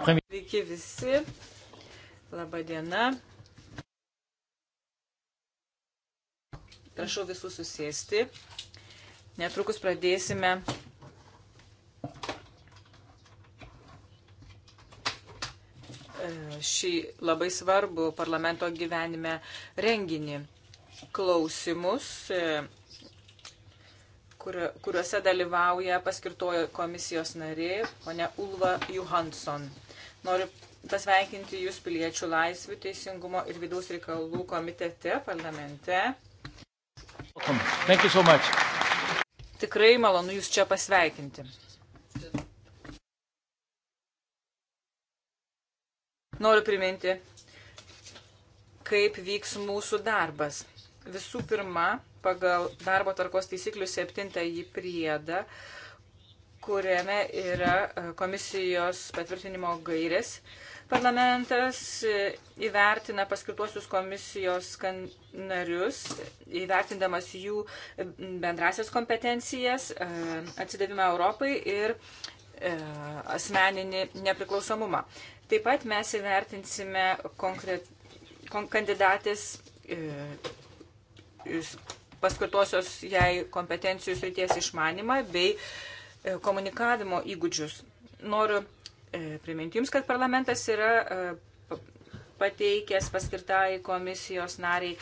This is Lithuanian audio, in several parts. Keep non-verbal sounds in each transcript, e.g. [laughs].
Sveiki visi. Labą dieną. Prašau visų susėsti. Netrukus pradėsime. E, šį labai svarbų parlamento gyvenime renginį klausimus, e, kuriuose dalyvauja paskirtojo komisijos narė, ponia Ulva Johansson. Noriu pasveikinti Jūs piliečių laisvių, teisingumo ir vidaus reikalų komitete, parlamente. So much. Tikrai malonu Jūs čia pasveikinti. Noriu priminti, kaip vyks mūsų darbas. Visų pirma, pagal darbo tarkos taisyklių septintąjį priedą uh, kuriame yra e, komisijos patvirtinimo gairės. Parlamentas e, įvertina paskirtuosius komisijos narius, įvertindamas jų e, bendrasias kompetencijas, atsidavimą Europai ir asmeninį nepriklausomumą. Taip pat mes įvertinsime konkret, kon, kandidatės paskirtosios jai kompetencijų srities išmanimą bei uh, E, komunikavimo įgūdžius. Noriu e, priminti Jums, kad parlamentas yra e, pateikęs paskirtai komisijos nariai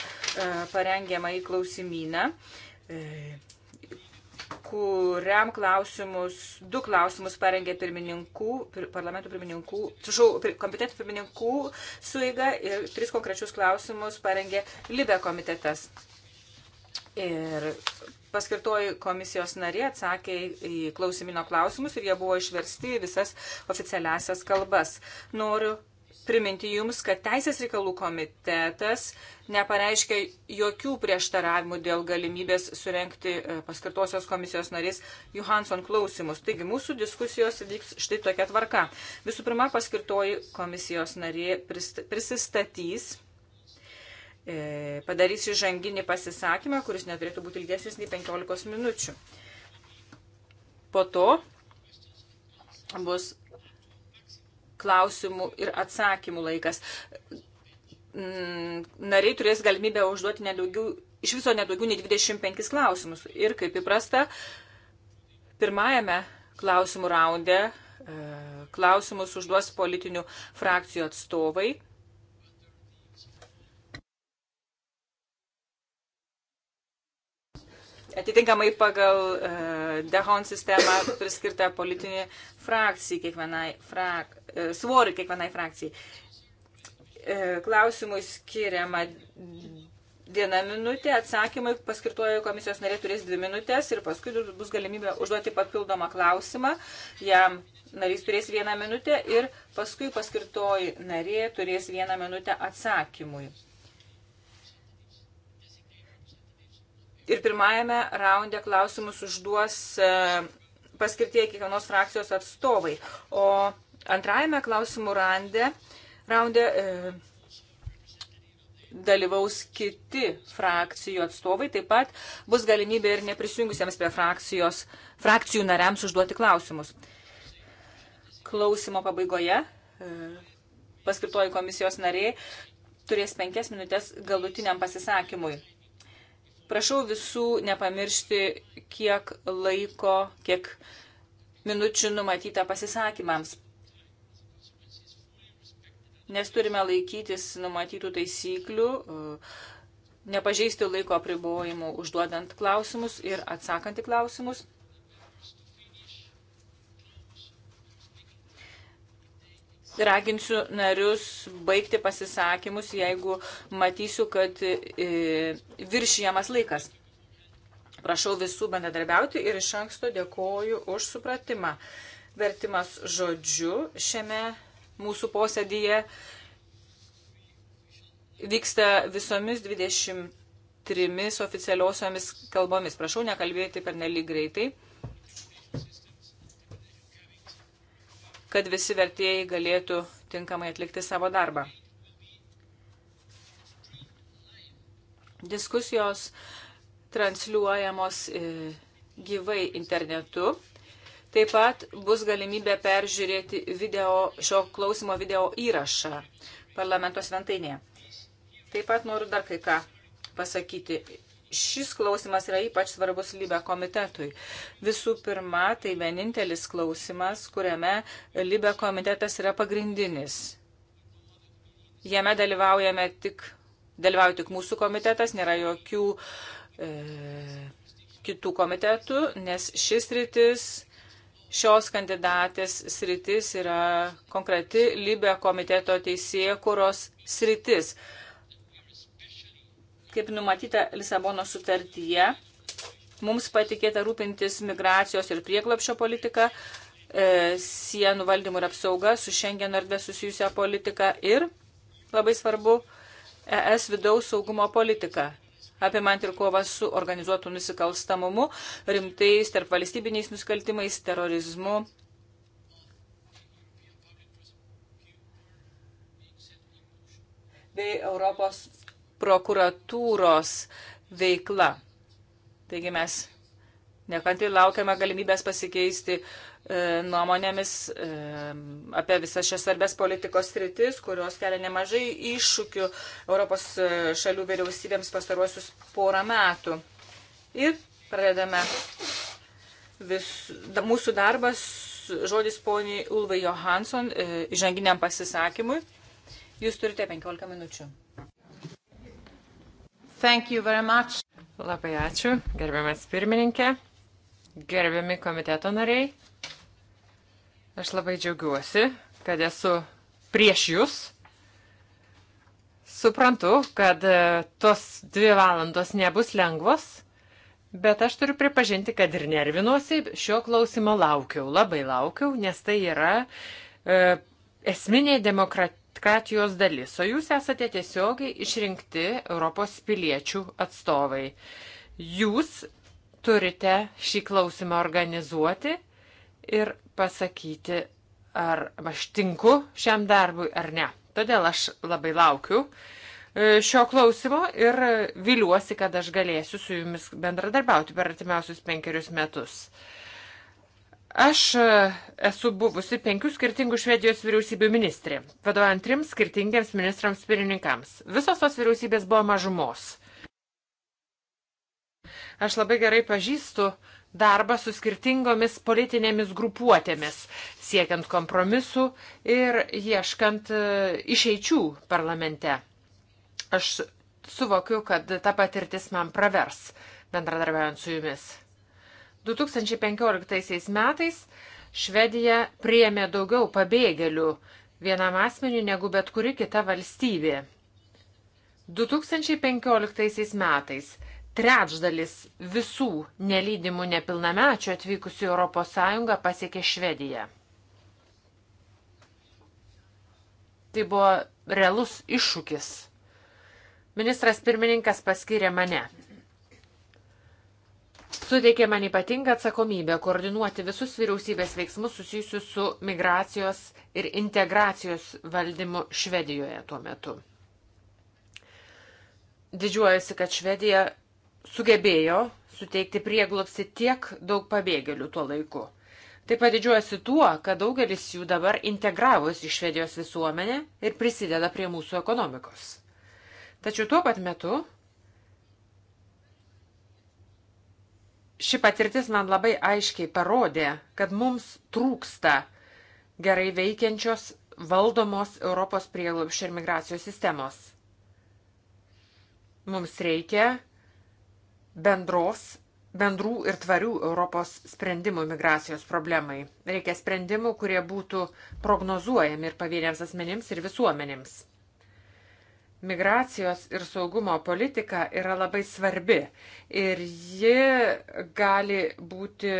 parengiamą į klausimyną kuriam klausimus, du klausimus parengė pirmininkų, parlamentų pirmininkų, tižau, komitetų pirmininkų suiga ir tris konkrečius klausimus parengė Libė komitetas. Ir paskirtoji komisijos narė atsakė į klausimino klausimus ir jie buvo išversti į visas oficialiasias kalbas. Noriu priminti Jums, kad Teisės reikalų komitetas nepareiškia jokių prieštaravimų dėl galimybės surenkti e, paskirtosios komisijos narys Johansson klausimus. Taigi mūsų diskusijos vyks štai tokia tvarka. Visų pirma, paskirtoji komisijos narė prisistatys E, padarysiu žanginį pasisakymą, kuris neturėtų būti ilgesnis nei 15 minučių. Po to bus klausimų ir atsakymų laikas. Mm, nariai turės galimybę užduoti nedaugiau, iš viso nedaugiau nei 25 klausimus. Ir kaip įprasta, pirmajame klausimų raunde e, klausimus užduos politinių frakcijų atstovai atitinkamai pagal uh, Dehon sistemą priskirtą politinį frakcijai, kiekvienai frak, uh, svorį kiekvienai frakcijai. Uh, klausimui skiriama viena minutė, atsakymai paskirtojo komisijos narė turės dvi minutės ir paskui bus galimybė užduoti papildomą klausimą. Jam narys turės vieną minutę ir paskui paskirtoji narė turės vieną minutę atsakymui. Ir pirmajame raunde klausimus užduos e, paskirtieji kiekvienos frakcijos atstovai. O antrajame klausimų rande, raunde e, dalyvaus kiti frakcijų atstovai. Taip pat bus galimybė ir neprisijungusiems prie frakcijos, frakcijų nariams užduoti klausimus. Klausimo pabaigoje e, paskirtoji komisijos nariai turės penkias minutės galutiniam pasisakymui. Prašau visų nepamiršti, kiek laiko, kiek minučių numatyta pasisakymams, nes turime laikytis numatytų taisyklių, nepažeisti laiko apribojimų užduodant klausimus ir atsakant į klausimus. raginsiu narius baigti pasisakymus, jeigu matysiu, kad e, viršijamas laikas. Prašau visų bendradarbiauti ir iš anksto dėkoju už supratimą. Vertimas žodžiu šiame mūsų posėdyje vyksta visomis 23 oficialiosiomis kalbomis. Prašau nekalbėti per nelik greitai. kad visi vertėjai galėtų tinkamai atlikti savo darbą. Diskusijos transliuojamos e, gyvai internetu. Taip pat bus galimybė peržiūrėti video, šio klausimo video įrašą parlamento sventainėje. Taip pat noriu dar kai ką pasakyti šis klausimas yra ypač svarbus Libe komitetui. Visų pirma, tai vienintelis klausimas, kuriame Libe komitetas yra pagrindinis. Jame dalyvaujame tik, dalyvauja tik mūsų komitetas, nėra jokių e, kitų komitetų, nes šis rytis, šios kandidatės sritis yra konkreti Libe komiteto teisėkuros sritis. E, Kaip numatyta Lisabono sutartyje, mums patikėta rūpintis migracijos ir prieglapšio politika, e, sienų valdymų ir apsauga, su šiandien erdvė susijusią politiką ir, labai svarbu, ES vidaus saugumo politika apimant ir kovą su organizuotų nusikalstamumu, rimtais tarp valstybiniais nusikaltimais, terorizmu. bei Europos prokuratūros veikla. Taigi mes nekantriai laukiame galimybės pasikeisti e, nuomonėmis e, apie visas šias svarbės politikos sritis, kurios kelia nemažai iššūkių Europos e, šalių vyriausybėms pastaruosius porą metų. Ir pradedame vis, da, mūsų darbas žodis poniai Ulvai Johansson e, įžanginiam pasisakymui. Jūs turite 15 minučių. Labai ačiū, gerbiamas pirmininkė, gerbiami komiteto nariai. Aš labai džiaugiuosi, kad esu prieš jūs. Suprantu, kad e, tos dvi valandos nebus lengvos, bet aš turiu pripažinti, kad ir nervinuosi, šio klausimo laukiau, labai laukiau, nes tai yra e, esminė demokratija demokratijos dalis, o jūs esate tiesiogiai išrinkti Europos piliečių atstovai. Jūs turite šį klausimą organizuoti ir pasakyti, ar aš tinku šiam darbui ar ne. Todėl aš labai laukiu e, šio klausimo ir viliuosi, kad aš galėsiu su jumis bendradarbiauti per artimiausius penkerius metus. Aš e, esu buvusi penkių skirtingų Švedijos vyriausybių ministrė, vadovaujant trims skirtingiems ministrams pirmininkams. Visos tos vyriausybės buvo mažumos. Aš labai gerai pažįstu darbą su skirtingomis politinėmis grupuotėmis, siekiant kompromisų ir ieškant e, išeičių parlamente. Aš suvokiu, kad ta patirtis man pravers bendradarbiaujant su jumis. 2015 metais Švedija priėmė daugiau pabėgėlių vienam asmeniu negu bet kuri kita valstybė. 2015 metais trečdalis visų nelydimų nepilnamečių atvykusių į ES pasiekė Švediją. Tai buvo realus iššūkis. Ministras pirmininkas paskyrė mane suteikė man ypatingą atsakomybę koordinuoti visus vyriausybės veiksmus susijusius su migracijos ir integracijos valdymu Švedijoje tuo metu. Didžiuojasi, kad Švedija sugebėjo suteikti prieglopsi tiek daug pabėgėlių tuo laiku. Taip pat didžiuojasi tuo, kad daugelis jų dabar integravosi į Švedijos visuomenę ir prisideda prie mūsų ekonomikos. Tačiau tuo pat metu ši patirtis man labai aiškiai parodė, kad mums trūksta gerai veikiančios valdomos Europos prieglobščio ir migracijos sistemos. Mums reikia bendros, bendrų ir tvarių Europos sprendimų migracijos problemai. Reikia sprendimų, kurie būtų prognozuojami ir pavieniams asmenims ir visuomenėms. Migracijos ir saugumo politika yra labai svarbi ir ji gali būti,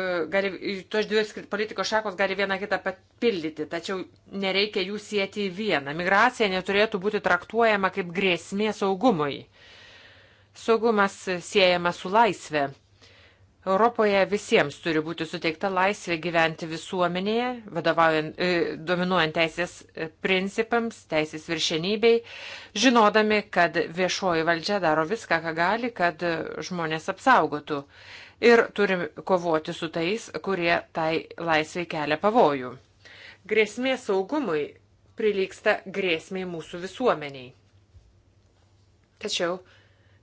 e, gali, tos dvi politikos šakos gali viena kitą papildyti, tačiau nereikia jų sieti į vieną. Migracija neturėtų būti traktuojama kaip grėsmė saugumui. Saugumas siejama su laisvė Europoje visiems turi būti suteikta laisvė gyventi visuomenėje, vadovaujant, e, dominuojant teisės e, principams, teisės viršenybei, žinodami, kad viešoji valdžia daro viską, ką gali, kad žmonės apsaugotų. Ir turim kovoti su tais, kurie tai laisvai kelia pavojų. Grėsmė saugumui prilyksta grėsmiai mūsų visuomeniai. Tačiau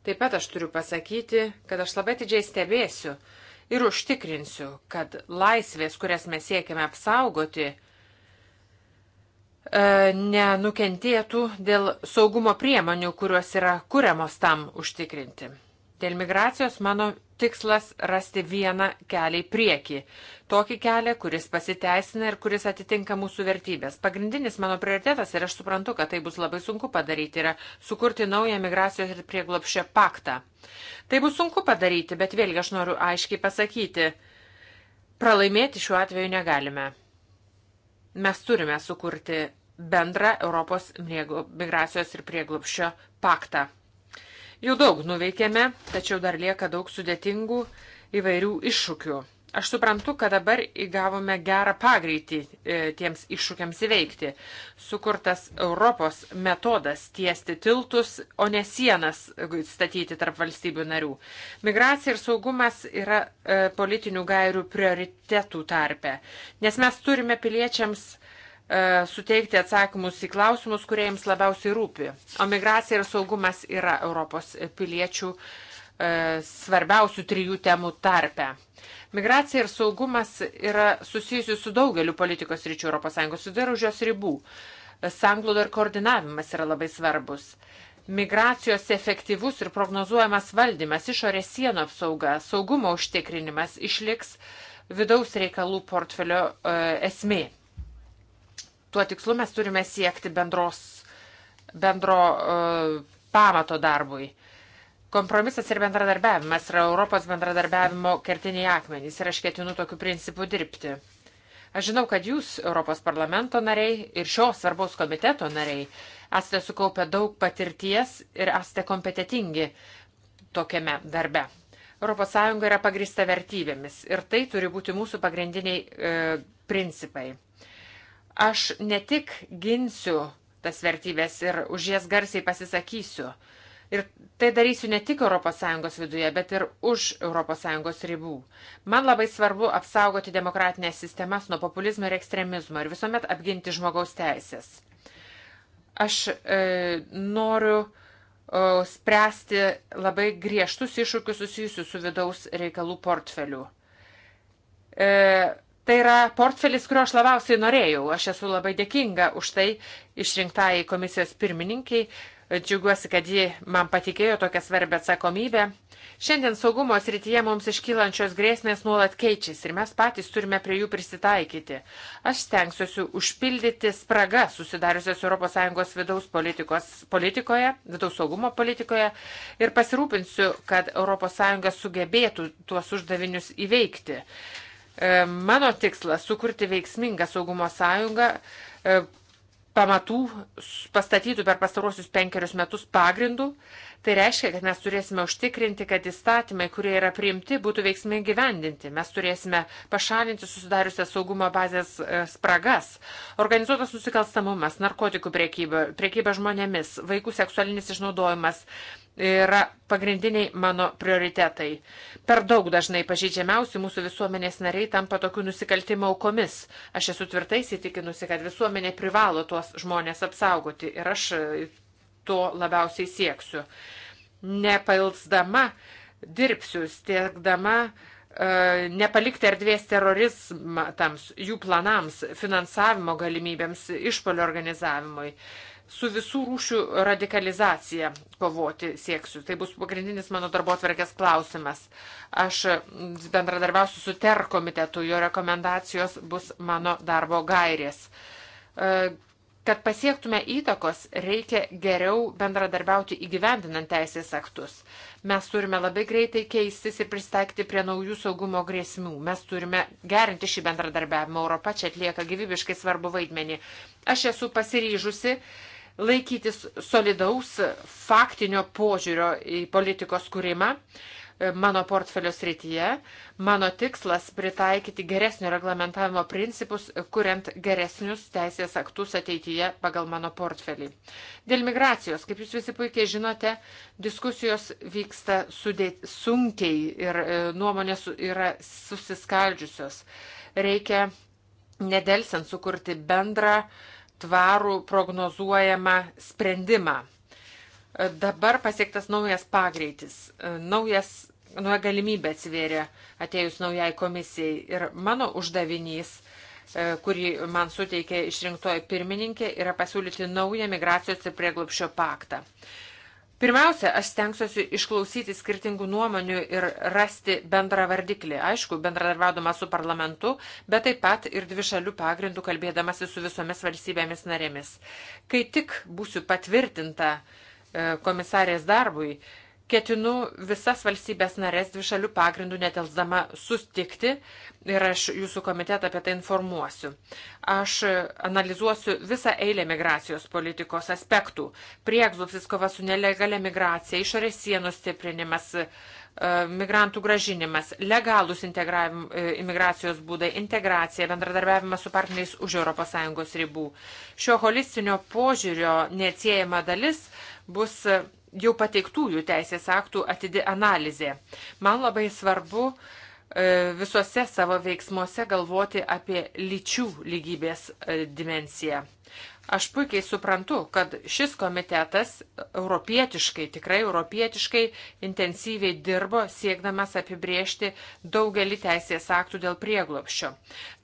Taip pat aš turiu pasakyti, kad aš labai didžiai stebėsiu ir užtikrinsiu, kad laisvės, kurias mes siekime apsaugoti, e, nenukentėtų dėl saugumo priemonių, kurios yra kuriamos tam užtikrinti. Dėl migracijos mano tikslas rasti vieną kelią į priekį. Tokį kelią, kuris pasiteisina ir kuris atitinka mūsų vertybės. Pagrindinis mano prioritetas, ir aš suprantu, kad tai bus labai sunku padaryti, yra sukurti naują migracijos ir prieglopšio paktą. Tai bus sunku padaryti, bet vėlgi aš noriu aiškiai pasakyti, pralaimėti šiuo atveju negalime. Mes turime sukurti bendrą Europos migracijos ir prieglopšio paktą. Jau daug nuveikėme, tačiau dar lieka daug sudėtingų įvairių iššūkių. Aš suprantu, kad dabar įgavome gerą pagreitį e, tiems iššūkiams įveikti. Sukurtas Europos metodas tiesti tiltus, o ne sienas statyti tarp valstybių narių. Migracija ir saugumas yra e, politinių gairių prioritetų tarpe, nes mes turime piliečiams E, suteikti atsakymus į klausimus, kurie jums labiausiai rūpi. O migracija ir saugumas yra Europos piliečių e, svarbiausių trijų temų tarpe. Migracija ir saugumas yra susijusi su daugeliu politikos ryčių ES vidar už jos ribų. Sanglūda ir koordinavimas yra labai svarbus. Migracijos efektyvus ir prognozuojamas valdymas, išorės sienų apsauga, saugumo užtikrinimas išliks vidaus reikalų portfelio e, esmė tuo tikslu mes turime siekti bendros, bendro uh, pamato darbui. Kompromisas ir bendradarbiavimas yra Europos bendradarbiavimo kertiniai akmenys ir aš ketinu tokiu principu dirbti. Aš žinau, kad jūs, Europos parlamento nariai ir šios svarbaus komiteto nariai, esate sukaupę daug patirties ir esate kompetitingi tokiame darbe. ES yra pagrįsta vertybėmis ir tai turi būti mūsų pagrindiniai e, principai. Aš ne tik ginsiu tas vertybės ir už jas garsiai pasisakysiu. Ir tai darysiu ne tik ES viduje, bet ir už ES ribų. Man labai svarbu apsaugoti demokratinės sistemas nuo populizmo ir ekstremizmo ir visuomet apginti žmogaus teisės. Aš e, noriu e, spręsti labai griežtus iššūkius susijusius su vidaus reikalų portfeliu. E, Tai yra portfelis, kurio aš labiausiai norėjau. Aš esu labai dėkinga už tai išrinktai komisijos pirmininkiai. Džiaugiuosi, kad ji man patikėjo tokią svarbę atsakomybę. Šiandien saugumo srityje mums iškylančios grėsmės nuolat keičiasi ir mes patys turime prie jų prisitaikyti. Aš stengsiuosi užpildyti spragą susidariusios ES vidaus politikoje, vidaus saugumo politikoje ir pasirūpinsiu, kad ES sugebėtų tuos uždavinius įveikti. E, mano tikslas - sukurti veiksmingą saugumo sąjungą e, pamatų pastatytų per pastarosius penkerius metus pagrindų Tai reiškia, kad mes turėsime užtikrinti, kad įstatymai, kurie yra priimti, būtų veiksmai gyvendinti. Mes turėsime pašalinti susidariusią saugumo bazės e, spragas. Organizuotas nusikalstamumas, narkotikų priekyba, priekyba žmonėmis, vaikų seksualinis išnaudojimas yra pagrindiniai mano prioritetai. Per daug dažnai pažydžiamiausi mūsų visuomenės nariai tampa tokių nusikaltimo aukomis. Aš esu tvirtai įsitikinusi, kad visuomenė privalo tuos žmonės apsaugoti ir aš to labiausiai sieksiu. Nepailsdama dirbsiu, stiekdama e, nepalikti erdvės terorizmams, jų planams, finansavimo galimybėms, išpolio organizavimui. Su visų rūšių radikalizacija kovoti sieksiu. Tai bus pagrindinis mano darbo atverkės klausimas. Aš bendradarbiausiu su TER komitetu, jo rekomendacijos bus mano darbo gairės e, Kad pasiektume įtakos, reikia geriau bendradarbiauti įgyvendinant teisės aktus. Mes turime labai greitai keistis ir pristaikyti prie naujų saugumo grėsmių. Mes turime gerinti šį bendradarbiavimą. Europa čia atlieka gyvybiškai svarbu vaidmenį. Aš esu pasiryžusi laikytis solidaus faktinio požiūrio į politikos kūrimą. Uh, mano portfelio srityje. Mano tikslas - pritaikyti geresnio reglamentavimo principus, kuriant geresnius teisės aktus ateityje pagal mano portfelį. Dėl migracijos, kaip jūs visi puikiai žinote, diskusijos vyksta sudėt, sunkiai ir e, nuomonės yra susiskaldžiusios. Reikia nedelsiant sukurti bendrą, tvarų, prognozuojamą sprendimą Dabar pasiektas naujas pagreitis, naujas, nauja galimybė atsivėrė atėjus naujai komisijai. Ir mano uždavinys, e, kurį man suteikė išrinktoji pirmininkė, yra pasiūlyti naują migracijos ir prieglopšio paktą. Pirmiausia, aš stengsiuosi išklausyti skirtingų nuomonių ir rasti bendrą vardiklį. Aišku, bendradarbiaudama su parlamentu, bet taip pat ir dvišalių pagrindų kalbėdamasi su visomis valstybėmis narėmis. Kai tik būsiu patvirtinta uh, E, komisarės darbui, ketinu visas valstybės narės dvišalių pagrindų netelsdama sustikti ir aš jūsų komitetą apie tai informuosiu. Aš analizuosiu visą eilę migracijos politikos aspektų. Prieglupsis kova su nelegalia migracija, išorės sienų stiprinimas, e, migrantų gražinimas, legalūs e, imigracijos būdai, integracija, bendradarbiavimas su partneriais už ES ribų. Šio holistinio požiūrio neatsiejama dalis bus jau pateiktųjų teisės aktų atidi analizė. Man labai svarbu e, visuose savo veiksmuose galvoti apie lyčių lygybės e, dimenciją. Aš puikiai suprantu, kad šis komitetas europietiškai, tikrai europietiškai intensyviai dirbo, siekdamas apibriežti daugelį teisės aktų dėl prieglopščio.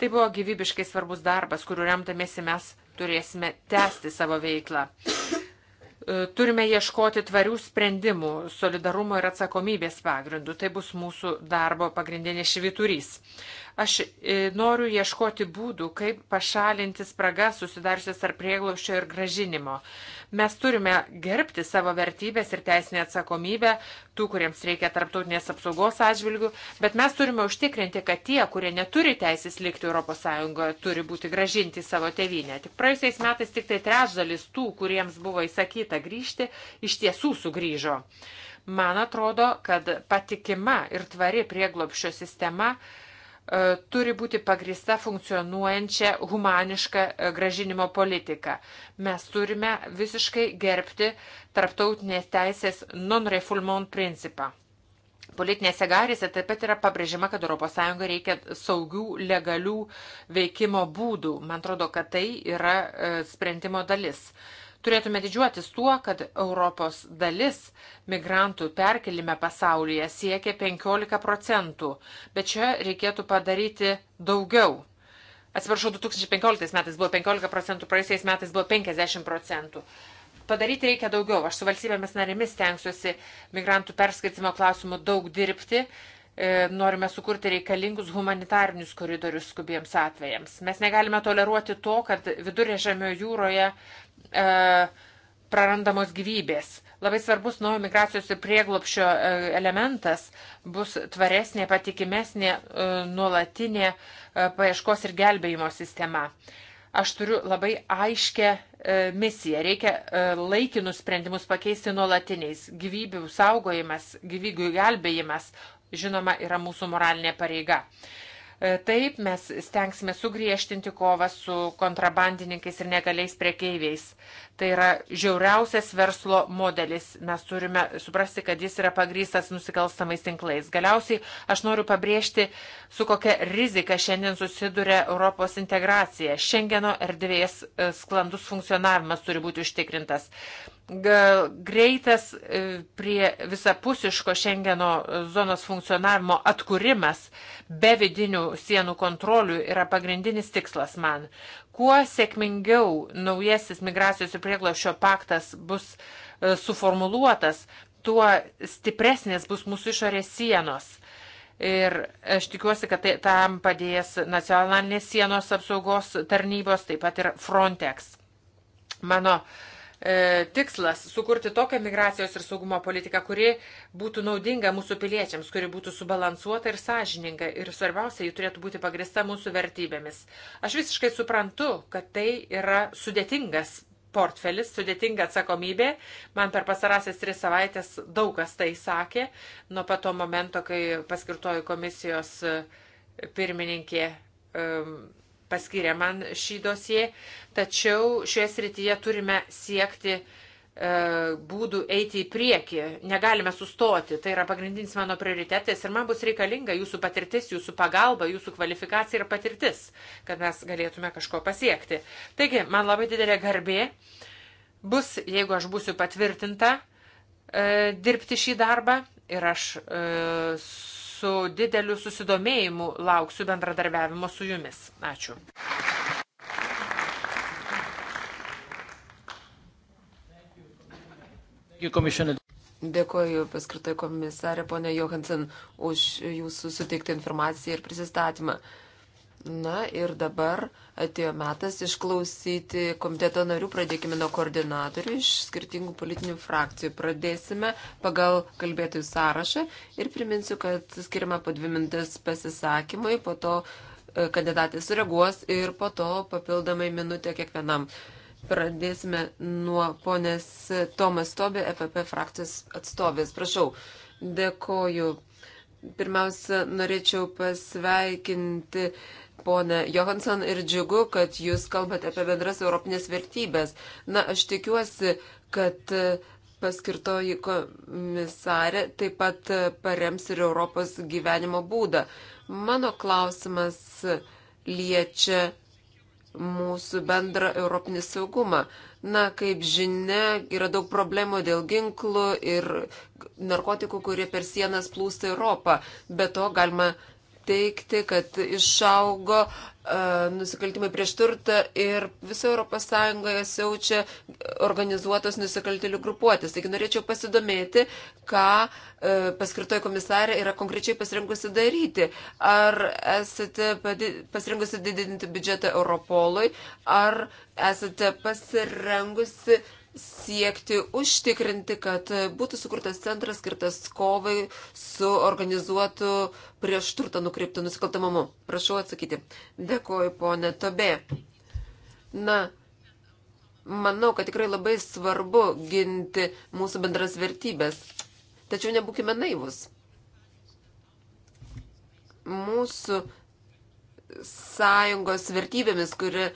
Tai buvo gyvybiškai svarbus darbas, kuriuo remdamėsi mes turėsime tęsti savo veiklą. E, turime ieškoti tvarių sprendimų solidarumo ir atsakomybės pagrindų. Tai bus mūsų darbo pagrindinis švyturys. Aš e, noriu ieškoti būdų, kaip pašalinti spragas susidariusias tarp prieglaušio ir gražinimo. Mes turime gerbti savo vertybės ir teisinę atsakomybę tų, kuriems reikia tarptautinės apsaugos atžvilgių, bet mes turime užtikrinti, kad tie, kurie neturi teisės likti ES, turi būti gražinti savo tevinę. Tik praėjusiais metais tik tai trečdalis tų, kuriems buvo įsakyta grįžti, iš tiesų sugrįžo. Man atrodo, kad patikima ir tvari prieglopščio sistema uh, E, turi būti pagrista funkcionuojančia humaniška e, gražinimo politika. Mes turime visiškai gerbti tarptautinės teisės non-refoulement principą. Politinėse garėse taip pat yra pabrėžima, kad ES reikia saugių, legalių veikimo būdų. Man atrodo, kad tai yra e, sprendimo dalis. Uh, Turėtume didžiuotis tuo, kad Europos dalis migrantų perkelime pasaulyje siekia 15 procentų, bet čia reikėtų padaryti daugiau. Atsiprašau, 2015 metais buvo 15 procentų, praėjusiais metais buvo 50 procentų. Padaryti reikia daugiau. Aš su valstybėmis narėmis tenksiuosi migrantų perskaitimo klausimų daug dirbti, E, norime sukurti reikalingus humanitarinius koridorius skubiems atvejams. Mes negalime toleruoti to, kad viduržėmio jūroje e, prarandamos gyvybės. Labai svarbus naujo migracijos ir prieglopšio e, elementas bus tvaresnė, patikimesnė, e, nuolatinė paieškos ir gelbėjimo sistema. Aš turiu labai aiškę misiją. Reikia laikinus sprendimus pakeisti nuolatiniais. Gyvybių saugojimas, gyvybių gelbėjimas, žinoma, yra mūsų moralinė pareiga. E, taip, mes stengsime sugriežtinti kovą su kontrabandininkais ir negaliais priekeiviais. Tai yra žiauriausias verslo modelis. Mes turime suprasti, kad jis yra pagrystas nusikalstamais tinklais. Galiausiai aš noriu pabrėžti, su kokia rizika šiandien susiduria Europos integracija. Šengeno erdvės e, sklandus funkcionavimas turi būti užtikrintas greitas e, prie visapusiško Šengeno zonos funkcionavimo atkūrimas be vidinių sienų kontrolių yra pagrindinis tikslas man. Kuo sėkmingiau naujasis migracijos ir prieglošio paktas bus e, suformuluotas, tuo stipresnės bus mūsų išorės sienos. Ir aš tikiuosi, kad tai, tam padės nacionalinės sienos apsaugos tarnybos, taip pat ir Frontex. Mano uh, E, tikslas - sukurti tokią migracijos ir saugumo politiką, kuri būtų naudinga mūsų piliečiams, kuri būtų subalansuota ir sąžininga ir svarbiausia, ji turėtų būti pagrista mūsų vertybėmis. Aš visiškai suprantu, kad tai yra sudėtingas portfelis, sudėtinga atsakomybė. Man per pasarasias tris savaitės daug kas tai sakė, nuo pat to momento, kai paskirtoji komisijos e, pirmininkė um, paskyrė man šį dosiją, tačiau šioje srityje turime siekti e, būdų eiti į priekį, negalime sustoti. Tai yra pagrindinis mano prioritetas ir man bus reikalinga jūsų patirtis, jūsų pagalba, jūsų kvalifikacija ir patirtis, kad mes galėtume kažko pasiekti. Taigi, man labai didelė garbė bus, jeigu aš būsiu patvirtinta, e, dirbti šį darbą ir aš e, su dideliu susidomėjimu lauksiu bendradarbiavimo su jumis. Ačiū. Dėkuoju paskirtai komisarė ponė Johansen už jūsų suteiktą informaciją ir prisistatymą. Na ir dabar atėjo metas išklausyti komiteto narių. Pradėkime nuo koordinatorių iš skirtingų politinių frakcijų. Pradėsime pagal kalbėtojų sąrašą ir priminsiu, kad skirima po dvi mintis pasisakymui, po to e, kandidatė sureaguos ir po to papildomai minutę kiekvienam. Pradėsime nuo ponės Tomas Tobė, EPP frakcijos atstovės. Prašau, dėkoju. Pirmiausia, norėčiau pasveikinti uh, ponė Johansson, ir džiugu, kad jūs kalbate apie bendras europinės vertybės. Na, aš tikiuosi, kad e, paskirtoji komisarė taip pat e, parems ir Europos gyvenimo būdą. Mano klausimas e, liečia mūsų bendrą europinį saugumą. Na, kaip žinia, yra daug problemų dėl ginklų ir narkotikų, kurie per sienas plūsta Europą. Be to galima teikti, kad išaugo uh, nusikaltimai prieš turtą ir viso ES siaučia organizuotos nusikaltėlių grupuotės. Taigi norėčiau pasidomėti, ką uh, paskirtoji komisarė yra konkrečiai pasirinkusi daryti. Ar esate pasirinkusi didinti biudžetą Europolui, ar esate pasirengusi siekti užtikrinti, kad būtų sukurtas centras skirtas kovai su organizuotu prieš turtą nukreiptų nusikaltamumu. Prašau atsakyti. Dėkuoju, ponė Tobė. Na, manau, kad tikrai labai svarbu ginti mūsų bendras vertybės. Tačiau nebūkime naivus. Mūsų sąjungos vertybėmis, kuri e,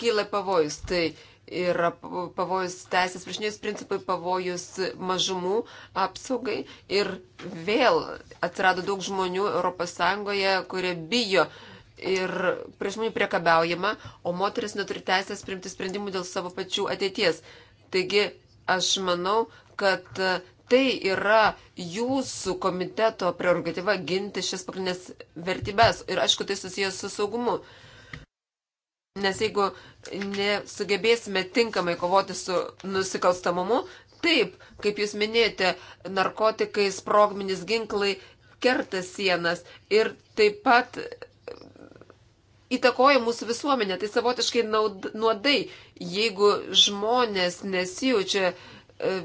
kyla pavojus, tai uh, yra pavojus teisės viršinės principai, pavojus mažumų apsaugai ir vėl atsirado daug žmonių ES, kurie bijo ir prieš žmonių priekabiaujama, o moteris neturi teisės priimti sprendimų dėl savo pačių ateities. Taigi aš manau, kad tai yra jūsų komiteto prerogatyva ginti šias pagrindinės vertybės ir aišku, tai susijęs su saugumu. Uh, Nes jeigu nesugebėsime tinkamai kovoti su nusikalstamumu, taip, kaip jūs minėjote, narkotikai, sprogmenys, ginklai kerta sienas ir taip pat įtakoja mūsų visuomenę. Tai savotiškai naud, nuodai, jeigu žmonės nesijaučia e,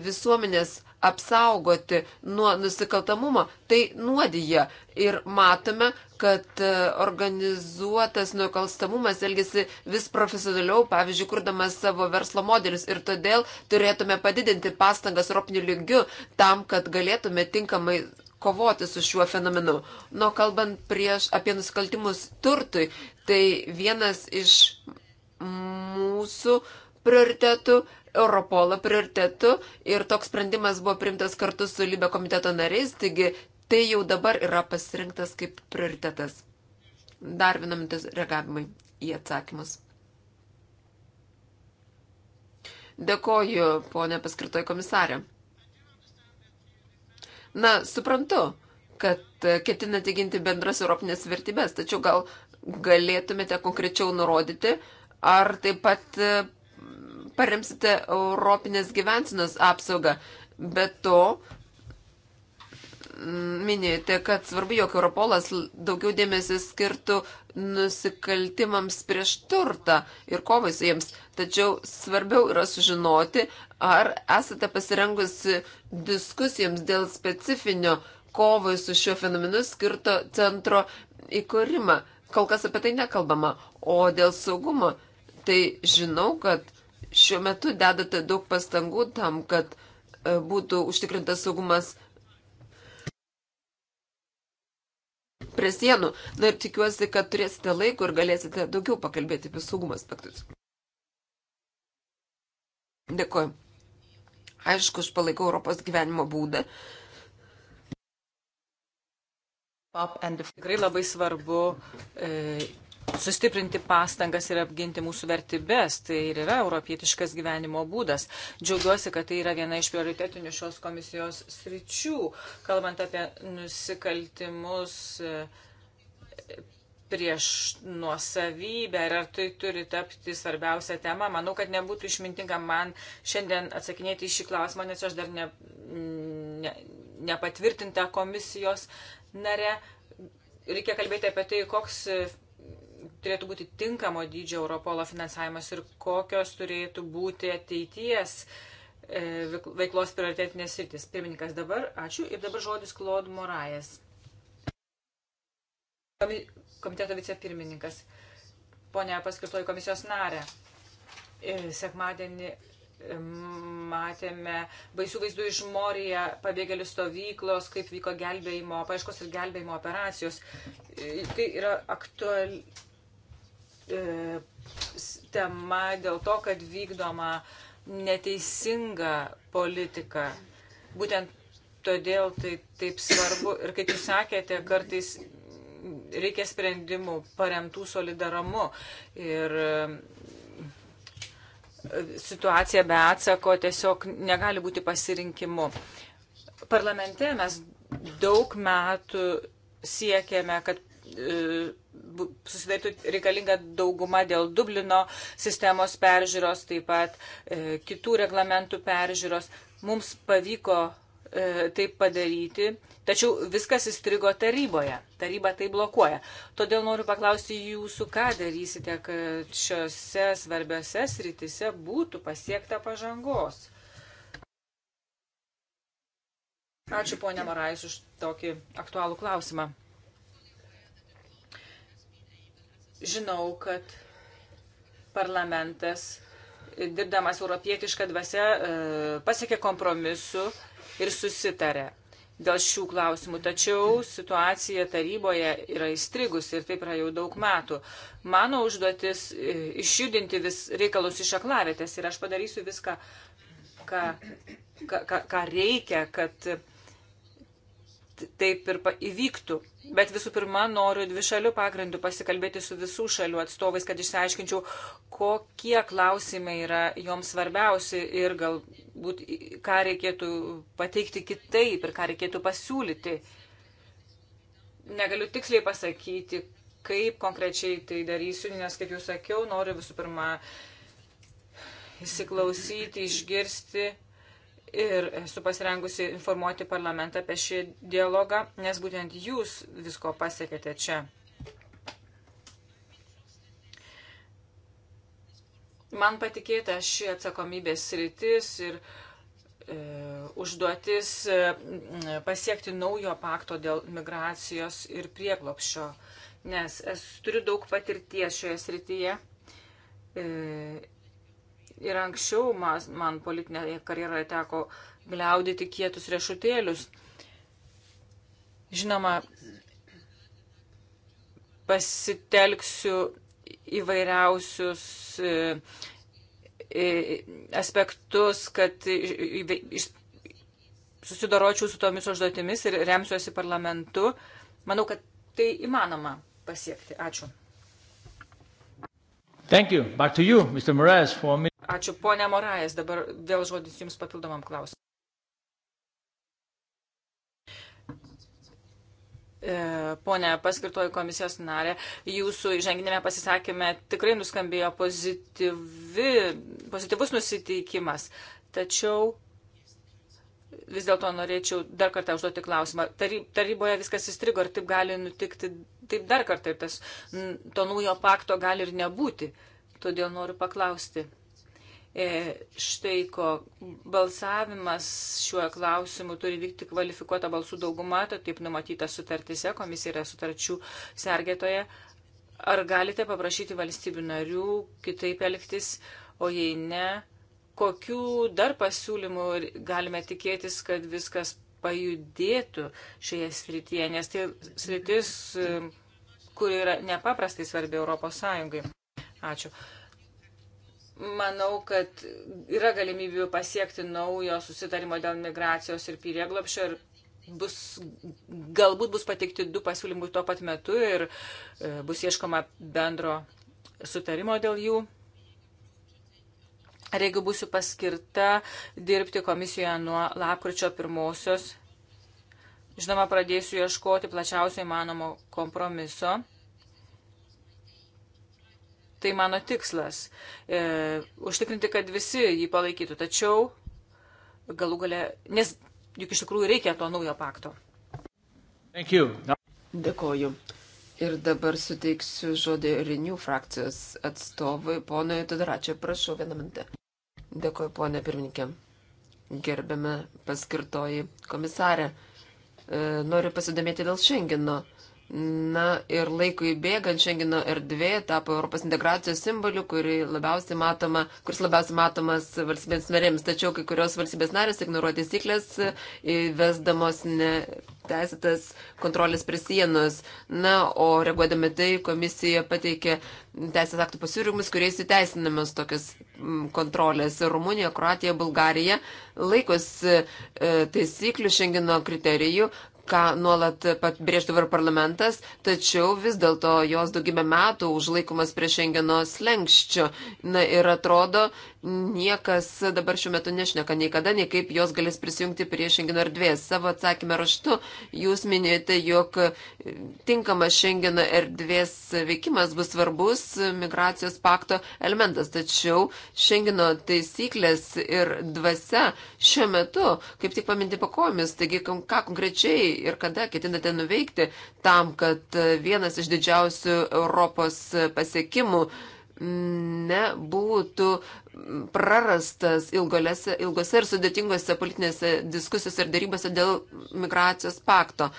visuomenės apsaugoti nuo nusikaltamumo, tai nuodija. Ir matome, kad e, organizuotas nukalstamumas elgesi vis profesionaliau, pavyzdžiui, kurdamas savo verslo modelius. Ir todėl turėtume padidinti pastangas Europinių lygių tam, kad galėtume tinkamai kovoti su šiuo fenomenu. Nuo kalbant prieš apie nusikaltimus turtui, tai vienas iš mūsų prioritetų Europolą prioritetu ir toks sprendimas buvo primtas kartu su Libė komiteto nariais, taigi tai jau dabar yra pasirinktas kaip prioritetas. Dar viena mintis reagavimai į atsakymus. Dėkoju, ponė paskirtoji komisarė. Na, suprantu, kad ketinate ginti bendras europinės vertybės, tačiau gal galėtumėte konkrečiau nurodyti, ar taip pat paremsite Europinės gyvensinos apsaugą. Be to, minėjote, kad svarbu, jog Europolas daugiau dėmesio skirtų nusikaltimams prieš turtą ir kovai su jiems. Tačiau svarbiau yra sužinoti, ar esate pasirengusi diskusijoms dėl specifinio kovai su šiuo fenomenu skirto centro įkūrimą. Kol kas apie tai nekalbama. O dėl saugumo, tai žinau, kad šiuo metu dedate daug pastangų tam, kad e, būtų užtikrintas saugumas prie sienų. Na ir tikiuosi, kad turėsite laiko ir galėsite daugiau pakalbėti apie saugumo aspektus. Dėkuoju. Aišku, aš palaikau Europos gyvenimo būdą. Tikrai labai svarbu e, sustiprinti pastangas ir apginti mūsų vertybės. Tai ir yra europietiškas gyvenimo būdas. Džiaugiuosi, kad tai yra viena iš prioritetinių šios komisijos sričių, kalbant apie nusikaltimus e, prieš nuosavybę ir ar tai turi tapti svarbiausia tema. Manau, kad nebūtų išmintinga man šiandien atsakinėti į šį klausimą, nes aš dar ne, ne, nepatvirtinta komisijos nare. Reikia kalbėti apie tai, koks turėtų būti tinkamo dydžio Europolo finansavimas ir kokios turėtų būti ateities e, veiklos prioritetinės sritis. Pirmininkas dabar, ačiū. Ir dabar žodis Claude Morajas. Komiteto vicepirmininkas. Pone paskirtoji komisijos narė. E, sekmadienį e, matėme baisių vaizdų iš Morija, pabėgėlių stovyklos, kaip vyko gelbėjimo, paaiškos ir gelbėjimo operacijos. Tai yra aktuali E, tema dėl to, kad vykdoma neteisinga politika. Būtent todėl tai taip svarbu ir kaip jūs sakėte, kartais reikia sprendimų paremtų solidarumu. Ir e, situacija be atsako tiesiog negali būti pasirinkimu. Parlamente mes daug metų siekėme, kad E, susidarytų reikalinga dauguma dėl Dublino sistemos peržiūros, taip pat e, kitų reglamentų peržiūros. Mums pavyko e, tai padaryti, tačiau viskas įstrigo taryboje. Taryba tai blokuoja. Todėl noriu paklausti jūsų, ką darysite, kad šiuose svarbiose sritise būtų pasiekta pažangos. Ačiū ponia Marais už tokį aktualų klausimą. Žinau, kad parlamentas, dirbdamas europietišką dvasę, e, pasiekė kompromisu ir susitarė dėl šių klausimų. Tačiau situacija taryboje yra įstrigusi ir taip yra jau daug metų. Mano užduotis e, išjudinti vis reikalus iš aklavėtės ir aš padarysiu viską, ką, ką, ką reikia, kad taip ir įvyktų. Bet visų pirma, noriu dvi šalių pagrindų pasikalbėti su visų šalių atstovais, kad išsiaiškinčiau, kokie klausimai yra joms svarbiausi ir galbūt ką reikėtų pateikti kitaip ir ką reikėtų pasiūlyti. Negaliu tiksliai pasakyti, kaip konkrečiai tai darysiu, nes, kaip jau sakiau, noriu visų pirma įsiklausyti, išgirsti ir esu pasirengusi informuoti parlamentą apie šį dialogą, nes būtent jūs visko pasiekėte čia. Man patikėta ši atsakomybės sritis ir e, užduotis e, pasiekti naujo pakto dėl migracijos ir prieglopščio, nes esu, turiu daug patirties šioje srityje. E, ir anksčiau mas, man politinėje karjeroje teko gliaudyti kietus riešutėlius. Žinoma, pasitelksiu įvairiausius e, e, aspektus, kad susidoročiau su tomis užduotimis ir remsiuosi parlamentu. Manau, kad tai įmanoma pasiekti. Ačiū. Thank you. Back to you, Mr. Moraes, for a minute. Ačiū, ponia Morajas, dabar vėl žodis jums papildomam klausimui. E, Pone paskirtoji komisijos narė, jūsų įženginėme pasisakymė tikrai nuskambėjo pozityvi, pozityvus nusiteikimas. Tačiau vis dėlto norėčiau dar kartą užduoti klausimą. Taryboje viskas įstrigo, ar taip gali nutikti, taip dar kartą ir tas to naujo pakto gali ir nebūti. Todėl noriu paklausti, E, štai ko balsavimas šiuo klausimu turi vykti kvalifikuota balsų dauguma, tai taip numatyta sutartise, komisija yra sutarčių sergėtoje. Ar galite paprašyti valstybių narių kitaip elgtis, o jei ne, kokių dar pasiūlymų galime tikėtis, kad viskas pajudėtų šioje srityje, nes tai sritis, e, kur yra nepaprastai svarbi Europos Sąjungai. Ačiū manau, kad yra galimybių pasiekti naujo susitarimo dėl migracijos ir prieglapšio ir bus, galbūt bus patikti du pasiūlymai tuo pat metu ir e, bus ieškoma bendro sutarimo dėl jų. Ar jeigu būsiu paskirta dirbti komisijoje nuo lapkričio pirmosios, žinoma, pradėsiu ieškoti plačiausio įmanomo kompromiso tai mano tikslas. E, užtikrinti, kad visi jį palaikytų. Tačiau galų gale, nes juk iš tikrųjų reikia to naujo pakto. Now... Dėkoju. Ir dabar suteiksiu žodį Renew frakcijos atstovui, ponui Tudoračiui. Prašau vieną minutę. Dėkoju, ponė pirmininkė. Gerbiame paskirtoji komisarė. E, noriu pasidomėti dėl Šengino. E, Na ir laikui bėgant Šengino erdvė tapo Europos integracijos simboliu, labiausiai matoma, kuris labiausiai matomas valstybėms narėms. Tačiau kai kurios valstybės narės ignoruoja taisyklės, įvesdamos neteisėtas kontrolės prie sienos. Na, o reaguodami tai, komisija pateikė teisės aktų pasiūlymus, kuriais įteisinamos tokias kontrolės. Rumunija, Kroatija, Bulgarija laikosi e, taisyklių Šengino kriterijų, ką nuolat pabrėždavo ir parlamentas, tačiau vis dėlto jos daugybę metų užlaikomas prie Šengeno slengščio. Na ir atrodo, niekas dabar šiuo metu nešneka niekada, nei kaip jos galės prisijungti prie Šengeno erdvės. Savo atsakymę raštu jūs minėjote, jog tinkamas Šengeno erdvės veikimas bus svarbus migracijos pakto elementas, tačiau Šengeno taisyklės ir dvasia šiuo metu kaip tik paminti pakomis. Taigi, ką konkrečiai ir kada ketinate nuveikti tam, kad vienas iš didžiausių Europos pasiekimų nebūtų prarastas ilgolėse, ilgose ir sudėtingose politinėse diskusijose ir darybose dėl migracijos pakto.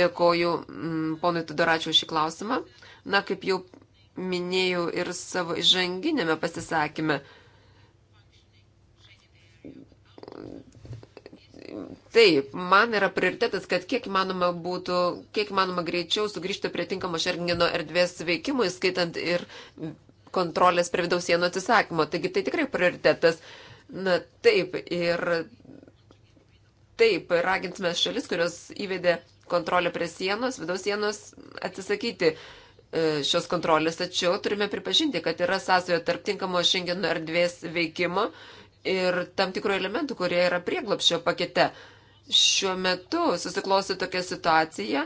Dėkoju mm, ponui Tudoračiu šį klausimą. Na, kaip jau minėjau ir savo žanginėme pasisakymę, taip, man yra prioritetas, kad kiek manoma būtų, kiek manoma greičiau sugrįžti prie tinkamo Šergino erdvės veikimo, įskaitant ir kontrolės prie vidaus sienų atsisakymo. Taigi tai tikrai prioritetas. Na taip, ir taip, raginsime šalis, kurios įvedė kontrolę prie sienos, vidaus sienos atsisakyti e, šios kontrolės, tačiau turime pripažinti, kad yra sąsojo tarp tinkamo Šengeno erdvės veikimo ir tam tikrų elementų, kurie yra prieglopščio pakete. Šiuo metu susiklosi tokia situacija,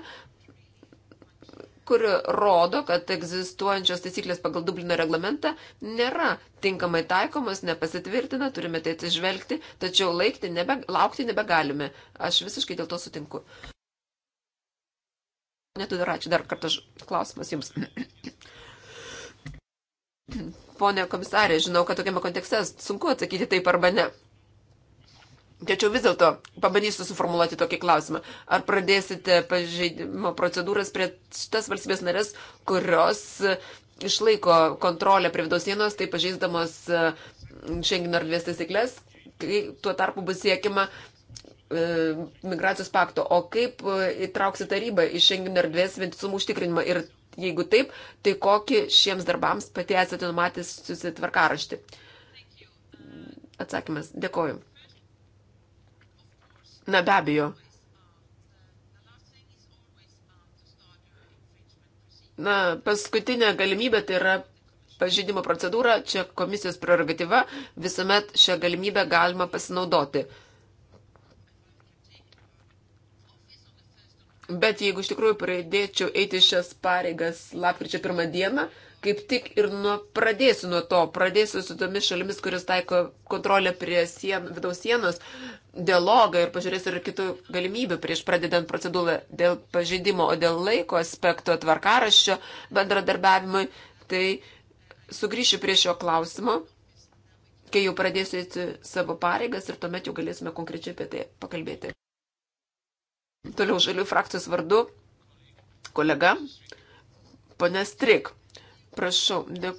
kuri rodo, kad egzistuojančios taisyklės pagal Dublino reglamentą nėra tinkamai taikomos, nepasitvirtina, turime tai atsižvelgti, tačiau laikti nebe, laukti nebegalime. Aš visiškai dėl to sutinku. Netu dar ačiū, dar kartą klausimas jums. [clears throat] Pone komisarė, žinau, kad tokiame kontekste sunku atsakyti taip arba ne. Tačiau vis dėlto pabandysiu suformuoluoti tokį klausimą. Ar pradėsite pažeidimo procedūras prie šitas valstybės narės, kurios išlaiko kontrolę prie vidaus sienos, tai pažeisdamos Schengeno e, erdvės taisyklės, kai tuo tarpu bus siekiama e, migracijos pakto, o kaip e, įtrauksi tarybą į Schengen erdvės vientisumų užtikrinimą ir Jeigu taip, tai kokį šiems darbams pati esate numatęs susitvarkaraštį? Atsakymas. Dėkoju. Na be abejo. Na, paskutinė galimybė tai yra pažydimo procedūra, čia komisijos prerogatyva, visuomet šią galimybę galima pasinaudoti. Bet jeigu iš tikrųjų pradėčiau eiti šias pareigas lapkričio pirmą dieną, kaip tik ir nuo, pradėsiu nuo to, pradėsiu su tomis šalimis, kuris taiko kontrolę prie sien, vidaus sienos, dialogą ir pažiūrėsiu ir kitų galimybių prieš pradedant procedūrą dėl pažeidimo, o dėl laiko aspekto tvarkaraščio bendradarbiavimui, tai sugrįšiu prie šio klausimo, kai jau pradėsiu eiti savo pareigas ir tuomet jau galėsime konkrečiai apie tai pakalbėti. Toliau žalių frakcijos vardu kolega ponė Strik. Prašau, de...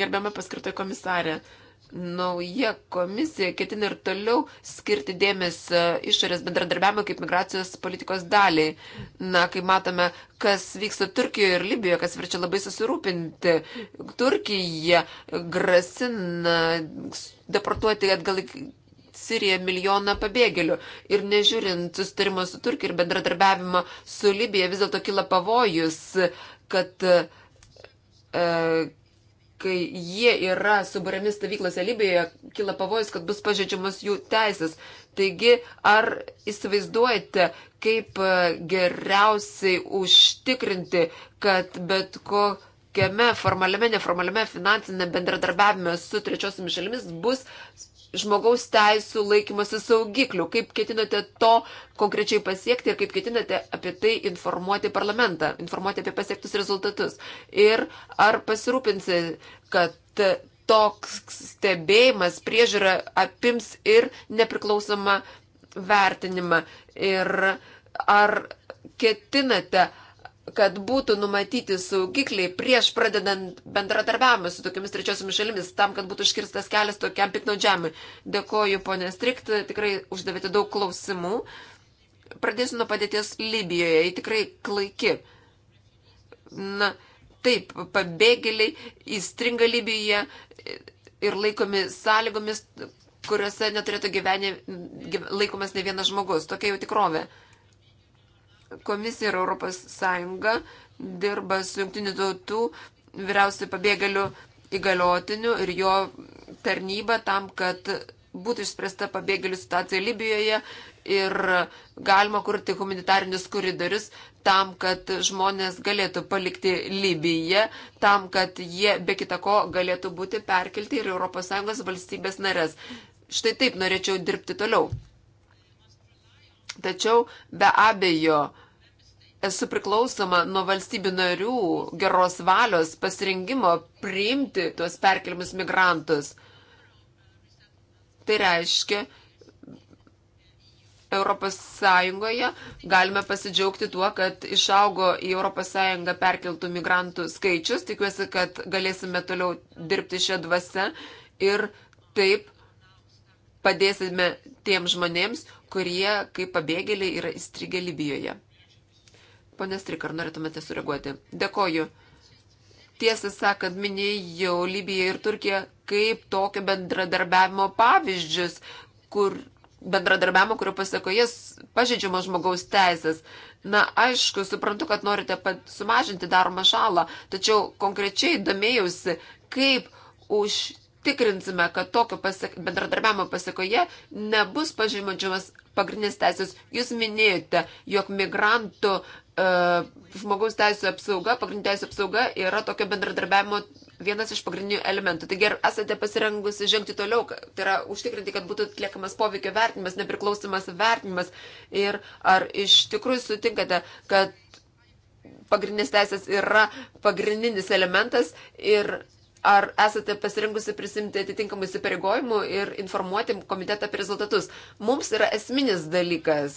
gerbiama paskirta komisarė. Nauja komisija ketina ir toliau skirti dėmesį išorės bendradarbiavimo kaip migracijos politikos daliai. Na, kai matome, kas vyksta Turkijoje ir Libijoje, kas verčia labai susirūpinti. Turkija grasina deportuoti atgal į Siriją milijoną pabėgėlių. Ir nežiūrint sustarimo su Turkija ir bendradarbiavimo su Libija, vis dėlto kila pavojus, kad e, kai jie yra suburiami stovyklose Libijoje, kila pavojus, kad bus pažeidžiamas jų teisės. Taigi, ar įsivaizduojate, kaip e, geriausiai užtikrinti, kad bet kokiame formaliame, neformaliame finansinėme bendradarbiavime su trečiosiomis šalimis bus žmogaus teisų laikymosi saugiklių. Kaip ketinate to konkrečiai pasiekti ir kaip ketinate apie tai informuoti parlamentą, informuoti apie pasiektus rezultatus. Ir ar pasirūpinsi, kad toks stebėjimas, priežiūra apims ir nepriklausomą vertinimą. Ir ar ketinate kad būtų numatyti saugikliai prieš pradedant bendradarbiavimą su tokiamis trečiosiomis šalimis, tam, kad būtų iškirstas kelias tokiam piknaudžiamui. Dėkoju, ponė Strikt, tikrai uždavėte daug klausimų. Pradėsiu nuo padėties Libijoje, ji tikrai klaiki. Na, taip, pabėgėliai įstringa Libijoje ir laikomi sąlygomis, kuriuose neturėtų gyvenė, laikomas ne vienas žmogus. Tokia jau tikrovė. Uh, Komisija ir Europos Sąjunga dirba su jungtinių tautų vyriausių pabėgėlių įgaliotiniu ir jo tarnyba tam, kad būtų išspręsta pabėgėlių situacija Libijoje ir galima kurti humanitarinius koridorius tam, kad žmonės galėtų palikti Libiją, tam, kad jie be kitako galėtų būti perkelti ir ES valstybės narės. Štai taip norėčiau dirbti toliau. Tačiau be abejo esu priklausoma nuo valstybių narių geros valios pasirengimo priimti tuos perkelimus migrantus. Tai reiškia, Europos Sąjungoje galime pasidžiaugti tuo, kad išaugo į Europos Sąjungą perkeltų migrantų skaičius. Tikiuosi, kad galėsime toliau dirbti šią dvasę ir taip padėsime tiem žmonėms, kurie kaip pabėgėliai yra įstrigę Libijoje. Pone Strik, ar norėtumėte sureaguoti? Dėkoju. Tiesą sakant, minėjau Libiją ir Turkiją kaip tokio bendradarbiavimo pavyzdžius, kur bendradarbiavimo, kurio pasakoje pažeidžiamos žmogaus teisės. Na, aišku, suprantu, kad norite sumažinti daromą žalą, tačiau konkrečiai domėjausi, kaip už užtikrinsime, kad tokio pasiek, bendradarbiavimo pasiekoje nebus pažymadžiamas pagrindinės teisės. Jūs minėjote, jog migrantų uh, žmogaus teisų apsauga, pagrindinė teisų apsauga yra tokio bendradarbiavimo vienas iš pagrindinių elementų. Taigi ar esate pasirengusi žengti toliau, tai yra užtikrinti, kad būtų atliekamas poveikio vertinimas, nepriklausomas vertinimas ir ar iš tikrųjų sutinkate, kad pagrindinės teisės yra pagrindinis elementas ir ar esate pasirinkusi prisimti atitinkamų įsipareigojimų ir informuoti komitetą apie rezultatus. Mums yra esminis dalykas.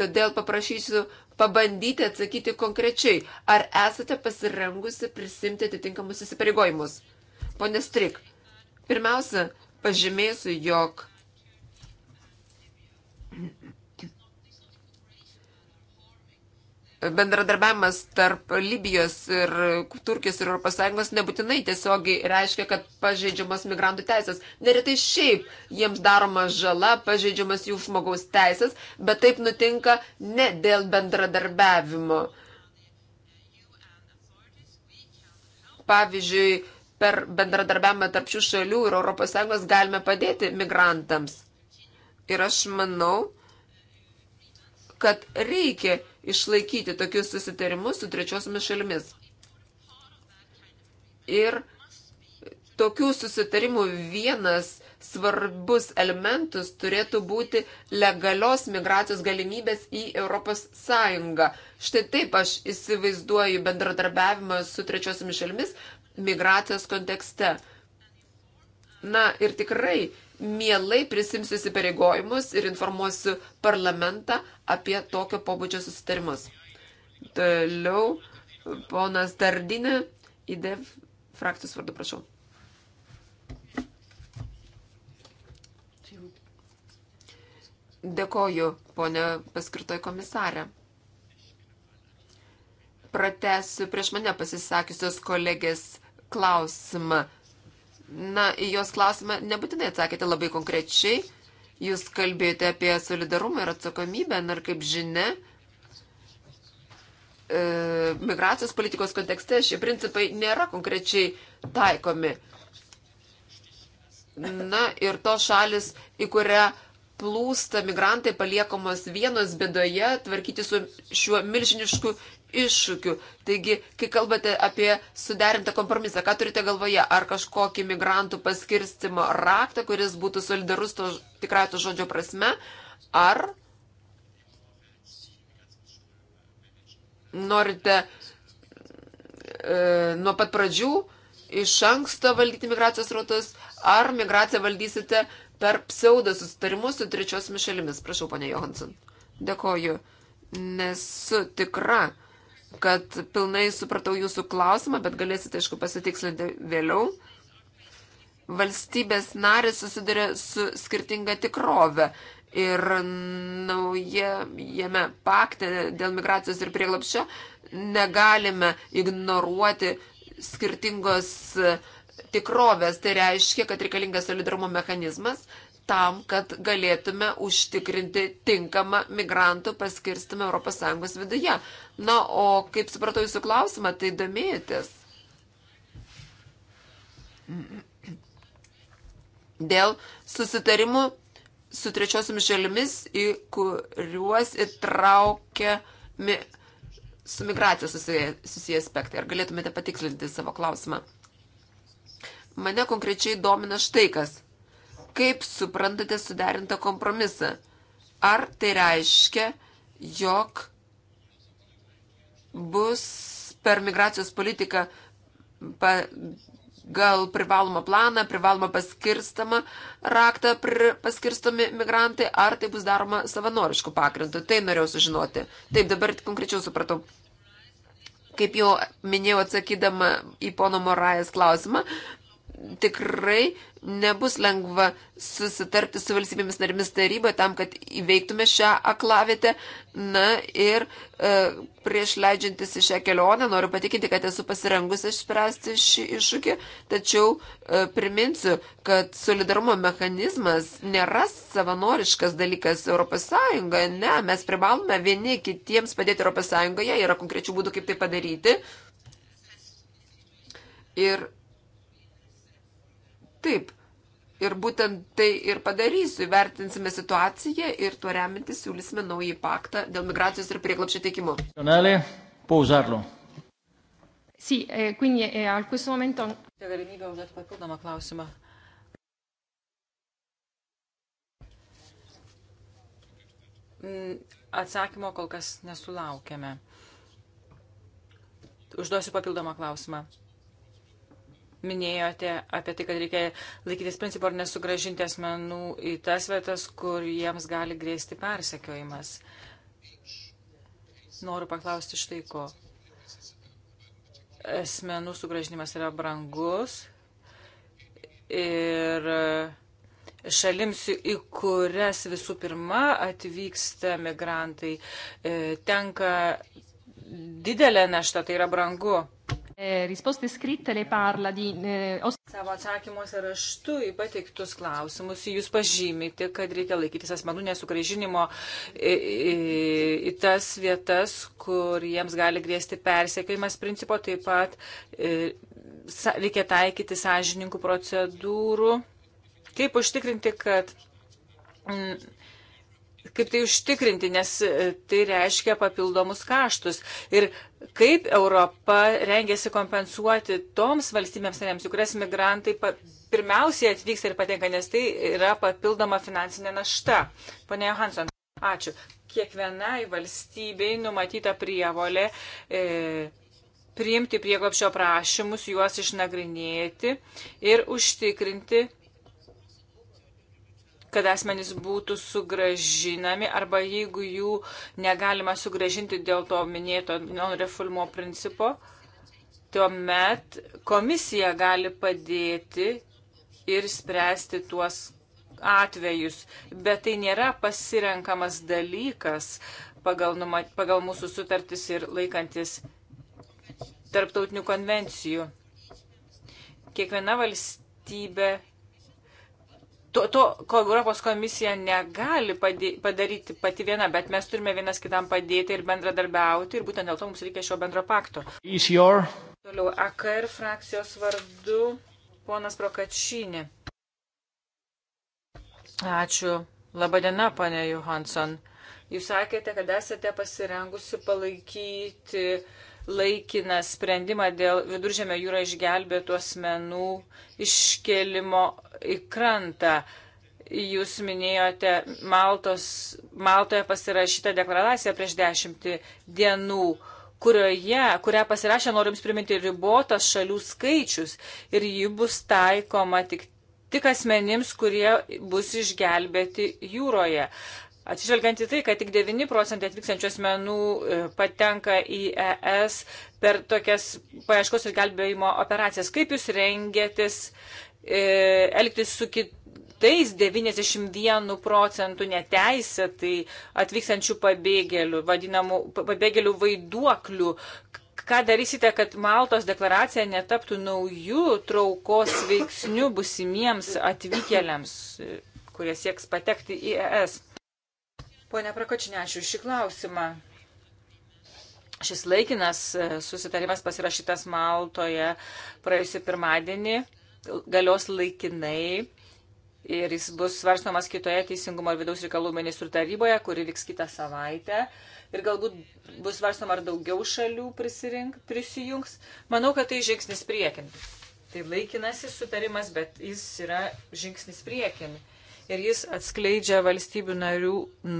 Todėl paprašysiu pabandyti atsakyti konkrečiai, ar esate pasirengusi prisimti atitinkamus įsipareigojimus. Pone Strik, pirmiausia, pažymėsiu, jog bendradarbiavimas tarp Libijos ir Turkijos ir ES nebūtinai tiesiogiai reiškia, kad pažeidžiamas migrantų teisės. Neretai šiaip jiems daroma žala, pažeidžiamas jų žmogaus teisės, bet taip nutinka ne dėl bendradarbiavimo. Pavyzdžiui, per bendradarbiavimą tarp šių šalių ir ES galime padėti migrantams. Ir aš manau, kad reikia išlaikyti tokius susitarimus su trečiosiomis šalimis. Ir tokių susitarimų vienas svarbus elementus turėtų būti legalios migracijos galimybės į ES. Štai taip aš įsivaizduoju bendradarbiavimą su trečiosiomis šalimis migracijos kontekste. Na ir tikrai mielai prisimsiu įsipareigojimus ir informuosiu parlamentą apie tokio pobūdžio susitarimus. Toliau, ponas Dardinė, IDEV frakcijos vardu, prašau. Dėkoju, ponė paskirtoji komisarė. Pratesiu prieš mane pasisakiusios kolegės klausimą Na, į jos klausimą nebūtinai atsakėte labai konkrečiai. Jūs kalbėjote apie solidarumą ir atsakomybę, ir kaip žinia, e, migracijos politikos kontekste šie principai nėra konkrečiai taikomi. Na ir tos šalis, į kurią plūsta migrantai paliekamos vienos bėdoje, tvarkyti su šiuo milžinišku iššūkių. Taigi, kai kalbate apie suderintą kompromisą, ką turite galvoje? Ar kažkokį migrantų paskirstimo raktą, kuris būtų solidarus to tikrai to žodžio prasme? Ar norite e, nuo pat pradžių iš anksto valdyti migracijos rautus, ar migraciją valdysite per pseudo sustarimus su trečiosiomis šalimis? Prašau, ponė Johansson. Dėkoju. Nesu tikra kad pilnai supratau jūsų klausimą, bet galėsite, aišku, pasitikslinti vėliau. Valstybės narės susiduria su skirtinga tikrove ir naujame pakte dėl migracijos ir prieglapščio negalime ignoruoti skirtingos tikrovės. Tai reiškia, kad reikalingas solidarumo mechanizmas tam, kad galėtume užtikrinti tinkamą migrantų paskirstimą ES viduje. Na, o kaip supratau jūsų klausimą, tai domėjotės. Dėl susitarimų su trečiosiomis šalimis, į kuriuos įtraukia mi, su migracija susiję, susiję aspektai. Ar galėtumėte patikslinti savo klausimą? Mane konkrečiai domina štai kas – Kaip suprantate suderintą kompromisą? Ar tai reiškia, jog bus per migracijos politiką gal privalomą planą, privalomą paskirstamą raktą paskirstomi migrantai, ar tai bus daroma savanoriškų pagrindų. Tai norėjau sužinoti. Taip, dabar konkrečiau supratau. Kaip jau minėjau atsakydama į pono Morajas klausimą, tikrai nebus lengva susitarti su valstybėmis narimis taryboje tam, kad įveiktume šią aklavietę. Na ir e, prieš leidžiantis į šią kelionę noriu patikinti, kad esu pasirengusi išspręsti šį iššūkį, tačiau e, priminsiu, kad solidarumo mechanizmas nėra savanoriškas dalykas ES. Ne, mes privalome vieni kitiems padėti ES, yra konkrečių būdų, kaip tai padaryti. Ir Taip. Ir būtent tai ir padarysiu. Vertinsime situaciją ir tuo remintis siūlysime naują paktą dėl migracijos ir prieglapšio teikimo. Sì, eh, quindi eh, a questo momento... C'è galimybė užduoti papildomą klausimą. Mm, atsakymo kol kas nesulaukėme. Užduosiu papildomą klausimą minėjote apie tai, kad reikia laikytis principo ir nesugražinti asmenų į tas vietas, kur jiems gali grėsti persekiojimas. Noriu paklausti štai ko. Asmenų sugražinimas yra brangus ir šalims, į kurias visų pirma atvyksta migrantai, e, tenka didelė našta, tai yra brangu E, risposte scritte lei parla di... E, Savo atsakymuose raštu į pateiktus klausimus jūs pažymite, kad reikia laikytis asmenų nesugražinimo į, e, į, į tas vietas, kur jiems gali grėsti persekiojimas principo, taip pat reikia taikyti sąžininkų procedūrų. Kaip užtikrinti, kad kaip tai užtikrinti, nes e, tai reiškia papildomus kaštus. Ir kaip Europa rengiasi kompensuoti toms valstybėms narėms, į kurias migrantai pirmiausiai atvyksta ir patenka, nes tai yra papildoma finansinė našta. Pone Johansson, ačiū. Kiekvienai valstybei numatyta prievolė e, priimti prieglopšio prašymus, juos išnagrinėti ir užtikrinti kad asmenys būtų sugražinami arba jeigu jų negalima sugražinti dėl to minėto non-refulmo principo, tuomet komisija gali padėti ir spręsti tuos atvejus, bet tai nėra pasirenkamas dalykas pagal, numat, pagal mūsų sutartis ir laikantis tarptautinių konvencijų. Kiekviena valstybė to, to, ko Europos komisija negali padė, padaryti pati viena, bet mes turime vienas kitam padėti ir bendradarbiauti ir būtent dėl to mums reikia šio bendro pakto. Your... Toliau AKR frakcijos vardu ponas Prokačinė. Ačiū. Labadiena, ponė Johansson. Jūs sakėte, kad esate pasirengusi palaikyti uh, laikiną sprendimą dėl viduržėmio jūrą išgelbėtų asmenų iškelimo į krantą. Jūs minėjote Maltos, Maltoje pasirašytą deklaraciją prieš dešimtį dienų, kurioje, kurią pasirašė, noriu Jums priminti, ribotas šalių skaičius ir ji bus taikoma tik, tik asmenims, kurie bus išgelbėti jūroje. Atsižvelgiant į tai, kad tik 9 procentai atvykstančių asmenų e, patenka į ES per tokias paieškos ir gelbėjimo operacijas, kaip jūs rengėtis e, elgtis su kitais 91 procentų neteisėtai atvykstančių pabėgėlių, vadinamų pabėgėlių vaiduoklių. Ką darysite, kad Maltos deklaracija netaptų naujų traukos veiksnių busimiems atvykėliams, e, kurie sieks patekti į ES? Pone Prakočinė, ačiū šį klausimą. Šis laikinas e, susitarimas pasirašytas Maltoje praėjusią pirmadienį galios laikinai ir jis bus svarstomas kitoje Teisingumo ir vidaus reikalų ministrų taryboje, kuri vyks kitą savaitę. Ir galbūt bus svarstoma, ar daugiau šalių prisirink, prisijungs. Manau, kad tai žingsnis priekin. Tai laikinasis sutarimas, bet jis yra žingsnis priekin. Uh, ir jis atskleidžia valstybių narių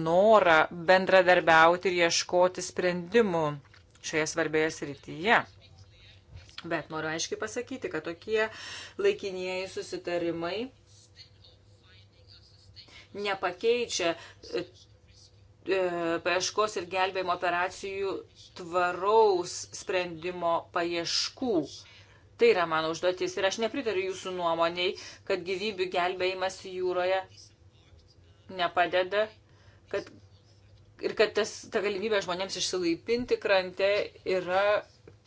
norą bendradarbiauti ir ieškoti sprendimų šioje svarbioje srityje. Bet noriu aiškiai pasakyti, kad tokie laikinieji susitarimai nepakeičia e, e, paieškos ir gelbėjimo operacijų tvaraus sprendimo paieškų. Tai yra mano užduotis ir aš nepritariu jūsų nuomoniai, kad gyvybių gelbėjimas jūroje nepadeda kad, ir kad tas, ta galimybė žmonėms išsilaipinti krante yra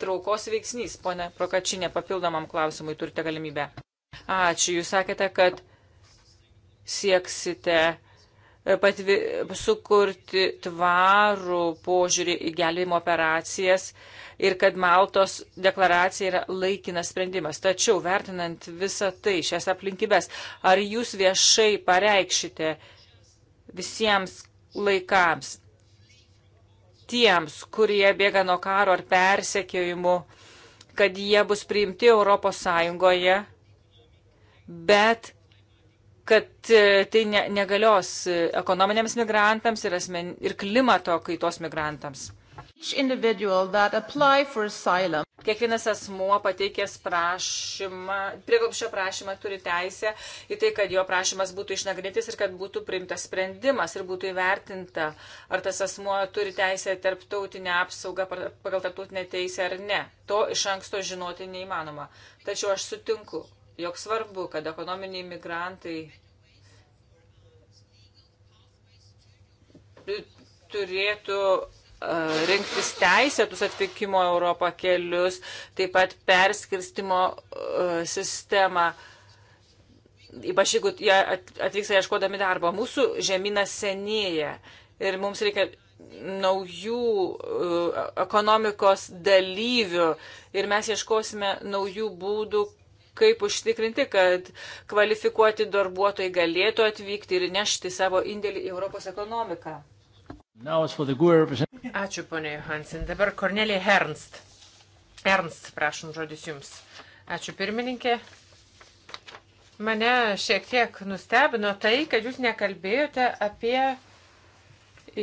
traukos veiksnys. Pone Prokačinė, papildomam klausimui turite galimybę. Ačiū, jūs sakėte, kad sieksite e, patvi, sukurti tvarų požiūrį į gelbėjimo operacijas, ir kad Maltos deklaracija yra laikinas sprendimas. Tačiau, vertinant visą tai, šias aplinkybės, ar jūs viešai pareikšite visiems laikams, tiems, kurie bėga nuo karo ar persekiojimų, kad jie bus priimti Europos Sąjungoje, bet kad e, tai ne, negalios e, ekonominiams migrantams ir, asmen, ir klimato kaitos migrantams. Kiekvienas asmuo pateikęs prašymą, prieglobšio prašymą turi teisę į tai, kad jo prašymas būtų išnagrinėtis ir kad būtų priimtas sprendimas ir būtų įvertinta, ar tas asmuo turi teisę tarptautinę apsaugą pagal tarptautinę teisę ar ne. To iš anksto žinoti neįmanoma. Tačiau aš sutinku, jog svarbu, kad ekonominiai migrantai turėtų rinktis teisėtus atvykimo Europą kelius, taip pat perskirstimo sistemą, ypač jeigu jie atvyksta ieškodami darbo. Mūsų žemynas senėja ir mums reikia naujų ekonomikos dalyvių ir mes ieškosime naujų būdų, kaip užtikrinti, kad kvalifikuoti darbuotojai galėtų atvykti ir nešti savo indėlį į Europos ekonomiką. Ačiū, ponė Johansen. Dabar Kornelija Hernst. Ernst, prašom, žodis jums. Ačiū, pirmininkė. Mane šiek tiek nustebino tai, kad jūs nekalbėjote apie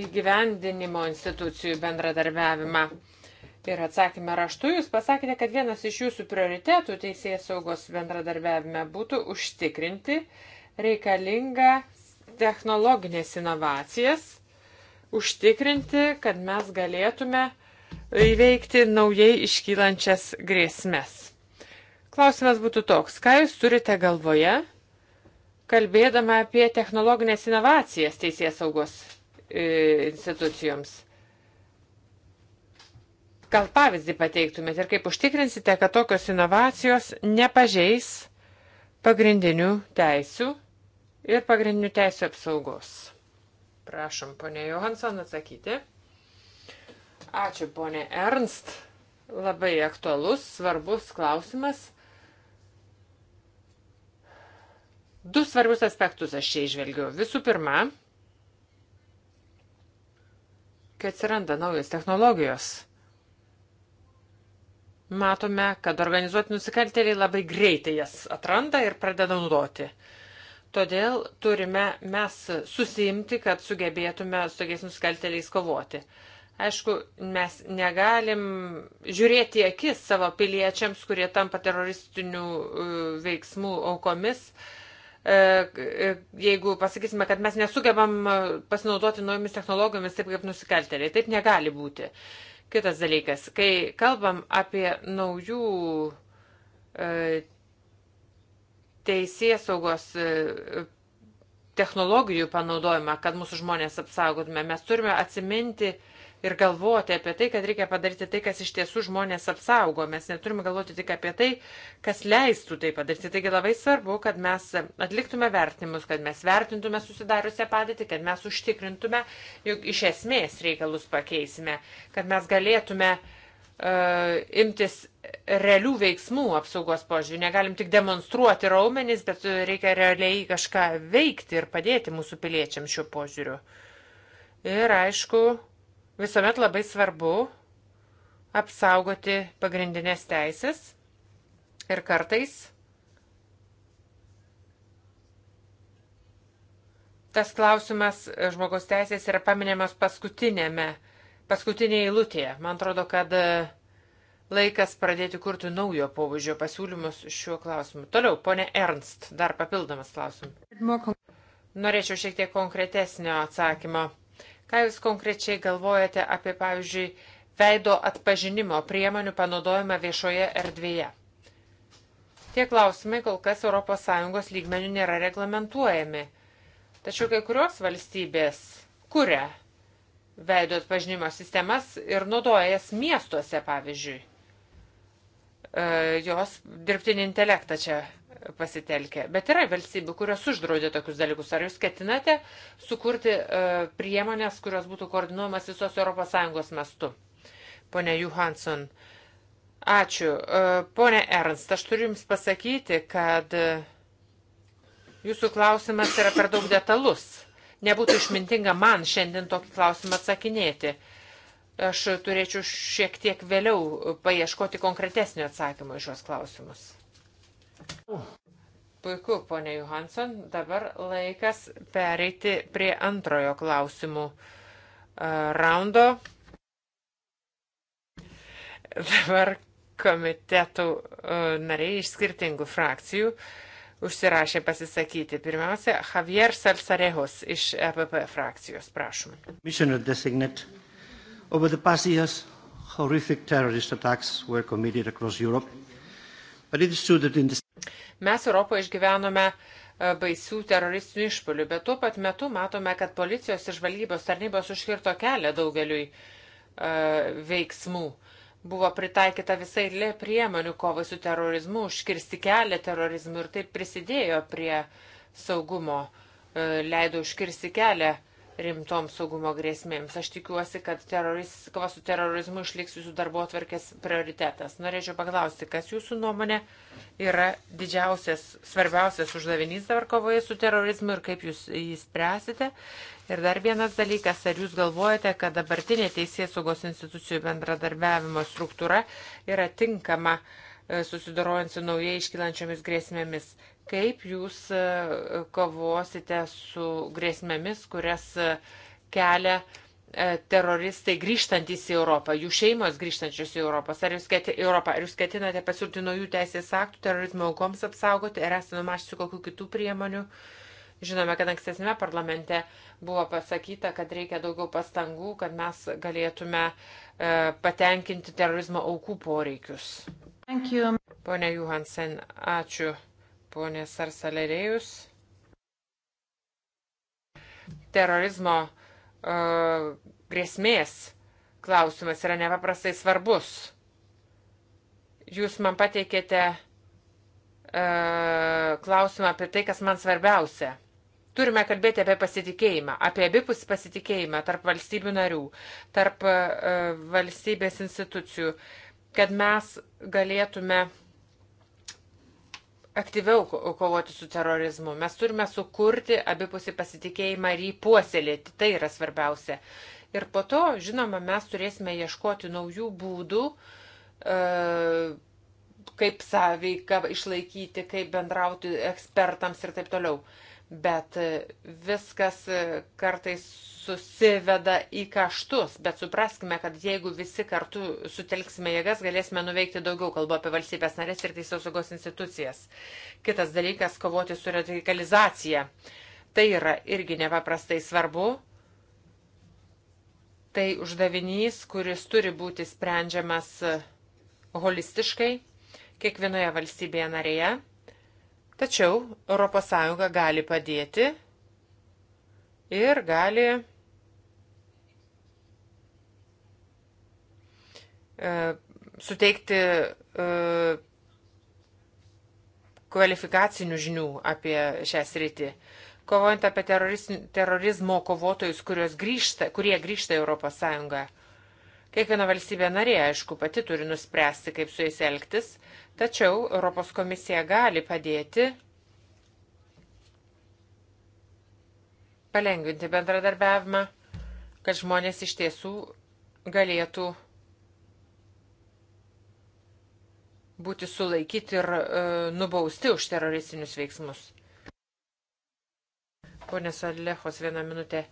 įgyvendinimo institucijų bendradarbiavimą. Ir atsakymę raštu jūs pasakėte, kad vienas iš jūsų prioritetų teisėjas saugos bendradarbiavime būtų užtikrinti reikalingą technologinės inovacijas užtikrinti, kad mes galėtume įveikti naujai iškylančias grėsmes. Klausimas būtų toks, ką jūs turite galvoje, kalbėdama apie technologinės inovacijas teisės saugos e, institucijoms? Gal pavyzdį pateiktumėte ir kaip užtikrinsite, kad tokios inovacijos nepažeis pagrindinių teisių ir pagrindinių teisių apsaugos? Prašom, ponė Johansson, atsakyti. Ačiū, ponė Ernst. Labai aktualus, svarbus klausimas. Du svarbius aspektus aš čia išvelgiu. Visų pirma, kai atsiranda naujos technologijos, matome, kad organizuoti nusikaltėliai labai greitai jas atranda ir pradeda naudoti. Uh, Todėl turime mes susimti, kad sugebėtume su tokiais nusikalteliais kovoti. Aišku, mes negalim žiūrėti akis savo piliečiams, kurie tampa teroristinių e, veiksmų aukomis, e, e, jeigu pasakysime, kad mes nesugebam pasinaudoti naujomis technologijomis taip kaip nusikalteliai. Taip negali būti. Kitas dalykas, kai kalbam apie naujų teisės saugos e, technologijų panaudojimą, kad mūsų žmonės apsaugotume. Mes turime atsiminti ir galvoti apie tai, kad reikia padaryti tai, kas iš tiesų žmonės apsaugo. Mes neturime galvoti tik apie tai, kas leistų tai padaryti. Taigi labai svarbu, kad mes atliktume vertinimus, kad mes vertintume susidariusią padėtį, kad mes užtikrintume, jog iš esmės reikalus pakeisime, kad mes galėtume uh, E, imtis realių veiksmų apsaugos požiūrį. Negalim tik demonstruoti raumenis, bet reikia realiai kažką veikti ir padėti mūsų piliečiam šiuo požiūriu. Ir aišku, visuomet labai svarbu apsaugoti pagrindinės teisės ir kartais tas klausimas žmogaus teisės yra paminėmas paskutinėme paskutinė eilutė. Man atrodo, kad e, laikas pradėti kurti naujo pobūdžio pasiūlymus šiuo klausimu. Toliau, ponė Ernst, dar papildomas klausimas. Norėčiau šiek tiek konkretesnio atsakymo. Ką Jūs konkrečiai galvojate apie, pavyzdžiui, veido atpažinimo priemonių panaudojimą viešoje erdvėje? Tie klausimai kol kas ES lygmenių nėra reglamentuojami. Tačiau kai kurios valstybės kuria veido atpažinimo sistemas ir naudoja jas miestuose, pavyzdžiui. E, jos dirbtinį intelektą čia pasitelkia. Bet yra valstybių, kurios uždraudė tokius dalykus. Ar jūs ketinate sukurti e, priemonės, kurios būtų koordinuojamas visos ES mastu? Pone Johansson, ačiū. E, pone Ernst, aš turiu Jums pasakyti, kad Jūsų klausimas yra per daug detalus. Nebūtų išmintinga man šiandien tokį klausimą atsakinėti. Aš turėčiau šiek tiek vėliau paieškoti konkretesnio atsakymo iš šios klausimus. Puiku, ponė Johansson, dabar laikas pereiti prie antrojo klausimų e, raundo. Dabar komitetų e, nariai iš skirtingų frakcijų uh, užsirašė pasisakyti. Pirmiausia, Javier Salsarejos iš EPP frakcijos, prašom. Over the past years, horrific terrorist attacks were committed across Europe. But it is true that in this... Mes Europoje išgyvenome e, baisių teroristinių išpolių, bet tuo pat metu matome, kad policijos ir žvalgybos tarnybos užkirto kelią daugeliui uh, veiksmų. Uh, Buvo pritaikyta visai lė priemonių kovai su terorizmu, užkirsti kelią terorizmui ir taip prisidėjo prie saugumo, e, leido užkirsti kelią rimtoms saugumo grėsmėms. Aš tikiuosi, kad teroriz, kova su terorizmu išliks jūsų darbo atverkės prioritetas. Norėčiau paklausti, kas jūsų nuomonė yra didžiausias, svarbiausias uždavinys dabar kovoje su terorizmu ir kaip jūs jį spręsite. Ir dar vienas dalykas, ar jūs galvojate, kad dabartinė teisės saugos institucijų bendradarbiavimo struktūra yra tinkama e, susidorojant su naujai iškilančiomis grėsmėmis? Kaip jūs e, kovosite su grėsmėmis, kurias e, kelia teroristai grįžtantys į Europą, jų šeimos grįžtančios į Europos. Ar jūs, keti, Europą, ar jūs ketinate pasiūlyti naujų teisės aktų terorizmo aukoms apsaugoti, ar esate numašęs kokių kitų priemonių? Uh, Žinome, kad ankstesnėme parlamente buvo pasakyta, kad reikia daugiau pastangų, kad mes galėtume e, patenkinti terorizmo aukų poreikius. Pone Juhansen, ačiū. Pone Sarsalerėjus. Terorizmo uh, grėsmės klausimas yra nepaprastai svarbus. Jūs man pateikėte e, klausimą apie tai, kas man svarbiausia. Turime kalbėti apie pasitikėjimą, apie abipusį pasitikėjimą tarp valstybių narių, tarp e, valstybės institucijų, kad mes galėtume aktyviau kovoti su terorizmu. Mes turime sukurti abipusį pasitikėjimą ir jį puoselėti. Tai yra svarbiausia. Ir po to, žinoma, mes turėsime ieškoti naujų būdų, e, kaip sąveiką išlaikyti, kaip bendrauti ekspertams ir taip toliau bet viskas kartais susiveda į kaštus, bet supraskime, kad jeigu visi kartu sutelksime jėgas, galėsime nuveikti daugiau, kalbu apie valstybės narės ir teisėsaugos institucijas. Kitas dalykas - kovoti su radikalizacija. Tai yra irgi nepaprastai svarbu. Tai uždavinys, kuris turi būti sprendžiamas holistiškai kiekvienoje valstybėje narėje Tačiau ES gali padėti ir gali e, suteikti e, kvalifikacinių žinių apie šią sritį. Kovojant apie terorizmo kovotojus, grįžta, kurie grįžta į ES, Kiekviena valstybė narė, aišku, pati turi nuspręsti, kaip su jais elgtis, tačiau Europos komisija gali padėti palengvinti bendradarbiavimą, kad žmonės iš tiesų galėtų būti sulaikyti ir e, nubausti už teroristinius veiksmus. Pone Salehos, vieną minutę.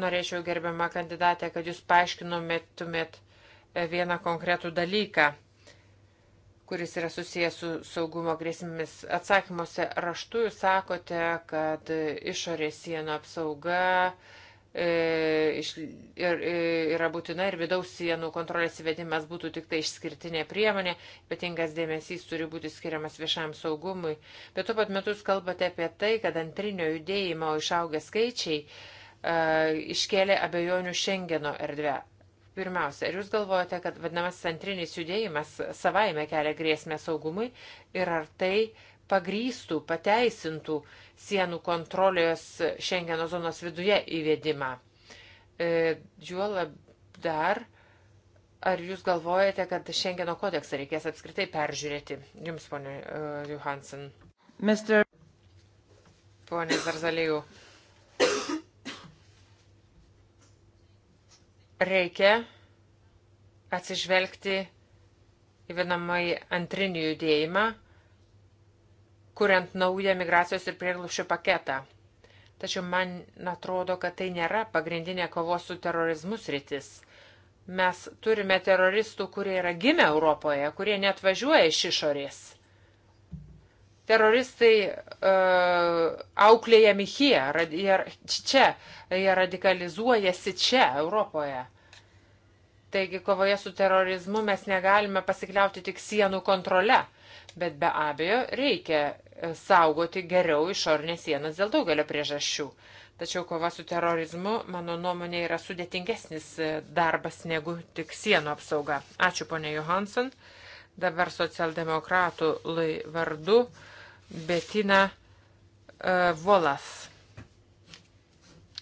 Norėčiau gerbiamą kandidatę, kad jūs paaiškinomėtumėt e, vieną konkretų dalyką, kuris yra susijęs su saugumo grėsmėmis. Atsakymuose raštu jūs sakote, kad e, išorės sienų apsauga e, yra būtina ir vidaus sienų kontrolės įvedimas būtų tik tai išskirtinė priemonė, ypatingas dėmesys turi būti skiriamas viešam saugumui. Bet tuo pat metu jūs kalbate apie tai, kad antrinio judėjimo išaugę skaičiai E, iškėlė abejonių Šengeno erdvę. Pirmiausia, ar jūs galvojate, kad vadinamas centrinis judėjimas savaime kelia grėsmę saugumui ir ar tai pagrystų, pateisintų sienų kontrolės Šengeno zonos viduje įvedimą? E, Juolab dar, ar jūs galvojate, kad Šengeno kodeksą reikės apskritai peržiūrėti? Jums, ponė uh, Johansen. Mister... Ponė Zarzalėjų. reikia atsižvelgti į vienamai antrinį judėjimą, kuriant naują migracijos ir prieglušių paketą. Tačiau man atrodo, kad tai nėra pagrindinė kovos su terorizmu sritis. Mes turime teroristų, kurie yra gimę Europoje, kurie net važiuoja iš išorės. Teroristai uh, auklėjami hier, jie čia, jie radikalizuojasi čia, Europoje. Taigi kovoje su terorizmu mes negalime pasikliauti tik sienų kontrole, bet be abejo reikia e, saugoti geriau išorinės sienas dėl daugelio priežasčių. Tačiau kova su terorizmu, mano nuomonė, yra sudėtingesnis e, darbas negu tik sienų apsauga. Ačiū, ponė Johansson. Dabar socialdemokratų vardu Betina uh, e, Volas.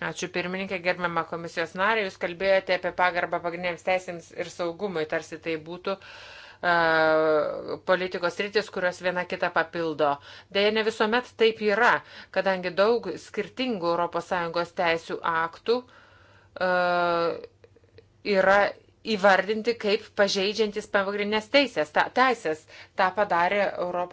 Ačiū pirmininkė, gerbiama komisijos narė, jūs kalbėjote apie pagarbą pagrindiniams teisėms ir saugumui, tarsi tai būtų uh, politikos rytis, kurios viena kitą papildo. Deja, ne visuomet taip yra, kadangi daug skirtingų ES teisių aktų uh, yra įvardinti kaip pažeidžiantis pagrindinės teisės, ta, teisės. Ta padarė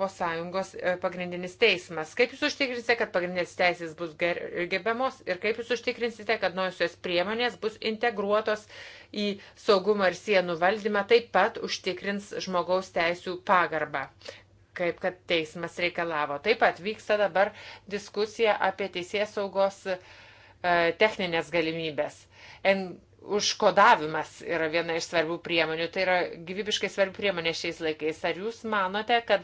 ES e, pagrindinis teismas. Kaip jūs užtikrinsite, kad pagrindinės teisės bus gerbiamos ir kaip jūs užtikrinsite, kad nuosios priemonės bus integruotos į saugumą ir sienų valdymą, taip pat užtikrins žmogaus teisų pagarbą kaip kad teismas reikalavo. Taip pat vyksta dabar diskusija apie teisės saugos e, techninės galimybės. En, užkodavimas yra viena iš svarbių priemonių. Tai yra gyvybiškai svarbi priemonė šiais laikais. Ar jūs manote, kad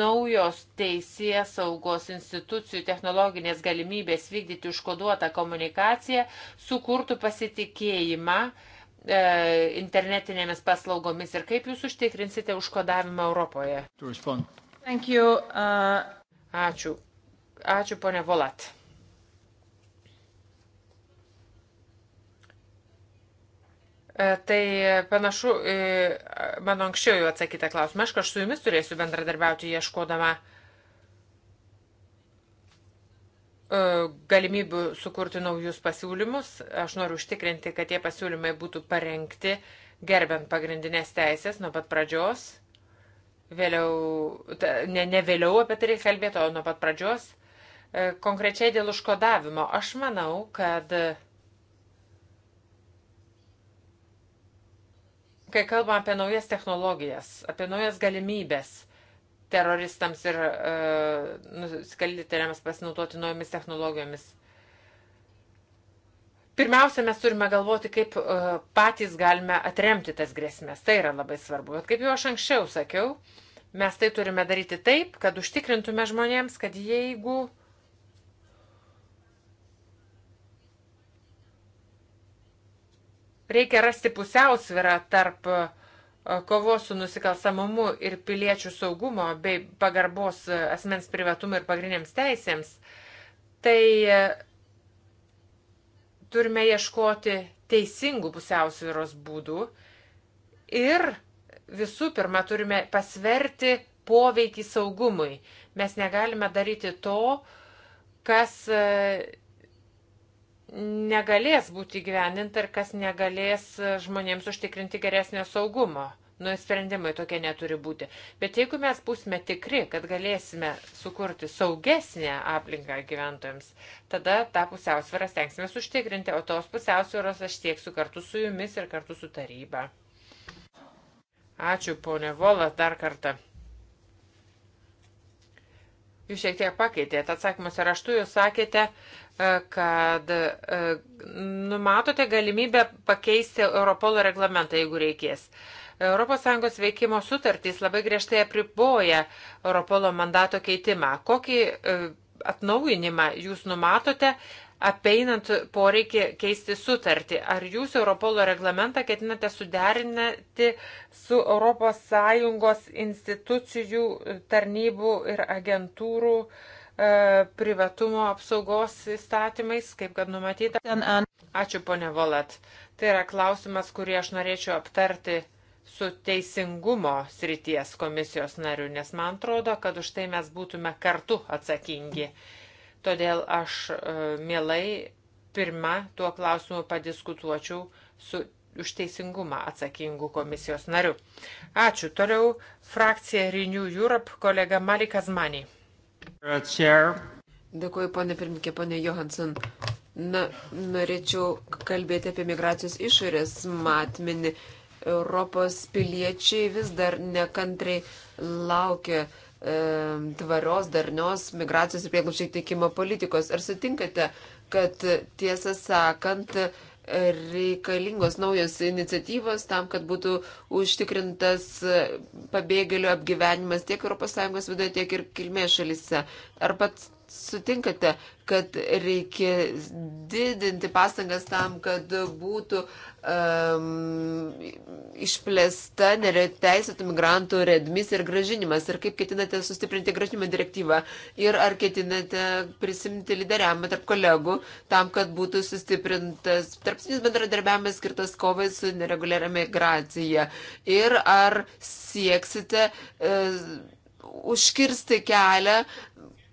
naujos teisės saugos institucijų technologinės galimybės vykdyti užkoduotą komunikaciją sukurtų pasitikėjimą e, internetinėmis paslaugomis ir kaip jūs užtikrinsite užkodavimą Europoje? Uh... Ačiū. Ačiū, ponė Volat. E, tai panašu, e, mano anksčiau jau atsakytą klausimą, aš kažkaip su jumis turėsiu bendradarbiauti ieškodama e, galimybių sukurti naujus pasiūlymus. Aš noriu užtikrinti, kad tie pasiūlymai būtų parengti gerbent pagrindinės teisės nuo pat pradžios. Vėliau, ne, ne vėliau apie tai kalbėto, o nuo pat pradžios. Konkrečiai dėl užkodavimo. Aš manau, kad Kai kalbam apie naujas technologijas, apie naujas galimybės teroristams ir e, nusikaltėliams pasinaudoti naujomis technologijomis, pirmiausia, mes turime galvoti, kaip e, patys galime atremti tas grėsmės. Tai yra labai svarbu. Bet kaip jau aš anksčiau sakiau, mes tai turime daryti taip, kad užtikrintume žmonėms, kad jeigu e, Reikia rasti pusiausvirą tarp e, kovos su nusikalstamumu ir piliečių saugumo bei pagarbos e, asmens privatumui ir pagrindiniams teisėms. Tai e, turime ieškoti teisingų pusiausvyros būdų ir visų pirma turime pasverti poveikį saugumui. Mes negalime daryti to, kas negalės būti gyveninta ir kas negalės žmonėms užtikrinti geresnio saugumo. Nu, sprendimai tokie neturi būti. Bet jeigu mes būsime tikri, kad galėsime sukurti saugesnę aplinką gyventojams, tada tą pusiausvyrą stengsime užtikrinti, o tos pusiausvyros aš sieksiu kartu su jumis ir kartu su taryba. Ačiū, ponė Volas, dar kartą. Jūs šiek tiek pakeitėte atsakymus raštu, jūs sakėte, uh, kad e, numatote galimybę pakeisti Europolo reglamentą, jeigu reikės. ES veikimo sutartys labai griežtai apriboja Europolo mandato keitimą. Kokį e, atnaujinimą jūs numatote, apeinant poreikį keisti sutartį? Ar jūs Europolo reglamentą ketinate suderinti su ES institucijų, tarnybų ir agentūrų uh, E, privatumo apsaugos įstatymais, kaip kad numatyta. Ačiū, ponė Volat. Tai yra klausimas, kurį aš norėčiau aptarti su teisingumo srities komisijos nariu, nes man atrodo, kad už tai mes būtume kartu atsakingi. Todėl aš e, mielai pirmą tuo klausimu padiskutuočiau su už teisingumą atsakingų komisijos nariu. Ačiū. Toliau frakcija Renew Europe kolega Malikas Maniai. Dėkuoju, ponė pirmininkė, ponė Johansson. Na, norėčiau kalbėti apie migracijos išorės matmenį. Europos piliečiai vis dar nekantriai laukia e, tvarios, darnios migracijos ir prieglapščiai teikimo politikos. Ar sutinkate, kad tiesą sakant, e, reikalingos naujos iniciatyvos tam, kad būtų užtikrintas pabėgėlių apgyvenimas tiek ES viduje, tiek ir kilmės šalise. Ar pats sutinkate, kad reikia didinti pastangas tam, kad būtų um, išplėsta neteisėtų migrantų redmis ir gražinimas? Ir kaip ketinate sustiprinti gražinimo direktyvą? Ir ar ketinate prisimti lyderiavimą tarp kolegų tam, kad būtų sustiprintas tarpsinis bendradarbiavimas skirtas kovai su nereguliaria migracija? Ir ar sieksite. Uh, užkirsti kelią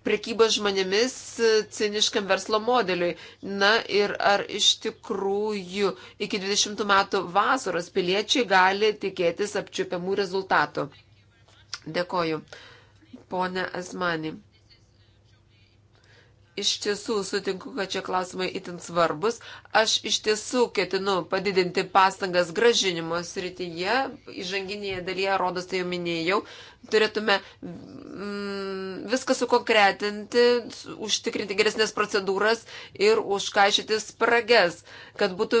prekybos žmonėmis e, ciniškam verslo modeliui. Na ir ar iš tikrųjų iki 20 metų vasaros piliečiai gali tikėtis apčiupiamų rezultatų. Dėkoju. Pone Asmani. Iš tiesų sutinku, kad čia klausimai itin svarbus. Aš iš tiesų ketinu padidinti pastangas gražinimo srityje. Įžanginėje dalyje, rodos, tai jau minėjau, turėtume mm, viską sukonkretinti, užtikrinti geresnės procedūras ir užkaišyti sprages, kad būtų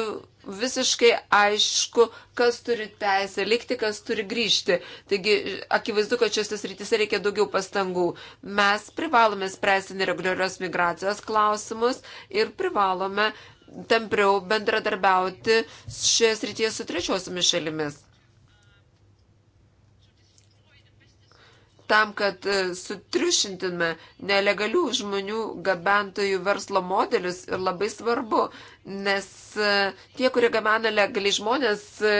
visiškai aišku, kas turi teisę likti, kas turi grįžti. Taigi, akivaizdu, kad šiose srityse reikia daugiau pastangų. Mes privalome spręsti nereguliarios migracijos klausimus ir privalome tampriau bendradarbiauti šioje srityje su trečiosiomis šalimis. tam, kad e, sutriušintume nelegalių žmonių gabentojų verslo modelius ir labai svarbu, nes e, tie, kurie gabena legaliai žmonės, e,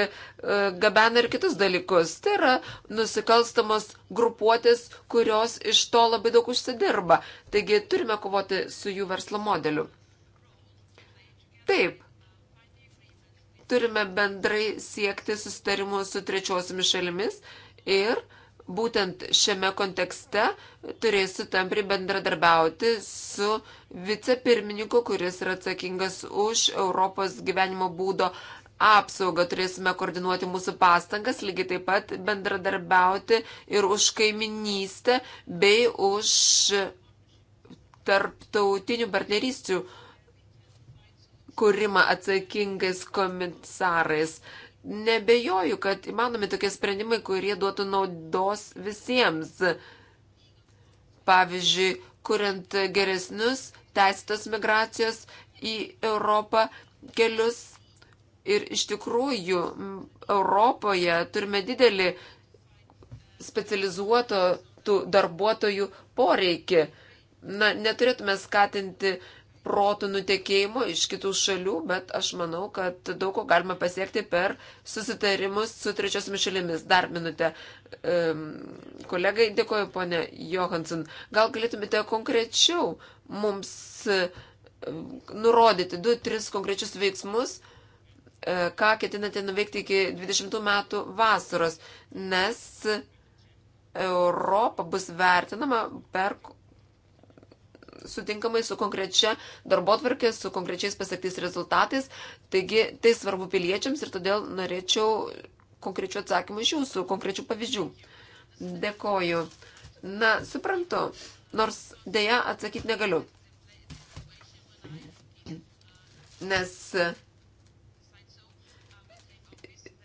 gabena ir kitus dalykus. Tai yra nusikalstamos grupuotės, kurios iš to labai daug užsidirba. Taigi turime kovoti su jų verslo modeliu. Taip, turime bendrai siekti susitarimų su trečiosiomis šalimis ir būtent šiame kontekste turėsiu tampri bendradarbiauti su vicepirmininku, kuris yra atsakingas už Europos gyvenimo būdo apsaugą. Turėsime koordinuoti mūsų pastangas, lygiai taip pat bendradarbiauti ir už kaiminystę bei už tarptautinių partnerysčių kūrimą atsakingais komisarais nebejoju, kad įmanomi tokie sprendimai, kurie duotų naudos visiems. Pavyzdžiui, kuriant geresnius teisėtos migracijos į Europą kelius. Ir iš tikrųjų Europoje turime didelį specializuotų darbuotojų poreikį. Na, neturėtume skatinti uh, protų nutekėjimo iš kitų šalių, bet aš manau, kad daug ko galima pasiekti per susitarimus su trečiosiomis šalimis. Dar minutę. Um, kolegai, dėkoju, ponė Johansson. Gal galėtumėte konkrečiau mums nurodyti 2-3 konkrečius veiksmus, e, ką ketinate nuveikti iki 20 metų vasaros, nes Europa bus vertinama per sutinkamai su konkrečia darbotvarkė, su konkrečiais pasiektais rezultatais. Taigi tai svarbu piliečiams ir todėl norėčiau konkrečių atsakymų iš jūsų, konkrečių pavyzdžių. Dėkoju. Na, suprantu, nors dėja atsakyti negaliu. Nes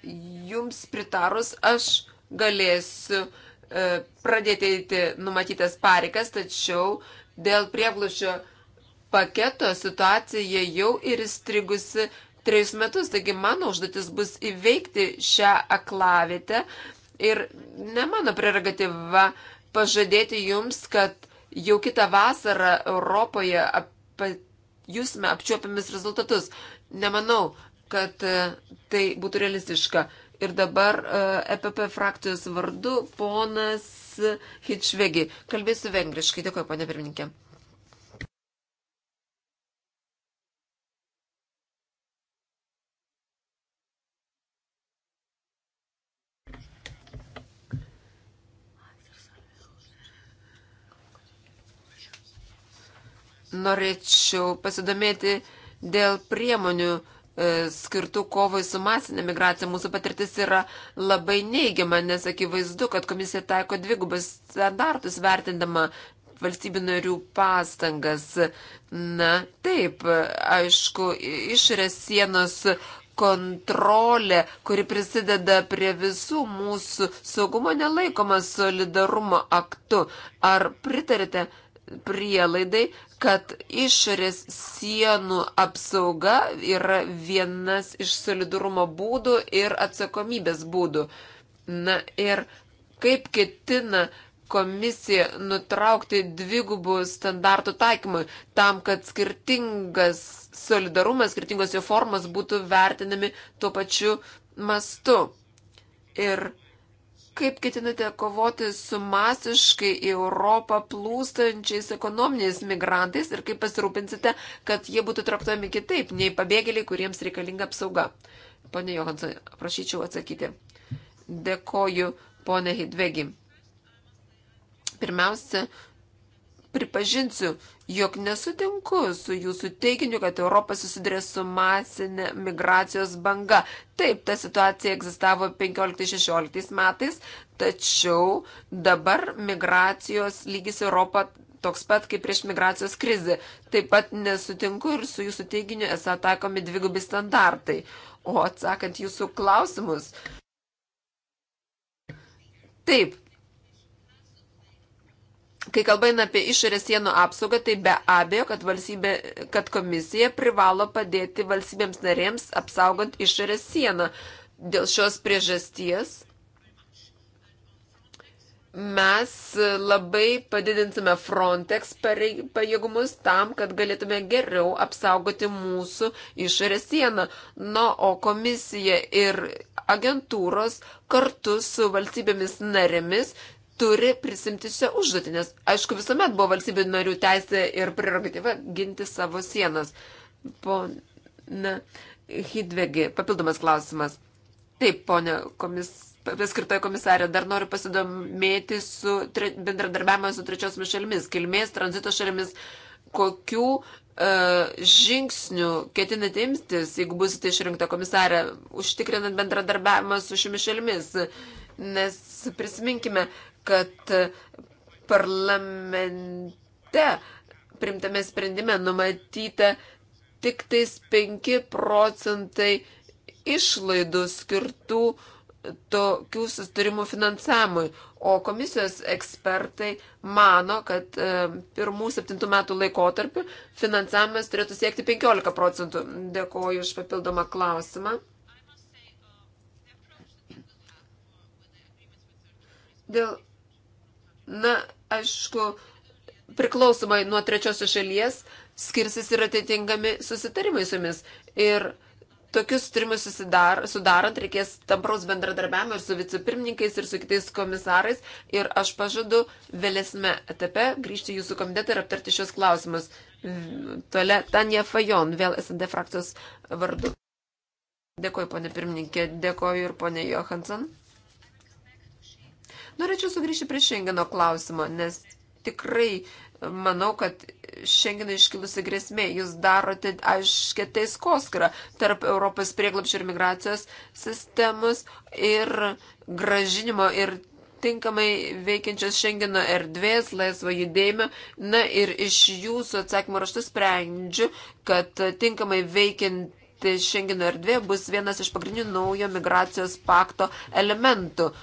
jums pritarus aš galėsiu e, pradėti eiti numatytas pareigas, tačiau uh, Dėl prieglušio paketo situacija jau ir įstrigusi trejus metus, taigi mano užduotis bus įveikti šią aklavietę ir ne mano prerogatyva pažadėti jums, kad jau kitą vasarą Europoje apa, jūsime apčiuopiamis rezultatus. Nemanau, kad e, tai būtų realistiška. Ir dabar EPP e frakcijos vardu ponas Hitchvegi. Kalbėsiu vengriškai. Dėkuoju, ponė pirmininkė. Norėčiau pasidomėti dėl priemonių E, skirtų kovai su masinė migracija. Mūsų patirtis yra labai neigiama, nes akivaizdu, kad komisija taiko dvigubas standartus vertindama valstybių narių pastangas. Na, taip, aišku, išorės sienos kontrolė, kuri prisideda prie visų mūsų saugumo nelaikoma solidarumo aktu. Ar pritarite prielaidai, kad išorės sienų apsauga yra vienas iš solidarumo būdų ir atsakomybės būdų. Na ir kaip ketina komisija nutraukti dvigubų standartų taikymui, tam, kad skirtingas solidarumas, skirtingos jo formos būtų vertinami tuo pačiu mastu. Ir Kaip ketinate kovoti su masiškai į Europą plūstančiais ekonominiais migrantais ir kaip pasirūpinsite, kad jie būtų traktuojami kitaip nei pabėgėliai, kuriems reikalinga apsauga? Pone Johansson, prašyčiau atsakyti. Dėkoju, pone Hidvegi. Pirmiausia, pripažinsiu, jog nesutinku su jūsų teiginiu, kad Europa susidurė su masinė migracijos banga. Taip, ta situacija egzistavo 15-16 metais, tačiau dabar migracijos lygis Europą toks pat kaip prieš migracijos krizį. Taip pat nesutinku ir su jūsų teiginiu esą taikomi dvigubi standartai. O atsakant jūsų klausimus. Taip, Kai kalbame apie išorės sienų apsaugą, tai be abejo, kad, valstybė, kad komisija privalo padėti valstybėms narėms apsaugant išorės sieną. Dėl šios priežasties mes labai padidinsime Frontex pajėgumus tam, kad galėtume geriau apsaugoti mūsų išorės sieną. Na, o komisija ir agentūros kartu su valstybėmis narėmis turi prisimti šią užduotį, nes aišku visuomet buvo valstybių narių teisė ir prerogatyva ginti savo sienas. Pone Hidvegi, papildomas klausimas. Taip, ponė komis, paskirtoji komisarė, dar noriu pasidomėti su tre, bendradarbiavimo su trečiosiomis šalimis, kilmės, tranzito šalimis, kokių e, žingsnių ketinate imtis, jeigu busite išrinkta komisarė, užtikrinant bendradarbiavimą su šiomis šalimis? Nes prisiminkime, kad parlamente primtame sprendime numatyta tik tais 5 procentai išlaidų skirtų tokių sustarimų finansavimui. O komisijos ekspertai mano, kad e, pirmų septintų metų laikotarpiu finansavimas turėtų siekti 15 procentų. Dėkoju už papildomą klausimą. Dėl Na, aišku, priklausomai nuo trečiosios šalies skirsis ir atitinkami susitarimai su jumis. Ir tokius sutarimus sudarant reikės tampraus bendradarbiavimo ir su vicepirmininkais, ir su kitais komisarais. Ir aš pažadu vėlesnėme etape grįžti į jūsų komitetą ir aptarti šios klausimus. Tole Tanja Fajon, vėl SND frakcijos vardu. Dėkoju, ponė pirmininkė, dėkoju ir ponė Johansson. Norėčiau sugrįžti prie Šengeno klausimo, nes tikrai e, manau, kad šiandien iškilusi grėsmė, jūs darote aiškia taiskoskarą tarp Europos prieglapščio ir migracijos sistemos ir gražinimo ir tinkamai veikiančios Šengino erdvės, laisvo judėjimo. Na ir iš jūsų atsakymų raštų sprendžiu, kad tinkamai veikiant Šengino erdvė bus vienas iš pagrindinių naujo migracijos pakto elementų.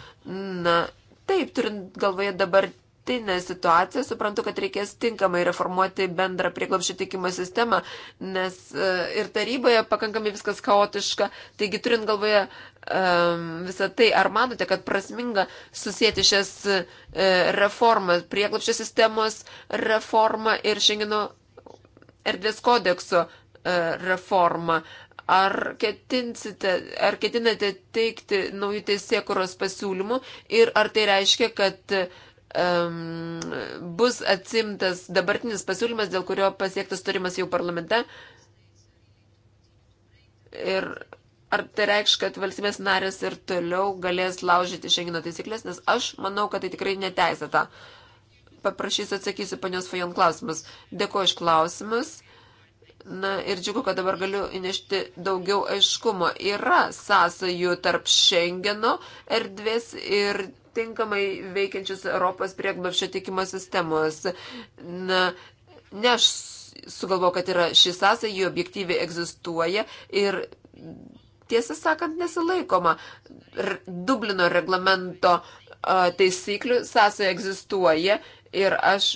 Na Taip, turint galvoje dabartinę situaciją, suprantu, kad reikės tinkamai reformuoti bendrą prieglapšio teikimo sistemą, nes e, ir taryboje pakankamai viskas chaotiška. Taigi, turint galvoje e, visą tai, ar manote, kad prasminga susijęti šias e, reformas, prieglapšio sistemos reformą ir šengino erdvės kodekso reformą. Ar, ar ketinate teikti naujų teisėkuros pasiūlymų ir ar tai reiškia, kad um, bus atsimtas dabartinis pasiūlymas, dėl kurio pasiektas turimas jau parlamente? Ir ar tai reikš, kad valstybės narės ir toliau galės laužyti šengino taisyklės, nes aš manau, kad tai tikrai neteisėta. Paprašysiu atsakysiu panios Fajon klausimus. Dėkuoju iš klausimus. Na ir džiugu, kad dabar galiu įnešti daugiau aiškumo. Yra sąsajų tarp Schengeno erdvės ir tinkamai veikiančius Europos prieglobščio tikimo sistemos. Na, ne aš sugalvoju, kad yra ši sąsaja, jų objektyviai egzistuoja ir tiesą sakant nesilaikoma. Dublino reglamento taisyklių sąsaja egzistuoja ir aš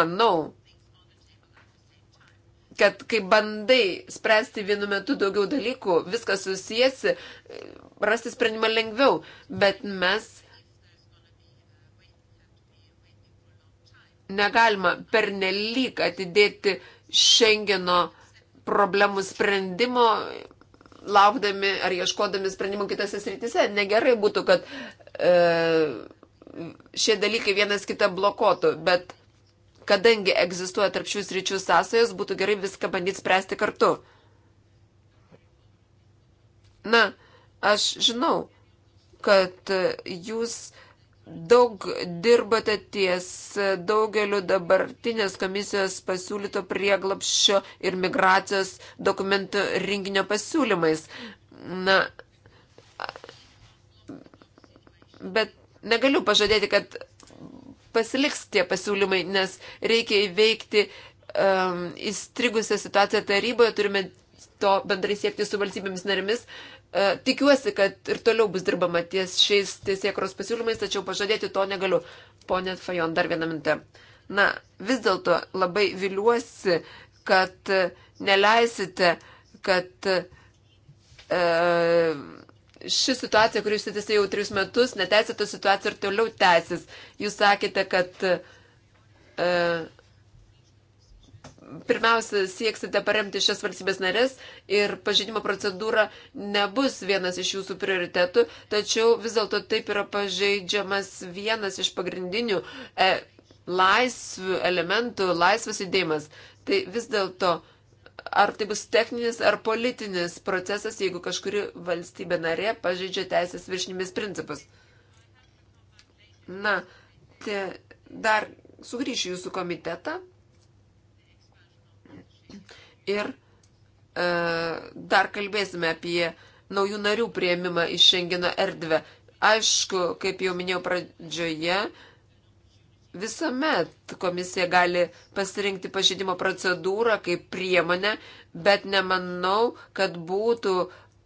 manau, kad kai bandai spręsti vienu metu daugiau dalykų, viskas susijęsi, rasti sprendimą lengviau, bet mes negalima pernelyg atidėti Šengeno problemų sprendimo, laukdami ar ieškodami sprendimų kitose srityse. Negerai būtų, kad e, šie dalykai vienas kitą blokuotų, bet kadangi egzistuoja tarp šių sričių sąsajos, būtų gerai viską bandyti spręsti kartu. Na, aš žinau, kad jūs daug dirbate ties daugeliu dabartinės komisijos pasiūlyto prieglapščio ir migracijos dokumentų rinkinio pasiūlymais. Na, bet negaliu pažadėti, kad pasiliks tie pasiūlymai, nes reikia įveikti um, įstrigusią situaciją taryboje, turime to bendrai siekti su valstybėmis narimis. Uh, tikiuosi, kad ir toliau bus dirbama ties šiais tiesiekros pasiūlymais, tačiau pažadėti to negaliu. Pone Fajon, dar vieną mintę. Na, vis dėlto labai viliuosi, kad neleisite, kad uh, ši situacija, kuri išsitėsi jau tris metus, neteisėta situacija ir toliau tęsis. Jūs sakėte, kad e, pirmiausia sieksite paremti šias valstybės narės ir pažydimo procedūra nebus vienas iš jūsų prioritetų, tačiau vis dėlto taip yra pažeidžiamas vienas iš pagrindinių e, laisvių elementų, laisvas judėjimas. Tai vis dėlto e, ar tai bus techninis ar politinis procesas, jeigu kažkuri valstybė narė pažeidžia teisės viršinimis principus. Na, tie, dar sugrįšiu jūsų komitetą ir e, dar kalbėsime apie naujų narių prieimimą iš Šengeno erdvę. Aišku, kaip jau minėjau pradžioje, Visuomet komisija gali pasirinkti pažydimo procedūrą kaip priemonę, bet nemanau, kad būtų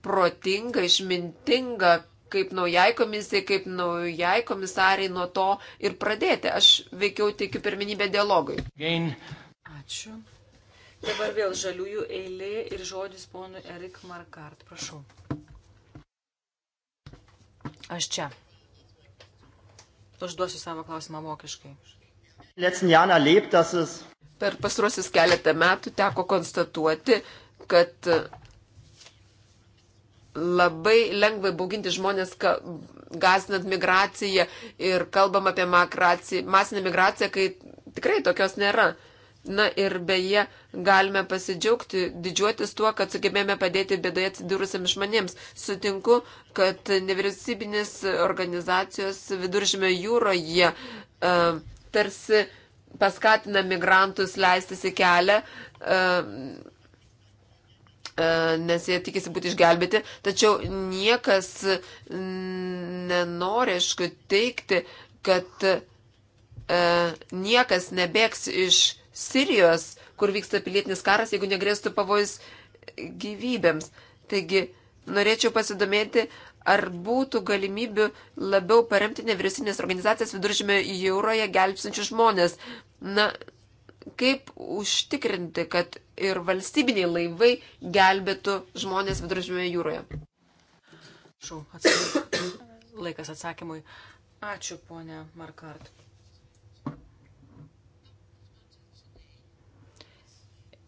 protinga, išmintinga kaip naujai komisijai, kaip naujai komisariai nuo to ir pradėti. Aš veikiau teikiu pirminybę dialogui. Gain. Ačiū. Dabar vėl žaliųjų eilė ir žodis ponui Erik Markart. Prašau. Aš čia. Užduosiu savo klausimą vokiškai. Per pastruosius keletą metų teko konstatuoti, kad e, labai lengvai bauginti žmonės, gazinant migraciją ir kalbam apie masinę migraciją, kai tikrai tokios nėra. Na ir beje, galime pasidžiaugti, didžiuotis tuo, kad sugebėjome padėti bėdoje atsidūrusiam žmonėms. Sutinku, kad nevyriausybinės organizacijos viduržymio jūroje uh, tarsi paskatina migrantus leistis į kelią. Uh, nes jie tikisi būti išgelbėti, tačiau niekas nenori, aišku, teikti, kad niekas nebėgs iš Sirijos, kur vyksta pilietinis karas, jeigu negrėstų pavojus gyvybėms. Taigi, norėčiau pasidomėti, ar būtų galimybių labiau paremti nevyriausybinės organizacijas viduržymė jūroje gelbsinčių žmonės. Na, kaip užtikrinti, kad ir valstybiniai laivai gelbėtų žmonės viduržymė jūroje? Šau, atsakymu. [coughs] laikas atsakymui. Ačiū, ponė Markart.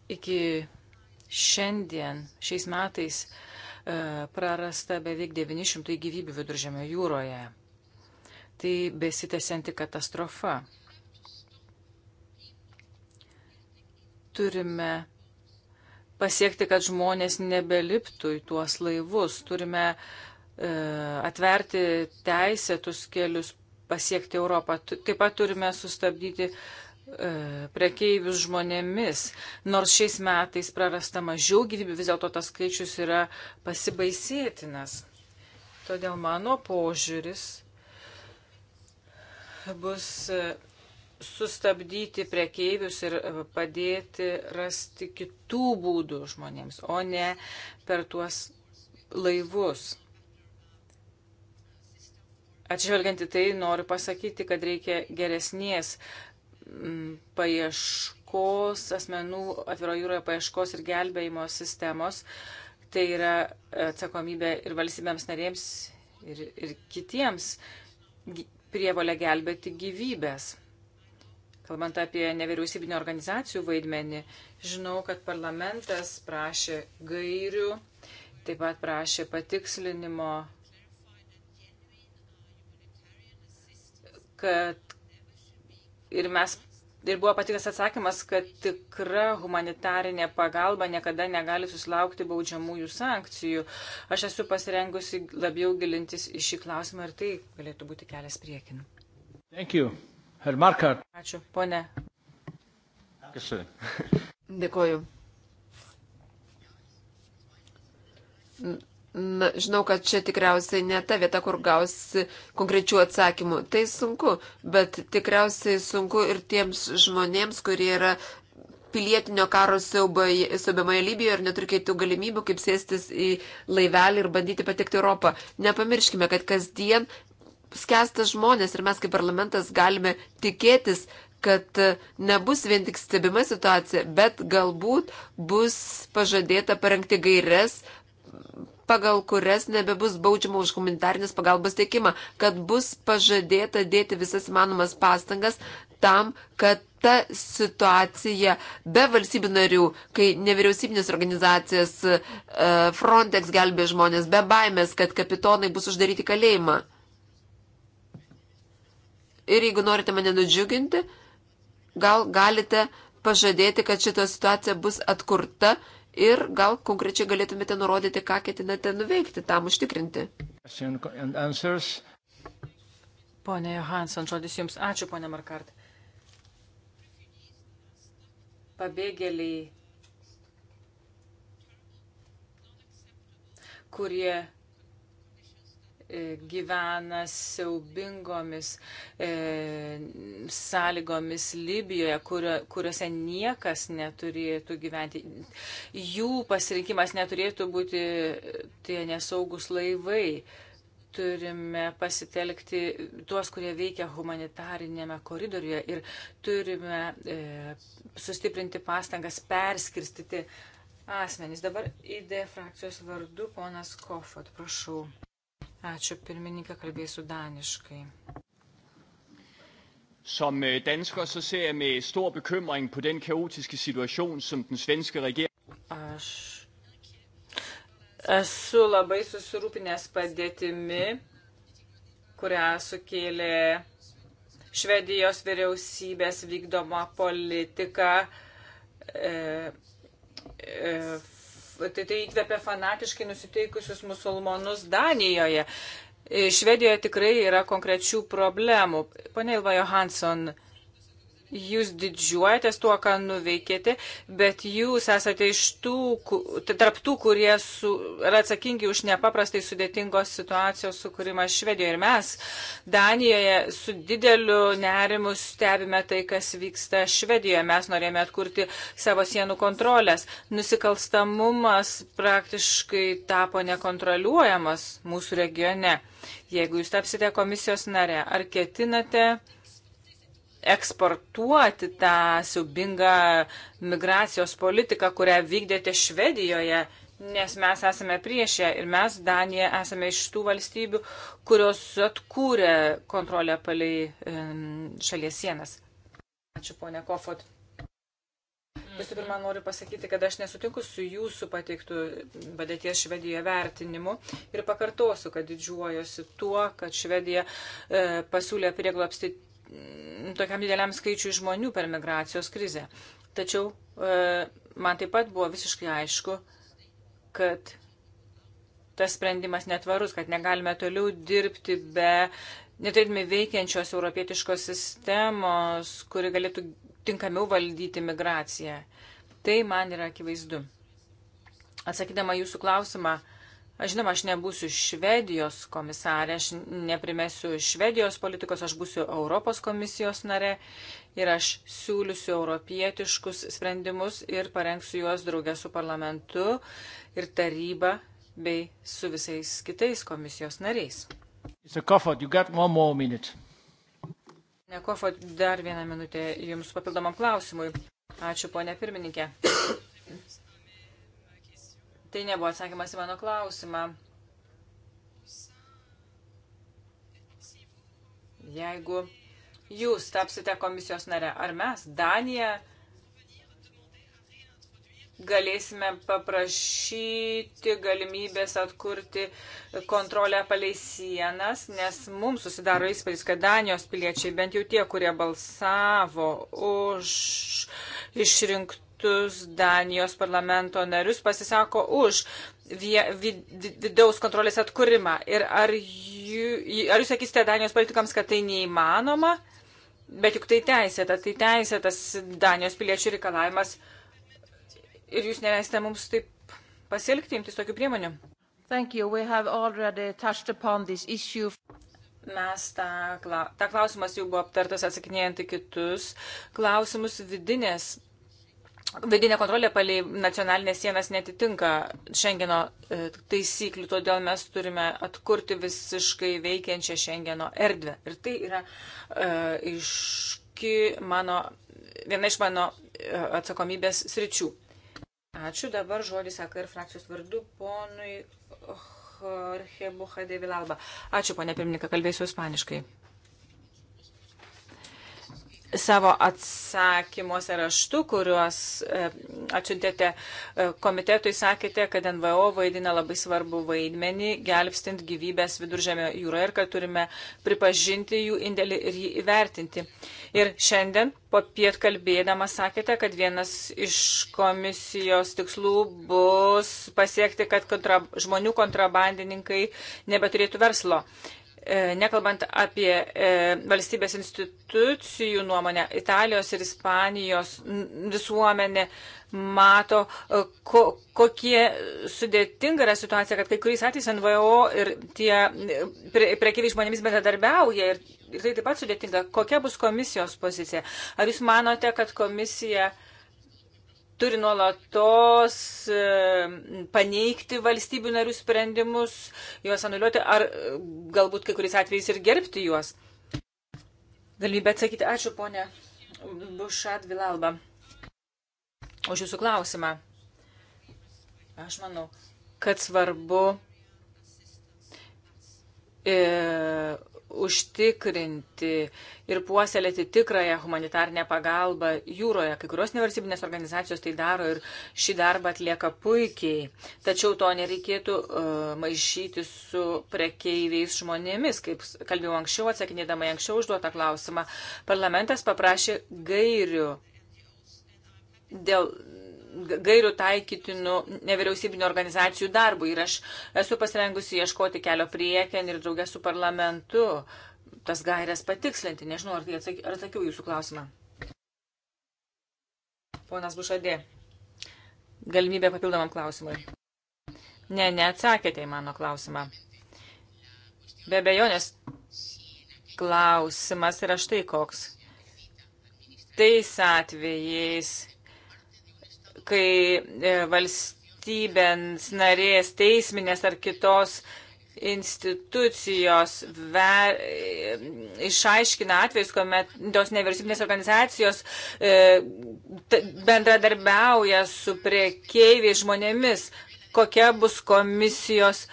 iki šiandien, šiais metais, e, prarasta beveik 900 gyvybių viduržėmio jūroje. Tai besitęsianti katastrofa. Turime pasiekti, kad žmonės nebeliptų į tuos laivus. Turime e, atverti teisėtus kelius pasiekti Europą. Taip pat turime sustabdyti E, prekeivius žmonėmis. Nors šiais metais prarasta mažiau gyvybių, vis dėlto tas skaičius yra pasibaisėtinas. Todėl mano požiūris bus e, sustabdyti prekeivius ir e, padėti rasti kitų būdų žmonėms, o ne per tuos laivus. Atžvelgiant į tai, noriu pasakyti, kad reikia geresnės Mm, paieškos, asmenų atviro jūroje paieškos ir gelbėjimo sistemos. Tai yra atsakomybė ir valstybėms narėms, ir, ir kitiems prievolė gelbėti gyvybės. Kalbant apie nevyriausybinio organizacijų vaidmenį, žinau, kad parlamentas prašė gairių, taip pat prašė patikslinimo, kad ir mes. Ir buvo patikęs atsakymas, kad tikra humanitarinė pagalba niekada negali susilaukti baudžiamųjų sankcijų. Aš esu pasirengusi labiau gilintis į šį klausimą ir tai galėtų būti kelias priekin. Ačiū, ponė. Dėkoju. Na, žinau, kad čia tikriausiai ne ta vieta, kur gausi konkrečių atsakymų. Tai sunku, bet tikriausiai sunku ir tiems žmonėms, kurie yra pilietinio karo siaubiamoje Libijoje ir neturi kitų galimybių, kaip sėstis į laivelį ir bandyti patekti Europą. Nepamirškime, kad kasdien skęsta žmonės ir mes kaip parlamentas galime tikėtis, kad nebus vien tik stebima situacija, bet galbūt bus pažadėta parengti gairias pagal kurias nebebus baudžiama už humanitarnės pagalbos teikimą, kad bus pažadėta dėti visas įmanomas pastangas tam, kad ta situacija be valstybių narių, kai nevyriausybinės organizacijas e, Frontex gelbė žmonės, be baimės, kad kapitonai bus uždaryti kalėjimą. Ir jeigu norite mane nudžiuginti, gal galite pažadėti, kad šita situacija bus atkurta ir gal konkrečiai galėtumėte nurodyti, ką ketinate nuveikti tam užtikrinti. Pone Johansson, žodis Jums. Ačiū, pone Markart. Pabėgėliai, kurie E, gyvena siaubingomis e, sąlygomis Libijoje, kurio, kuriuose niekas neturėtų gyventi. Jų pasirinkimas neturėtų būti tie nesaugus laivai. Turime pasitelkti tuos, kurie veikia humanitarinėme koridoriuje ir turime e, sustiprinti pastangas perskirstyti asmenys. Dabar ID frakcijos vardu ponas Kofot, prašau. Ačiū pirmininkė, kalbėsiu daniškai. Som øh, dansker så ser jeg med stor bekymring på den kaotiske situation, som den svenske regering... Aš esu labai susirūpinęs padėtimi, kurią sukėlė Švedijos vyriausybės vykdoma politika e, e, tai, tai įkvėpė fanatiškai nusiteikusius musulmonus Danijoje. Švedijoje tikrai yra konkrečių problemų. Pane Ilva Johansson, jūs didžiuojatės tuo, ką nuveikėte, bet jūs esate iš tų, tarptų, kurie su, yra atsakingi už nepaprastai sudėtingos situacijos sukūrimą Švedijoje. Ir mes Danijoje su dideliu nerimu stebime tai, kas vyksta Švedijoje. Mes norėjome atkurti savo sienų kontrolės. Nusikalstamumas praktiškai tapo nekontroliuojamas mūsų regione. Jeigu jūs tapsite komisijos nare, ar ketinate eksportuoti tą siubingą migracijos politiką, kurią vykdėte Švedijoje, nes mes esame priešė ir mes, Danija, esame iš tų valstybių, kurios atkūrė kontrolę palei šalies sienas. Ačiū, ponė Kofot. Visų pirma, noriu pasakyti, kad aš nesutinku su jūsų pateiktų padėties Švedijoje vertinimu ir pakartosiu, kad didžiuojosi tuo, kad Švedija e, pasiūlė prieglapsti tokiam dideliam skaičiui žmonių per migracijos krizę. Tačiau e, man taip pat buvo visiškai aišku, kad tas sprendimas netvarus, kad negalime toliau dirbti be, neturėtume veikiančios europietiškos sistemos, kuri galėtų tinkamiau valdyti migraciją. Tai man yra akivaizdu. Atsakydama jūsų klausimą, Aš žinoma, aš nebūsiu Švedijos komisarė, aš neprimesiu Švedijos politikos, aš būsiu Europos komisijos narė ir aš siūlysiu europietiškus sprendimus ir parengsiu juos draugę su parlamentu ir taryba bei su visais kitais komisijos nariais. Kofod, ne Kofod, dar vieną minutę jums papildomam klausimui. Ačiū, ponė pirmininkė. Tai nebuvo atsakymas į mano klausimą. Jeigu jūs tapsite komisijos nare, ar mes, Danija, galėsime paprašyti galimybės atkurti kontrolę palei sienas, nes mums susidaro įspūdis, kad Danijos piliečiai, bent jau tie, kurie balsavo už išrinktų kitus Danijos parlamento narius pasisako už vie, vid, vidaus kontrolės atkūrimą. Ir ar, jų, ar jūs sakysite Danijos politikams, kad tai neįmanoma? Bet juk tai teisėta, tai teisėtas Danijos piliečių reikalavimas. Ir jūs neleisite mums taip pasielgti, imtis tokių priemonių. Mes tą, tą klausimas jau buvo aptartas atsakinėjant į kitus klausimus vidinės vidinė kontrolė palei nacionalinės sienas netitinka Šengeno e, taisyklių, todėl mes turime atkurti visiškai veikiančią Šengeno erdvę. Ir tai yra uh, e, iški mano, viena iš mano uh, atsakomybės sričių. Ačiū, dabar žodį sako ir frakcijos vardu ponui Jorge Buhadevilalba. Ačiū, ponė pirmininkė, kalbėsiu ispaniškai savo atsakymuose raštu, kuriuos e, atsiuntėte e, komitetui, sakėte, kad NVO vaidina labai svarbu vaidmenį, gelbstint gyvybės viduržėmio jūroje ir kad turime pripažinti jų indėlį ir jį įvertinti. Ir šiandien po piet kalbėdama sakėte, kad vienas iš komisijos tikslų bus pasiekti, kad kontra, žmonių kontrabandininkai nebeturėtų verslo. E, nekalbant apie e, valstybės institucijų nuomonę, Italijos ir Ispanijos visuomenė mato, e, ko, kokie sudėtinga yra situacija, kad kai kuriais atvejais NVO ir tie prekyviai žmonėmis bendradarbiauja ir, ir tai taip pat sudėtinga. Kokia bus komisijos pozicija? Ar jūs manote, kad komisija turi nuolatos e, paneigti valstybių narių sprendimus, juos anuliuoti, ar e, galbūt kai kuriais atvejais ir gerbti juos. Galimybę atsakyti. Ačiū, ponė Bušat Vilalba, už jūsų klausimą. Aš manau, kad svarbu e, užtikrinti ir puoselėti tikrąją humanitarnę pagalbą jūroje. Kai kurios nevarsybinės organizacijos tai daro ir šį darbą atlieka puikiai. Tačiau to nereikėtų uh, maišyti su prekeiviais žmonėmis. Kaip kalbėjau anksčiau, atsakinėdama į anksčiau užduotą klausimą, parlamentas paprašė gairių dėl gairių taikytinų nevyriausybinio organizacijų darbų. Ir aš esu pasirengusi ieškoti kelio priekien ir draugę su parlamentu tas gairias patikslinti. Nežinau, ar, tai atsaky, ar atsakiau jūsų klausimą. Ponas Bušadė, galimybė papildomam klausimui. Ne, neatsakėte į mano klausimą. Be abejonės, klausimas yra štai koks. Tais atvejais kai e, valstybės narės teisminės ar kitos institucijos ver, e, išaiškina atvejus, kuomet tos nevyriausybinės organizacijos e, t, bendradarbiauja su priekeiviai žmonėmis, kokia bus komisijos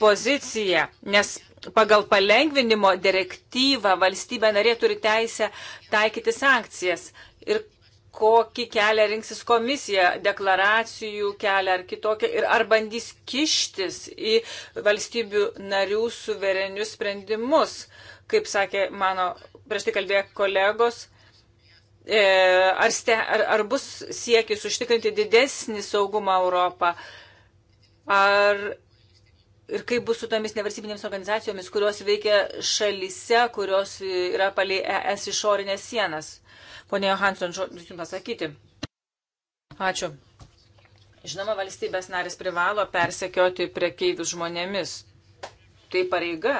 pozicija, nes pagal palengvinimo direktyvą valstybė narė turi teisę taikyti sankcijas. Ir kokį kelią rinksis komisija, deklaracijų kelią ar kitokią, ir ar bandys kištis į valstybių narių suverenius sprendimus. Kaip sakė mano prieš tai kalbėję kolegos, e, ar, ste, ar, ar bus siekis užtikrinti didesnį saugumą Europą, ar ir kaip bus su tomis nevarsybinėmis organizacijomis, kurios veikia šalise, kurios yra palei ES išorinės sienas. Pone Johansson, žodžiu jums pasakyti. Ačiū. Žinoma, valstybės narės privalo persekioti prekeivius žmonėmis. Tai pareiga.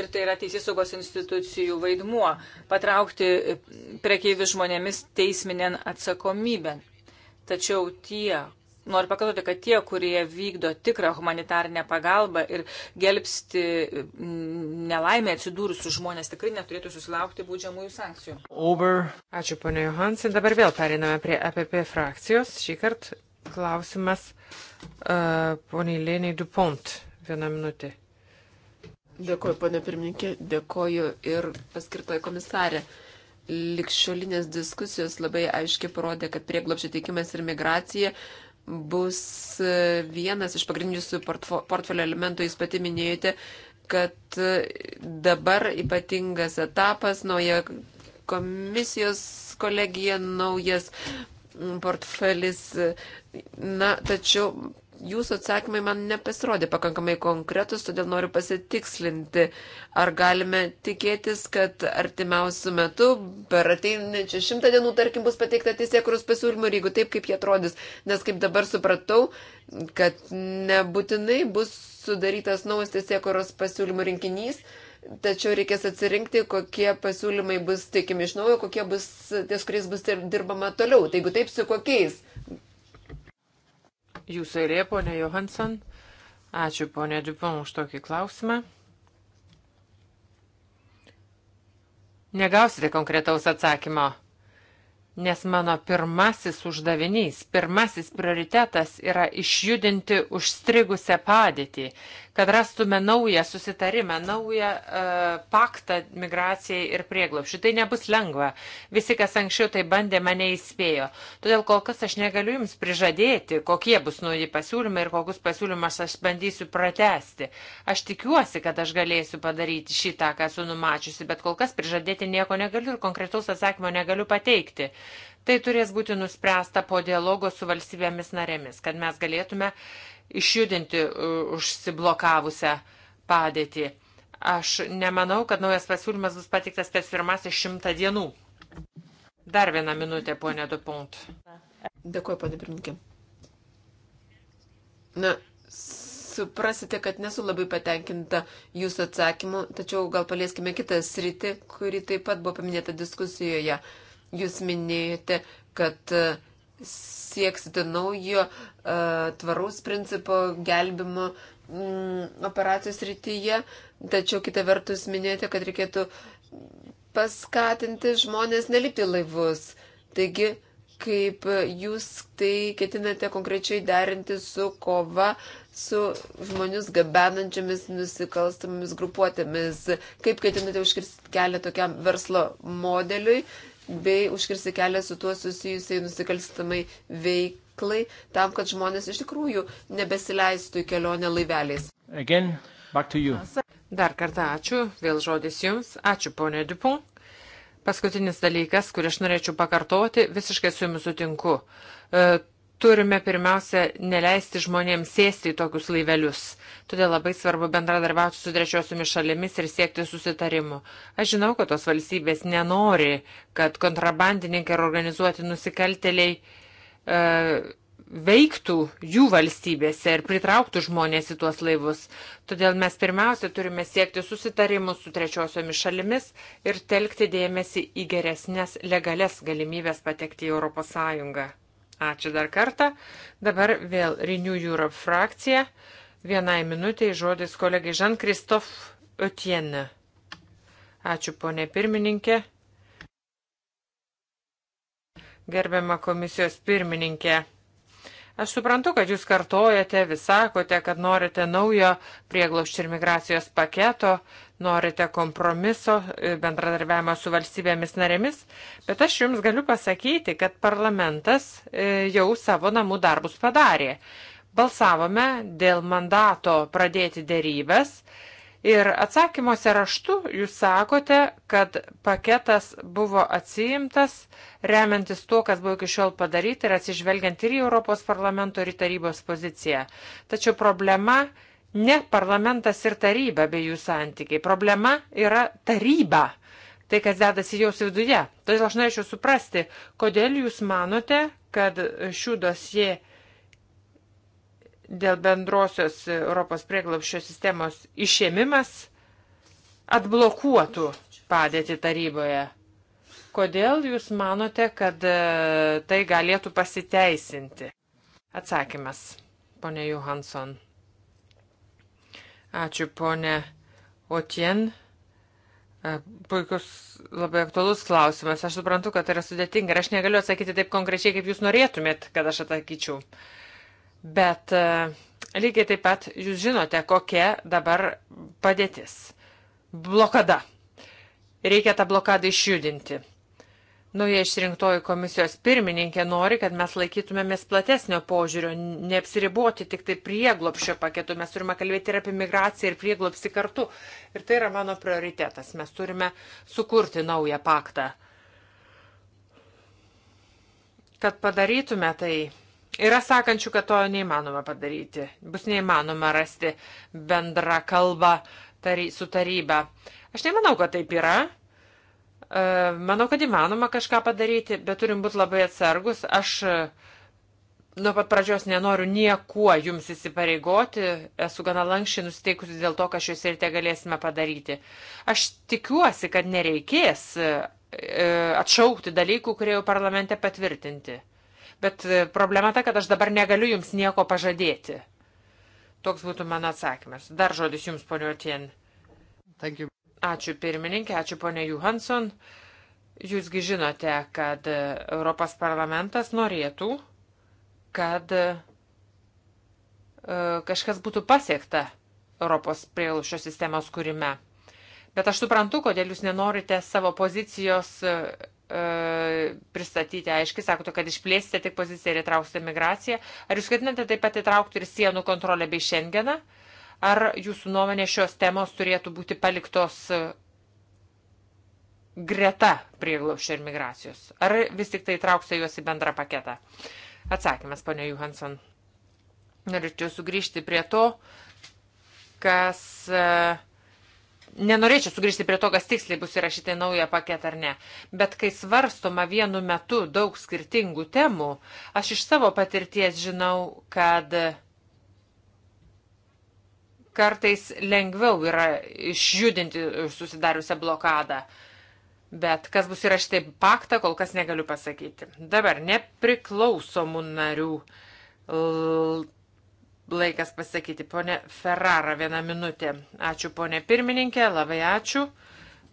Ir tai yra teisėsaugos institucijų vaidmuo - patraukti prekeivius žmonėmis teisminėn atsakomybėn. Tačiau tie, Noriu pakartoti, kad tie, kurie vykdo tikrą humanitarinę pagalbą ir gelbsti mm, nelaimę atsidūrusių žmonės, tikrai neturėtų susilaukti būdžiamųjų sankcijų. Over. Ačiū, ponia Johansen. Dabar vėl periname prie APP e frakcijos. Šį kartą klausimas uh, poniai Lėniai Dupont. Vieną minutę. Dėkuoju, ponia pirmininkė, dėkuoju ir paskirtoji komisarė likščiolinės diskusijos labai aiškiai parodė, kad prieglopšio teikimas ir migracija bus e, vienas iš pagrindinių jūsų portfelio elementų, jūs pati minėjote, kad e, dabar ypatingas etapas, nauja komisijos kolegija, naujas portfelis. Na, tačiau jūsų atsakymai man nepasirodė pakankamai konkretus, todėl noriu pasitikslinti, ar galime tikėtis, kad artimiausių metų, per ateinančią šimtą dienų, tarkim, bus pateikta teisėkurus pasiūlymų ir jeigu taip, kaip jie atrodys, nes kaip dabar supratau, kad nebūtinai bus sudarytas naujas teisėkurus pasiūlymų rinkinys. Tačiau reikės atsirinkti, kokie pasiūlymai bus tikimi iš naujo, kokie bus ties, kuriais bus dirbama toliau. Tai jeigu taip, su kokiais Jūsų eilė, ponė Johansson. Ačiū, ponė Dupon, už tokį klausimą. Negausite konkretaus atsakymo, nes mano pirmasis uždavinys, pirmasis prioritetas yra išjudinti užstrigusią padėtį, kad rastume naują susitarimą, naują uh, paktą migracijai ir prieglopšiui. Tai nebus lengva. Visi, kas anksčiau tai bandė, mane įspėjo. Todėl kol kas aš negaliu Jums prižadėti, kokie bus nauji pasiūlymai ir kokius pasiūlymus aš bandysiu pratesti. Aš tikiuosi, kad aš galėsiu padaryti šitą, ką esu numačiusi, bet kol kas prižadėti nieko negaliu ir konkretaus atsakymo negaliu pateikti. Tai turės būti nuspręsta po dialogo su valstybėmis narėmis, kad mes galėtume uh, išjudinti e, užsiblokavusią padėtį. Aš nemanau, kad naujas pasiūlymas bus patiktas per pirmasis šimtą dienų. Dar vieną minutę, ponė Dupont. Dėkuoju, ponė Pirminkė. Na, suprasite, kad nesu labai patenkinta jūsų atsakymu, tačiau gal palieskime kitą sritį, kuri taip pat buvo paminėta diskusijoje. Jūs minėjote, kad uh, sieksite naujo e, tvaraus principo gelbimo mm, operacijos rytyje, tačiau kitą vertus minėjote, kad reikėtų paskatinti žmonės nelipti laivus. Taigi, kaip jūs tai ketinate konkrečiai derinti su kova su žmonius gabenančiamis nusikalstamomis grupuotėmis? Kaip ketinate užkirsti kelią tokiam verslo modeliui, bei užkirsti kelią su tuo susijusiai nusikalstamai veiklai, tam, kad žmonės iš tikrųjų nebesileistų į kelionę laiveliais. Again, Dar kartą ačiū, vėl žodis Jums, ačiū ponė Dupont. Paskutinis dalykas, kurį aš norėčiau pakartoti, visiškai su Jumis sutinku. E, turime pirmiausia neleisti žmonėms sėsti į tokius laivelius Todėl labai svarbu bendradarbiauti su trečiosiomis šalimis ir siekti susitarimų. Aš žinau, kad tos valstybės nenori, kad kontrabandininkai ir organizuoti nusikalteliai e, veiktų jų valstybėse ir pritrauktų žmonės į tuos laivus. Todėl mes pirmiausia turime siekti susitarimus su trečiosiomis šalimis ir telkti dėmesį į geresnės legales galimybės patekti į ES. Ačiū dar kartą. Dabar vėl Renew Europe frakcija. Vienai minutiai žodis kolegai Žan-Kristof Otienė. Ačiū, ponė pirmininkė. Gerbiama komisijos pirmininkė. Aš suprantu, kad jūs kartojate, vis sakote, kad norite naujo prieglauščių ir migracijos paketo, norite kompromiso, e, bendradarbiavimo su valstybėmis narėmis, bet aš jums galiu pasakyti, kad parlamentas e, jau savo namų darbus padarė. Balsavome dėl mandato pradėti dėrybas ir atsakymuose raštu jūs sakote, kad paketas buvo atsiimtas remiantis tuo, kas buvo iki šiol padaryta ir atsižvelgiant ir į Europos parlamento ir į tarybos poziciją. Tačiau problema ne parlamentas ir taryba bei jų santykiai. Problema yra taryba. Tai, kas dedasi jaus viduje. Todėl aš norėčiau suprasti, kodėl jūs manote, kad šių dosie dėl bendrosios Europos prieglapščio sistemos išėmimas atblokuotų padėti taryboje. Kodėl jūs manote, kad e, tai galėtų pasiteisinti? Atsakymas, ponė Johansson. Ačiū, ponė Otien. E, puikus, labai aktualus klausimas. Aš suprantu, kad tai yra sudėtinga ir aš negaliu atsakyti taip konkrečiai, kaip jūs norėtumėt, kad aš atsakyčiau. Uh, Bet e, lygiai taip pat jūs žinote, kokia dabar padėtis. Blokada. Reikia tą blokadą išjudinti. Nauja išrinktoji komisijos pirmininkė nori, kad mes laikytumėmės platesnio požiūrio, neapsiriboti tik tai prieglopšio paketu. Mes turime kalbėti ir apie migraciją, ir prieglopsi kartu. Ir tai yra mano prioritetas. Mes turime sukurti naują paktą. Kad padarytume tai, Yra sakančių, kad to neįmanoma padaryti. Bus neįmanoma rasti bendrą kalbą tary, su taryba. Aš nemanau, kad taip yra. E, manau, kad įmanoma kažką padaryti, bet turim būti labai atsargus. Aš e, nuo pat pradžios nenoriu niekuo jums įsipareigoti, esu gana lankščiai nusteikusi dėl to, ką šiuose ir te galėsime padaryti. Aš tikiuosi, kad nereikės e, atšaukti dalykų, kurie jau parlamente patvirtinti. Bet e, problema ta, kad aš dabar negaliu jums nieko pažadėti. Toks būtų mano atsakymas. Dar žodis jums, ponio Tien. Ačiū pirmininkė, ačiū ponė Johansson. Jūsgi žinote, kad e, Europos parlamentas norėtų, kad e, kažkas būtų pasiekta Europos prielušio sistemos kūrime. Bet aš suprantu, kodėl jūs nenorite savo pozicijos pristatyti aiškiai, sakote, kad išplėsite tik poziciją ir įtrauksite migraciją. Ar jūs ketinate taip pat įtraukti ir sienų kontrolę bei šiandieną? Ar jūsų nuomonė šios temos turėtų būti paliktos uh, greta prieglaušio ir migracijos? Ar vis tik tai įtrauksite juos į bendrą paketą? Atsakymas, ponia Johansson. Norėčiau sugrįžti prie to, kas uh, Nenorėčiau sugrįžti prie to, kas tiksliai bus įrašyta į naują paketą ar ne, bet kai svarstoma vienu metu daug skirtingų temų, aš iš savo patirties žinau, kad kartais lengviau yra išjudinti susidariusią blokadą. Bet kas bus įrašyta į paktą, kol kas negaliu pasakyti. Dabar nepriklausomų narių laikas pasakyti. Pone Ferrara, vieną minutę. Ačiū, ponė pirmininkė, labai ačiū.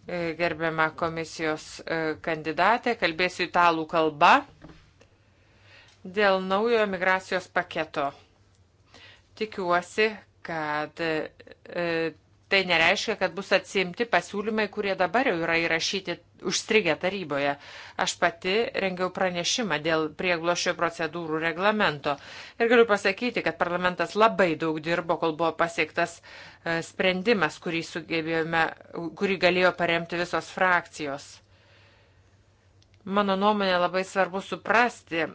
E, gerbiama komisijos e, kandidatė, kalbėsiu italų kalba dėl naujojo migracijos paketo. Tikiuosi, kad e, tai nereiškia, kad bus atsimti pasiūlymai, kurie dabar jau yra įrašyti užstrigę taryboje. Aš pati rengiau pranešimą dėl prieglošio procedūrų reglamento ir galiu pasakyti, kad parlamentas labai daug dirbo, kol buvo pasiektas e, sprendimas, kurį, kurį galėjo paremti visos frakcijos. Mano nuomonė labai svarbu suprasti,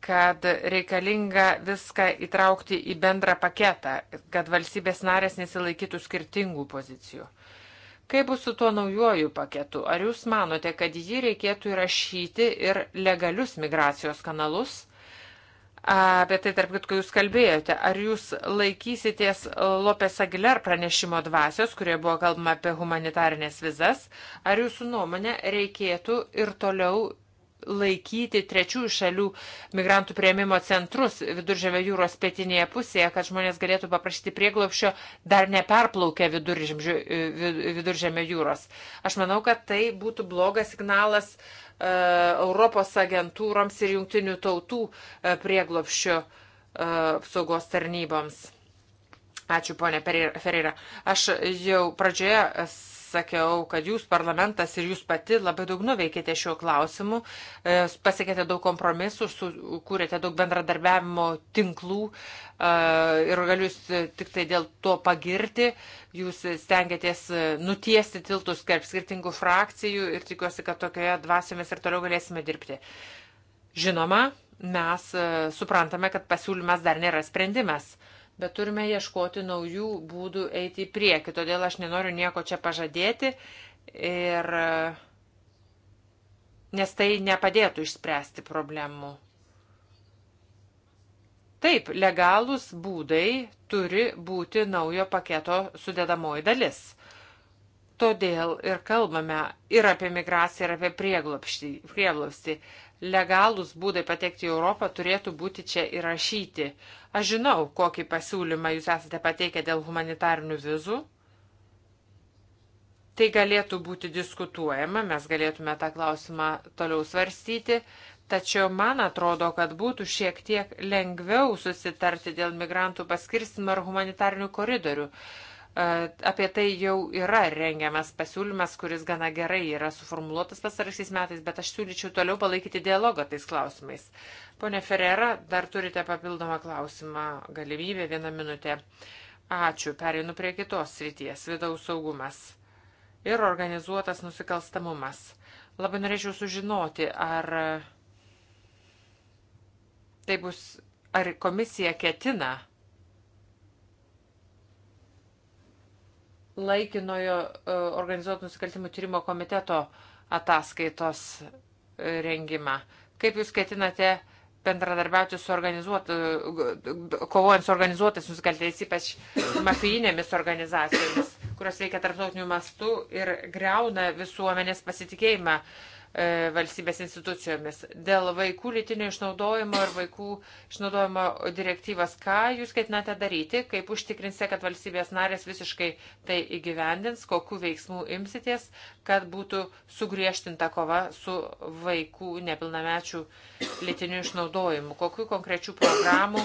kad reikalinga viską įtraukti į bendrą paketą, kad valstybės narės nesilaikytų skirtingų pozicijų. Kaip bus su tuo naujoju paketu? Ar jūs manote, kad jį reikėtų įrašyti ir legalius migracijos kanalus? Apie tai, tarp kitko, jūs kalbėjote. Ar jūs laikysitės Lopės Aguilar pranešimo dvasios, kurioje buvo kalbama apie humanitarinės vizas? Ar jūsų nuomonė reikėtų ir toliau laikyti trečiųjų šalių migrantų prieimimo centrus viduržėmio jūros pietinėje pusėje, kad žmonės galėtų paprašyti prieglopščio dar neperplaukę viduržėmio jūros. Aš manau, kad tai būtų blogas signalas uh, Europos agentūroms ir jungtinių tautų uh, e, prieglopščio e, apsaugos uh, tarnyboms. Ačiū, ponė Ferreira. Aš jau pradžioje sakiau, kad jūs parlamentas ir jūs pati labai daug nuveikėte šiuo klausimu, e, pasiekėte daug kompromisų, kūrėte daug bendradarbiavimo tinklų e, ir galiu jūs e, tik tai dėl to pagirti. Jūs stengiatės nutiesti tiltus tarp skirtingų frakcijų ir tikiuosi, kad tokioje dvasiomis ir toliau galėsime dirbti. Žinoma, mes suprantame, kad pasiūlymas dar nėra sprendimas bet turime ieškoti naujų būdų eiti į priekį. Todėl aš nenoriu nieko čia pažadėti ir nes tai nepadėtų išspręsti problemų. Taip, legalūs būdai turi būti naujo paketo sudėdamoji dalis. Todėl ir kalbame ir apie migraciją, ir apie prieglopstį legalūs būdai patekti į Europą turėtų būti čia įrašyti. Aš žinau, kokį pasiūlymą jūs esate pateikę dėl humanitarnių vizų. Tai galėtų būti diskutuojama, mes galėtume tą klausimą toliau svarstyti, tačiau man atrodo, kad būtų šiek tiek lengviau susitarti dėl migrantų paskirstimo ar humanitarnių koridorių. Uh, Apie tai jau yra rengiamas pasiūlymas, kuris gana gerai yra suformuoluotas pasaraisiais metais, bet aš siūlyčiau toliau palaikyti dialogą tais klausimais. Pone Ferrera, dar turite papildomą klausimą, galimybę vieną minutę. Ačiū, pereinu prie kitos srities - vidaus saugumas ir organizuotas nusikalstamumas. Labai norėčiau sužinoti, ar tai bus, ar komisija ketina laikinojo e, organizuotų nusikaltimų tyrimo komiteto ataskaitos e, rengimą. Kaip Jūs ketinate bendradarbiauti su organizuotu, kovojant su organizuotais nusikaltėjais, ypač mafijinėmis organizacijomis, kurios veikia tarptautiniu mastu ir greuna visuomenės pasitikėjimą uh, E, valstybės institucijomis. Dėl vaikų lytinio išnaudojimo ir vaikų išnaudojimo direktyvas, ką jūs ketinate daryti, kaip užtikrinsite, kad valstybės narės visiškai tai įgyvendins, kokiu veiksmu imsitės, kad būtų sugriežtinta kova su vaikų nepilnamečių lytiniu išnaudojimu, kokiu konkrečiu programu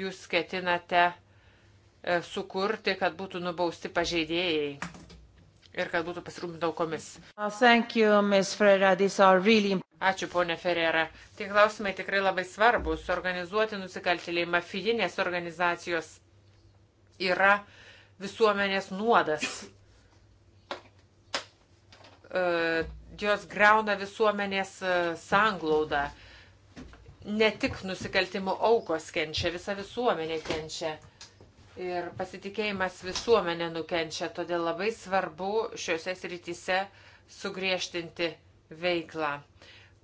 jūs ketinate e, sukurti, kad būtų nubausti pažeidėjai ir kad būtų pasirūpinta aukomis. Uh, really... Ačiū, ponė Ferrera. Tie klausimai tikrai labai svarbus. Organizuoti nusikaltėliai, mafijinės organizacijos yra visuomenės nuodas. Uh, jos greuna visuomenės uh, sanglaudą. Ne tik nusikaltimų aukos kenčia, visa visuomenė kenčia. Uh, ir pasitikėjimas visuomenė nukenčia, todėl labai svarbu šiuose srityse sugriežtinti veiklą.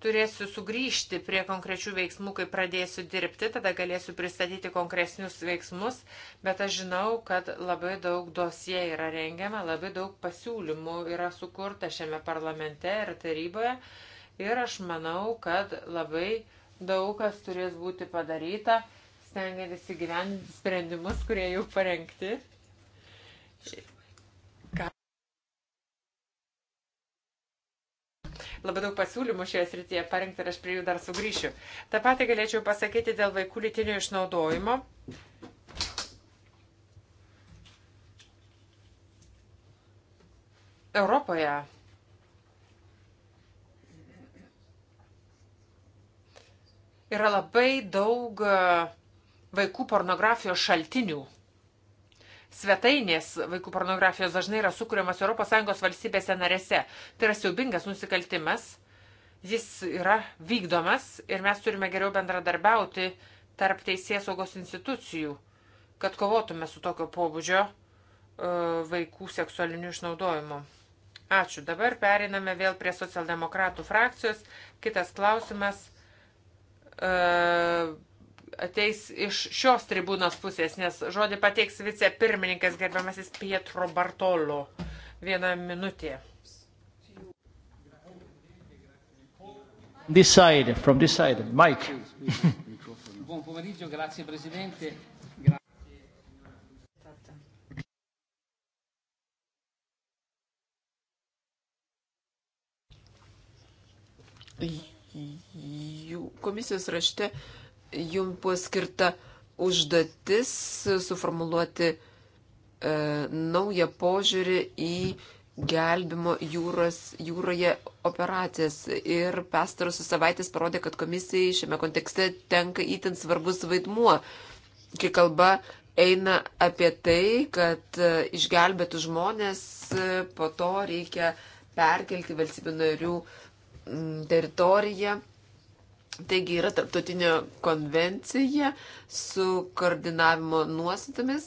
Turėsiu sugrįžti prie konkrečių veiksmų, kai pradėsiu dirbti, tada galėsiu pristatyti konkresnius veiksmus, bet aš žinau, kad labai daug dosie yra rengiama, labai daug pasiūlymų yra sukurta šiame parlamente ir taryboje ir aš manau, kad labai daug kas turės būti padaryta stengiantis įgyvendinti sprendimus, kurie jau parengti. Labai daug pasiūlymų šioje srityje parengti ir aš prie jų dar sugrįšiu. Ta pati galėčiau pasakyti dėl vaikų lytinio išnaudojimo. Europoje yra labai daug uh, vaikų pornografijos šaltinių. Svetainės vaikų pornografijos dažnai yra sukūriamas ES valstybėse narėse. Tai yra siaubingas nusikaltimas, jis yra vykdomas ir mes turime geriau bendradarbiauti tarp teisės saugos institucijų, kad kovotume su tokio pobūdžio e, vaikų seksualiniu išnaudojimu. Ačiū. Dabar periname vėl prie socialdemokratų frakcijos. Kitas klausimas. Uh, ateis iš šios tribūnos pusės, nes žodį pateiks vicepirmininkas gerbiamasis Pietro Bartolo. Viena minutė. This side, from this side, Mike. Buon pomeriggio, grazie Presidente. Jų komisijos rašte uh, jums buvo skirta užduotis suformuluoti e, naują požiūrį į gelbimo jūros, jūroje operacijas. Ir pastarosios savaitės parodė, kad komisijai šiame kontekste tenka įtin svarbus vaidmuo, kai kalba eina apie tai, kad e, išgelbėtų žmonės e, po to reikia perkelti valstybių narių teritoriją. Taigi yra tarptautinė konvencija su koordinavimo nuostatomis.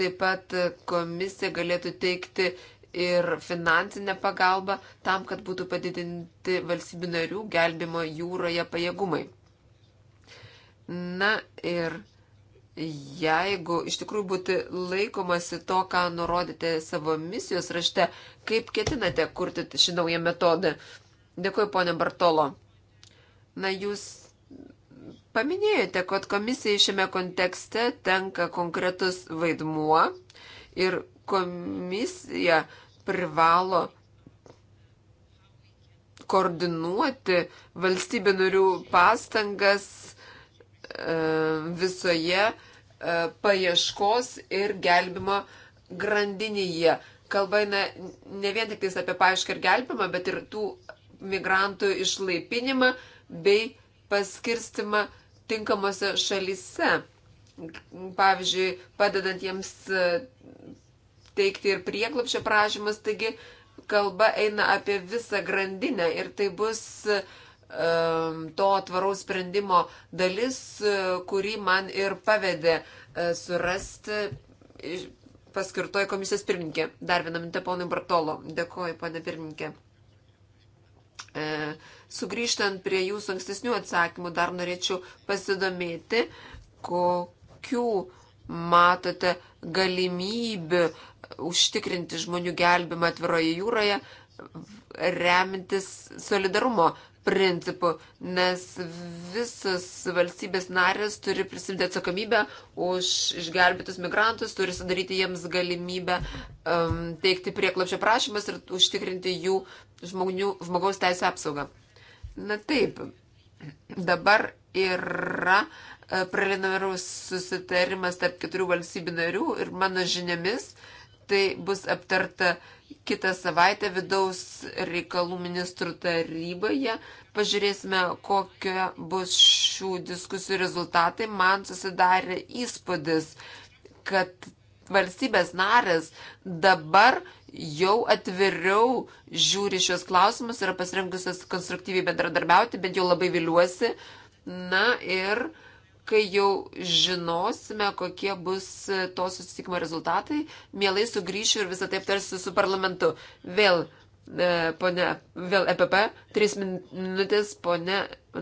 Taip pat komisija galėtų teikti ir finansinę pagalbą tam, kad būtų padidinti valstybių narių gelbimo jūroje pajėgumai. Na ir jeigu iš tikrųjų būtų laikomasi to, ką nurodėte savo misijos rašte, kaip ketinate kurti šį naują metodą? Dėkuoju, ponė Bartolo. Na, jūs paminėjote, kad komisijai šiame kontekste tenka konkretus vaidmuo ir komisija privalo koordinuoti valstybių narių pastangas e, visoje e, paieškos ir gelbimo grandinėje. Kalba eina ne vien tik apie paaišką ir gelbimą, bet ir tų migrantų išlaipinimą, bei paskirstimą tinkamose šalyse. Pavyzdžiui, padedant jiems e, teikti ir prieglapšio prašymus, taigi kalba eina apie visą grandinę ir tai bus e, to tvaraus sprendimo dalis, e, kurį man ir pavedė surasti paskirtoji komisijos pirmininkė. Dar vieną mintę ponui Bartolo. Dėkoju, ponė pirmininkė. E, Sugryžtant prie jūsų ankstesnių atsakymų, dar norėčiau pasidomėti, kokių matote galimybių užtikrinti žmonių gelbimą atviroje jūroje, remintis solidarumo principu, nes visas valstybės narės turi prisimti atsakomybę už išgelbėtus migrantus, turi sudaryti jiems galimybę um, teikti prieklapšio prašymas ir užtikrinti jų žmonių, žmogaus teisų apsaugą. Na taip, dabar yra e, preliminarus susitarimas tarp keturių valstybių narių ir mano žiniomis tai bus aptarta uh, kitą savaitę vidaus reikalų ministrų taryboje. Pažiūrėsime, kokie bus šių diskusijų rezultatai. Man susidarė įspūdis, kad valstybės narės dabar jau atviriau žiūri šios klausimus, yra pasirinkusios konstruktyviai bendradarbiauti, bent jau labai viliuosi. Na ir uh, kai jau žinosime, kokie bus to susitikimo rezultatai, mielai sugrįšiu ir visą tai aptarsiu su parlamentu. Vėl, e, ponia, vėl EPP, 3 minutės, ponia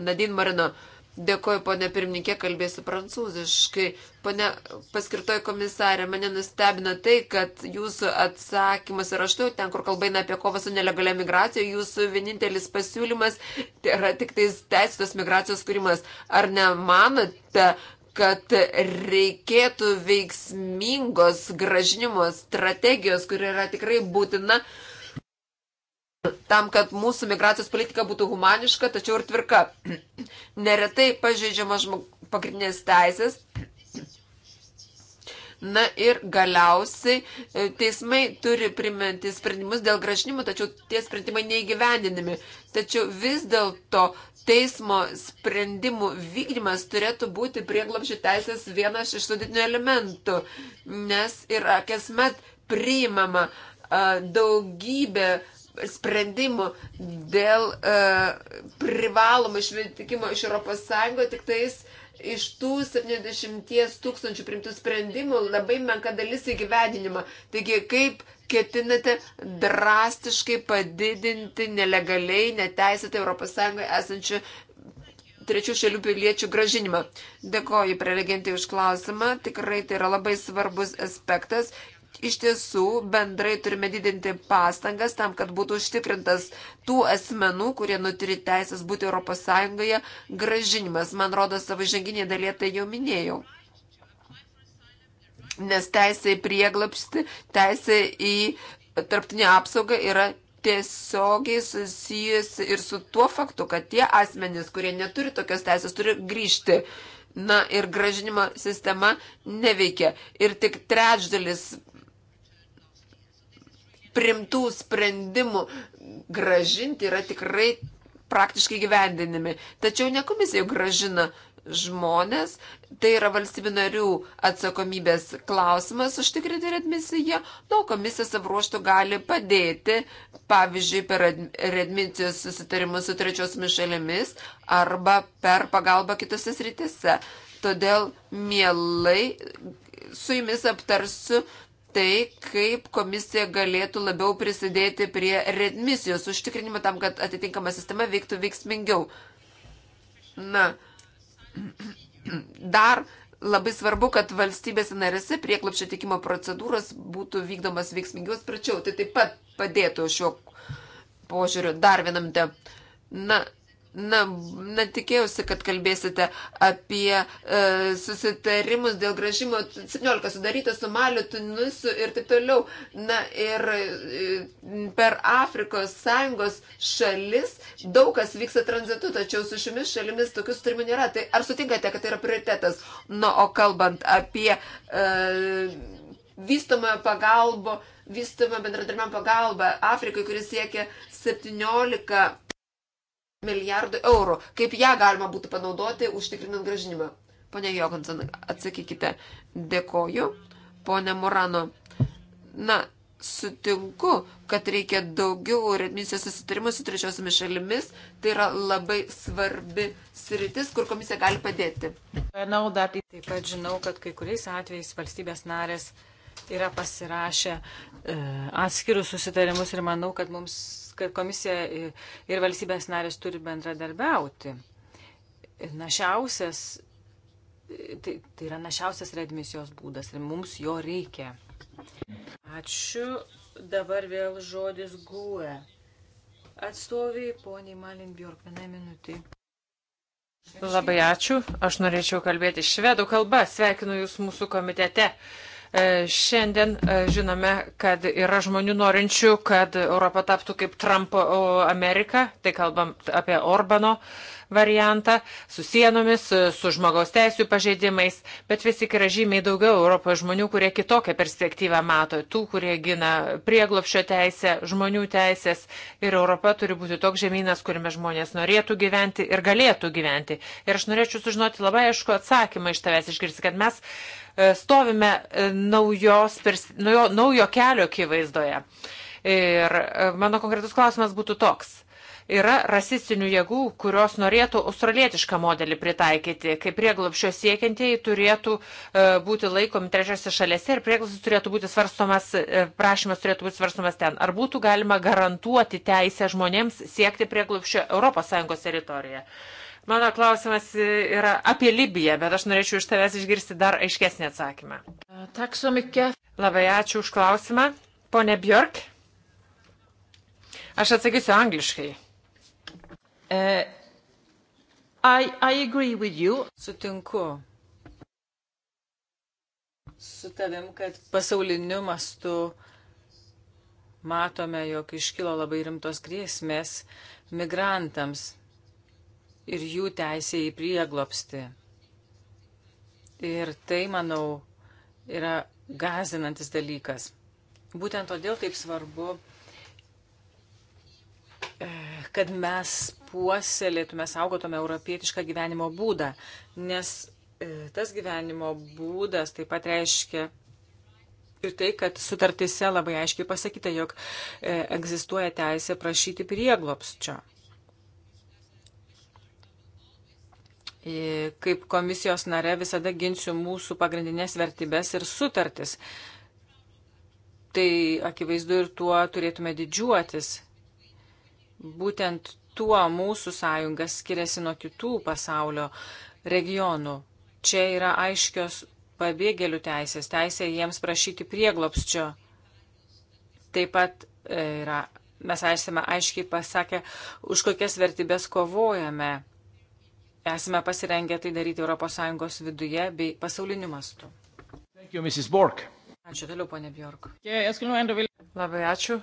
Nadin Marino. E, Dėkoju, ponė pirmininkė, kalbėsiu prancūziškai. Pone paskirtoji komisarė, mane nustebino tai, kad jūsų atsakymas ir aštu, ten, kur kalba eina apie kovą su nelegalia migracija, jūsų vienintelis pasiūlymas tai yra tik tais teisėtos migracijos kūrimas. Ar nemanote, kad reikėtų veiksmingos gražinimo strategijos, kuri yra tikrai būtina tam, kad mūsų migracijos politika būtų humaniška, tačiau ir tvirka. [clears throat] Neretai pažeidžiama žmog... pagrindinės teisės. Na ir galiausiai e, teismai turi priminti sprendimus dėl gražinimų, tačiau tie sprendimai neįgyvendinami. Tačiau vis dėlto teismo sprendimų vykdymas turėtų būti prieglapšių teisės vienas iš sudėtinių elementų, nes yra kasmet priimama daugybė sprendimų dėl e, privalomų išmetikimo iš ES, tik tais iš tų 70 tūkstančių primtų sprendimų labai menka dalis įgyvedinimo. Taigi, kaip ketinate drastiškai padidinti nelegaliai, neteisėtai ES esančių trečių šalių piliečių gražinimą. Dėkoju prelegentai už klausimą, tikrai tai yra labai svarbus aspektas iš tiesų bendrai turime didinti pastangas tam, kad būtų užtikrintas tų asmenų, kurie nuturi teisės būti ES, gražinimas. Man rodo, savo žanginė dalyje tai jau minėjau. Nes teisė į prieglapštį, teisė į tarptinę apsaugą yra tiesiogiai susijusi ir su tuo faktu, kad tie asmenys, kurie neturi tokios teisės, turi grįžti na ir gražinimo sistema neveikia. Ir tik trečdalis primtų sprendimų gražinti yra tikrai praktiškai gyvendinami. Tačiau ne komisija gražina žmonės, tai yra valstybių narių atsakomybės klausimas užtikrinti redmisiją, na, komisija savo ruoštų gali padėti, pavyzdžiui, per redmisijos susitarimus su trečiosiomis šalimis arba per pagalbą kitose sritise. Todėl mielai su jumis aptarsiu tai, kaip komisija galėtų labiau prisidėti prie redmisijos užtikrinimo tam, kad atitinkama sistema veiktų veiksmingiau. Na, [clears throat] dar labai svarbu, kad valstybės narėse prieklapščio tikimo procedūros būtų vykdomas veiksmingiau sparčiau. Tai taip pat padėtų šiuo požiūriu dar vienam te. Na, Na, na tikėjausi, kad kalbėsite apie e, susitarimus dėl gražimo 17 sudaryta su Maliu, Tunisu ir taip toliau. Na ir e, per Afrikos sąjungos šalis daug kas vyksta tranzitu, tačiau su šiomis šalimis tokių sutarimų nėra. Tai ar sutinkate, kad tai yra prioritetas? Na, o kalbant apie e, vystomą pagalbą, vystomą bendradarbiavimą pagalbą Afrikai, kuris siekia 17 milijardų eurų. Kaip ją galima būtų panaudoti užtikrinant gražinimą? Pone Jokonsen, atsakykite. Dėkoju. Pone Morano. Na, sutinku, kad reikia daugiau redmisijos susitarimų su trečiosiomis šalimis. Tai yra labai svarbi sritis, kur komisija gali padėti. Taip pat žinau, kad kai kuriais atvejais valstybės narės yra pasirašę e, atskirus susitarimus ir manau, kad mums kad komisija ir valstybės narės turi bendradarbiauti. Našiausias, tai, tai yra našiausias redmisijos būdas ir mums jo reikia. Ačiū. Dabar vėl žodis guė. Atstoviai poniai Malin Bjork, vienai minutį. Labai ačiū. Aš norėčiau kalbėti švedų kalbą. Sveikinu Jūs mūsų komitete. Uh, E, šiandien e, žinome, kad yra žmonių norinčių, kad Europa taptų kaip Trumpo Amerika, tai kalbam apie Orbano variantą, su sienomis, su žmogaus teisų pažeidimais, bet vis tik yra žymiai daugiau Europos žmonių, kurie kitokią perspektyvą mato, tų, kurie gina prieglopšio teisę, žmonių teisės ir Europa turi būti toks žemynas, kuriame žmonės norėtų gyventi ir galėtų gyventi. Ir aš norėčiau sužinoti labai aišku atsakymą iš tavęs išgirsti, kad mes E, stovime e, naujos, naujo, naujo kelio akivaizdoje. Ir e, mano konkretus klausimas būtų toks. Yra rasistinių jėgų, kurios norėtų australietišką modelį pritaikyti, kai prieglopšio siekiantieji turėtų būti laikomi trečiose šalėse ir prieglopsis turėtų būti svarstomas, prašymas turėtų būti svarstomas ten. Ar būtų galima garantuoti teisę žmonėms siekti prieglopšio ES teritorijoje? Mano klausimas yra apie Libiją, bet aš norėčiau iš tavęs išgirsti dar aiškesnį atsakymą. Taksomikė. Labai ačiū už klausimą. Pone Björk, aš atsakysiu angliškai. Uh, I, I agree with you. Sutinku su tavim, kad pasauliniu mastu matome, jog iškilo labai rimtos grėsmės migrantams ir jų teisė į prieglopsti. Ir tai, manau, yra gazinantis dalykas. Būtent todėl taip svarbu, e, kad mes puoselėtume, saugotume europietišką gyvenimo būdą, nes e, tas gyvenimo būdas taip pat reiškia ir tai, kad sutartise labai aiškiai pasakyta, jog e, egzistuoja teisė prašyti prieglopsčio. E, kaip komisijos nare visada ginsiu mūsų pagrindinės vertybės ir sutartis. Tai akivaizdu ir tuo turėtume didžiuotis. Būtent tuo mūsų sąjunga skiriasi nuo kitų pasaulio regionų. Čia yra aiškios pabėgėlių teisės, teisė jiems prašyti prieglopsčio. Taip pat e, yra, mes esame aiškiai pasakę, už kokias vertybės kovojame esame pasirengę tai daryti ES viduje bei pasauliniu mastu. You, ačiū toliau, ponė Bjork. Labai ačiū.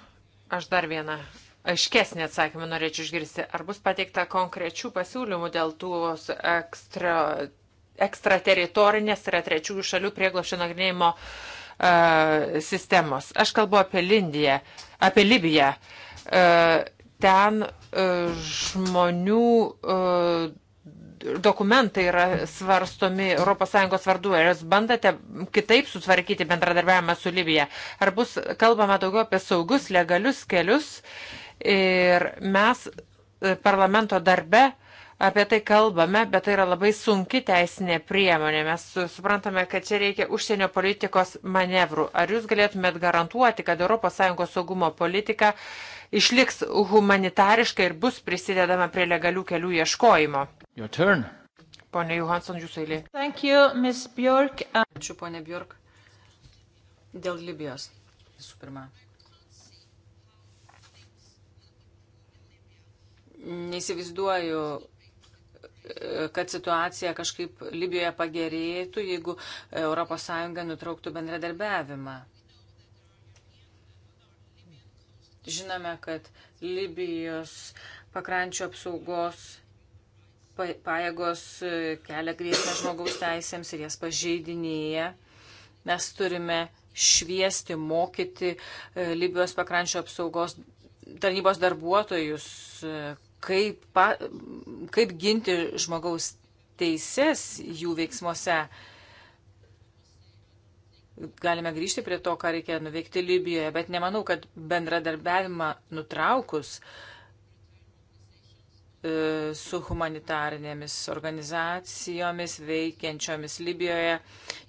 Aš dar vieną aiškesnį atsakymą norėčiau išgirsti. Ar bus pateikta konkrečių pasiūlymų dėl tuos ekstra, ekstrateritorinės ir tai trečiųjų šalių prieglošio nagrinėjimo uh, sistemos? Aš kalbu apie Lindiją, apie Libiją. Uh, ten uh, žmonių uh, dokumentai yra svarstomi ES vardu. Ar jūs bandate kitaip sutvarkyti bendradarbiavimą su Libija? Ar bus kalbama daugiau apie saugus, legalius kelius? Ir mes e, parlamento darbe apie tai kalbame, bet tai yra labai sunki teisinė priemonė. Mes suprantame, kad čia reikia užsienio politikos manevrų. Ar jūs galėtumėt garantuoti, kad ES saugumo politika išliks humanitariška ir bus prisidedama prie legalių kelių ieškojimo? Pone Johansson, jūsų eilė. You, Ačiū, ponė Bjork. Dėl Libijos visų pirma. Neįsivaizduoju kad situacija kažkaip Libijoje pagerėtų, jeigu ES nutrauktų bendradarbiavimą. Žinome, kad Libijos pakrančių apsaugos pajėgos e, kelia grėsmę žmogaus teisėms ir jas pažeidinėja. Mes turime šviesti, mokyti e, Libijos pakrančio apsaugos tarnybos darbuotojus, e, kaip, pa, kaip ginti žmogaus teises jų veiksmuose. Galime grįžti prie to, ką reikia nuveikti Libijoje, bet nemanau, kad bendradarbiavimą nutraukus e, su humanitarinėmis organizacijomis veikiančiomis Libijoje,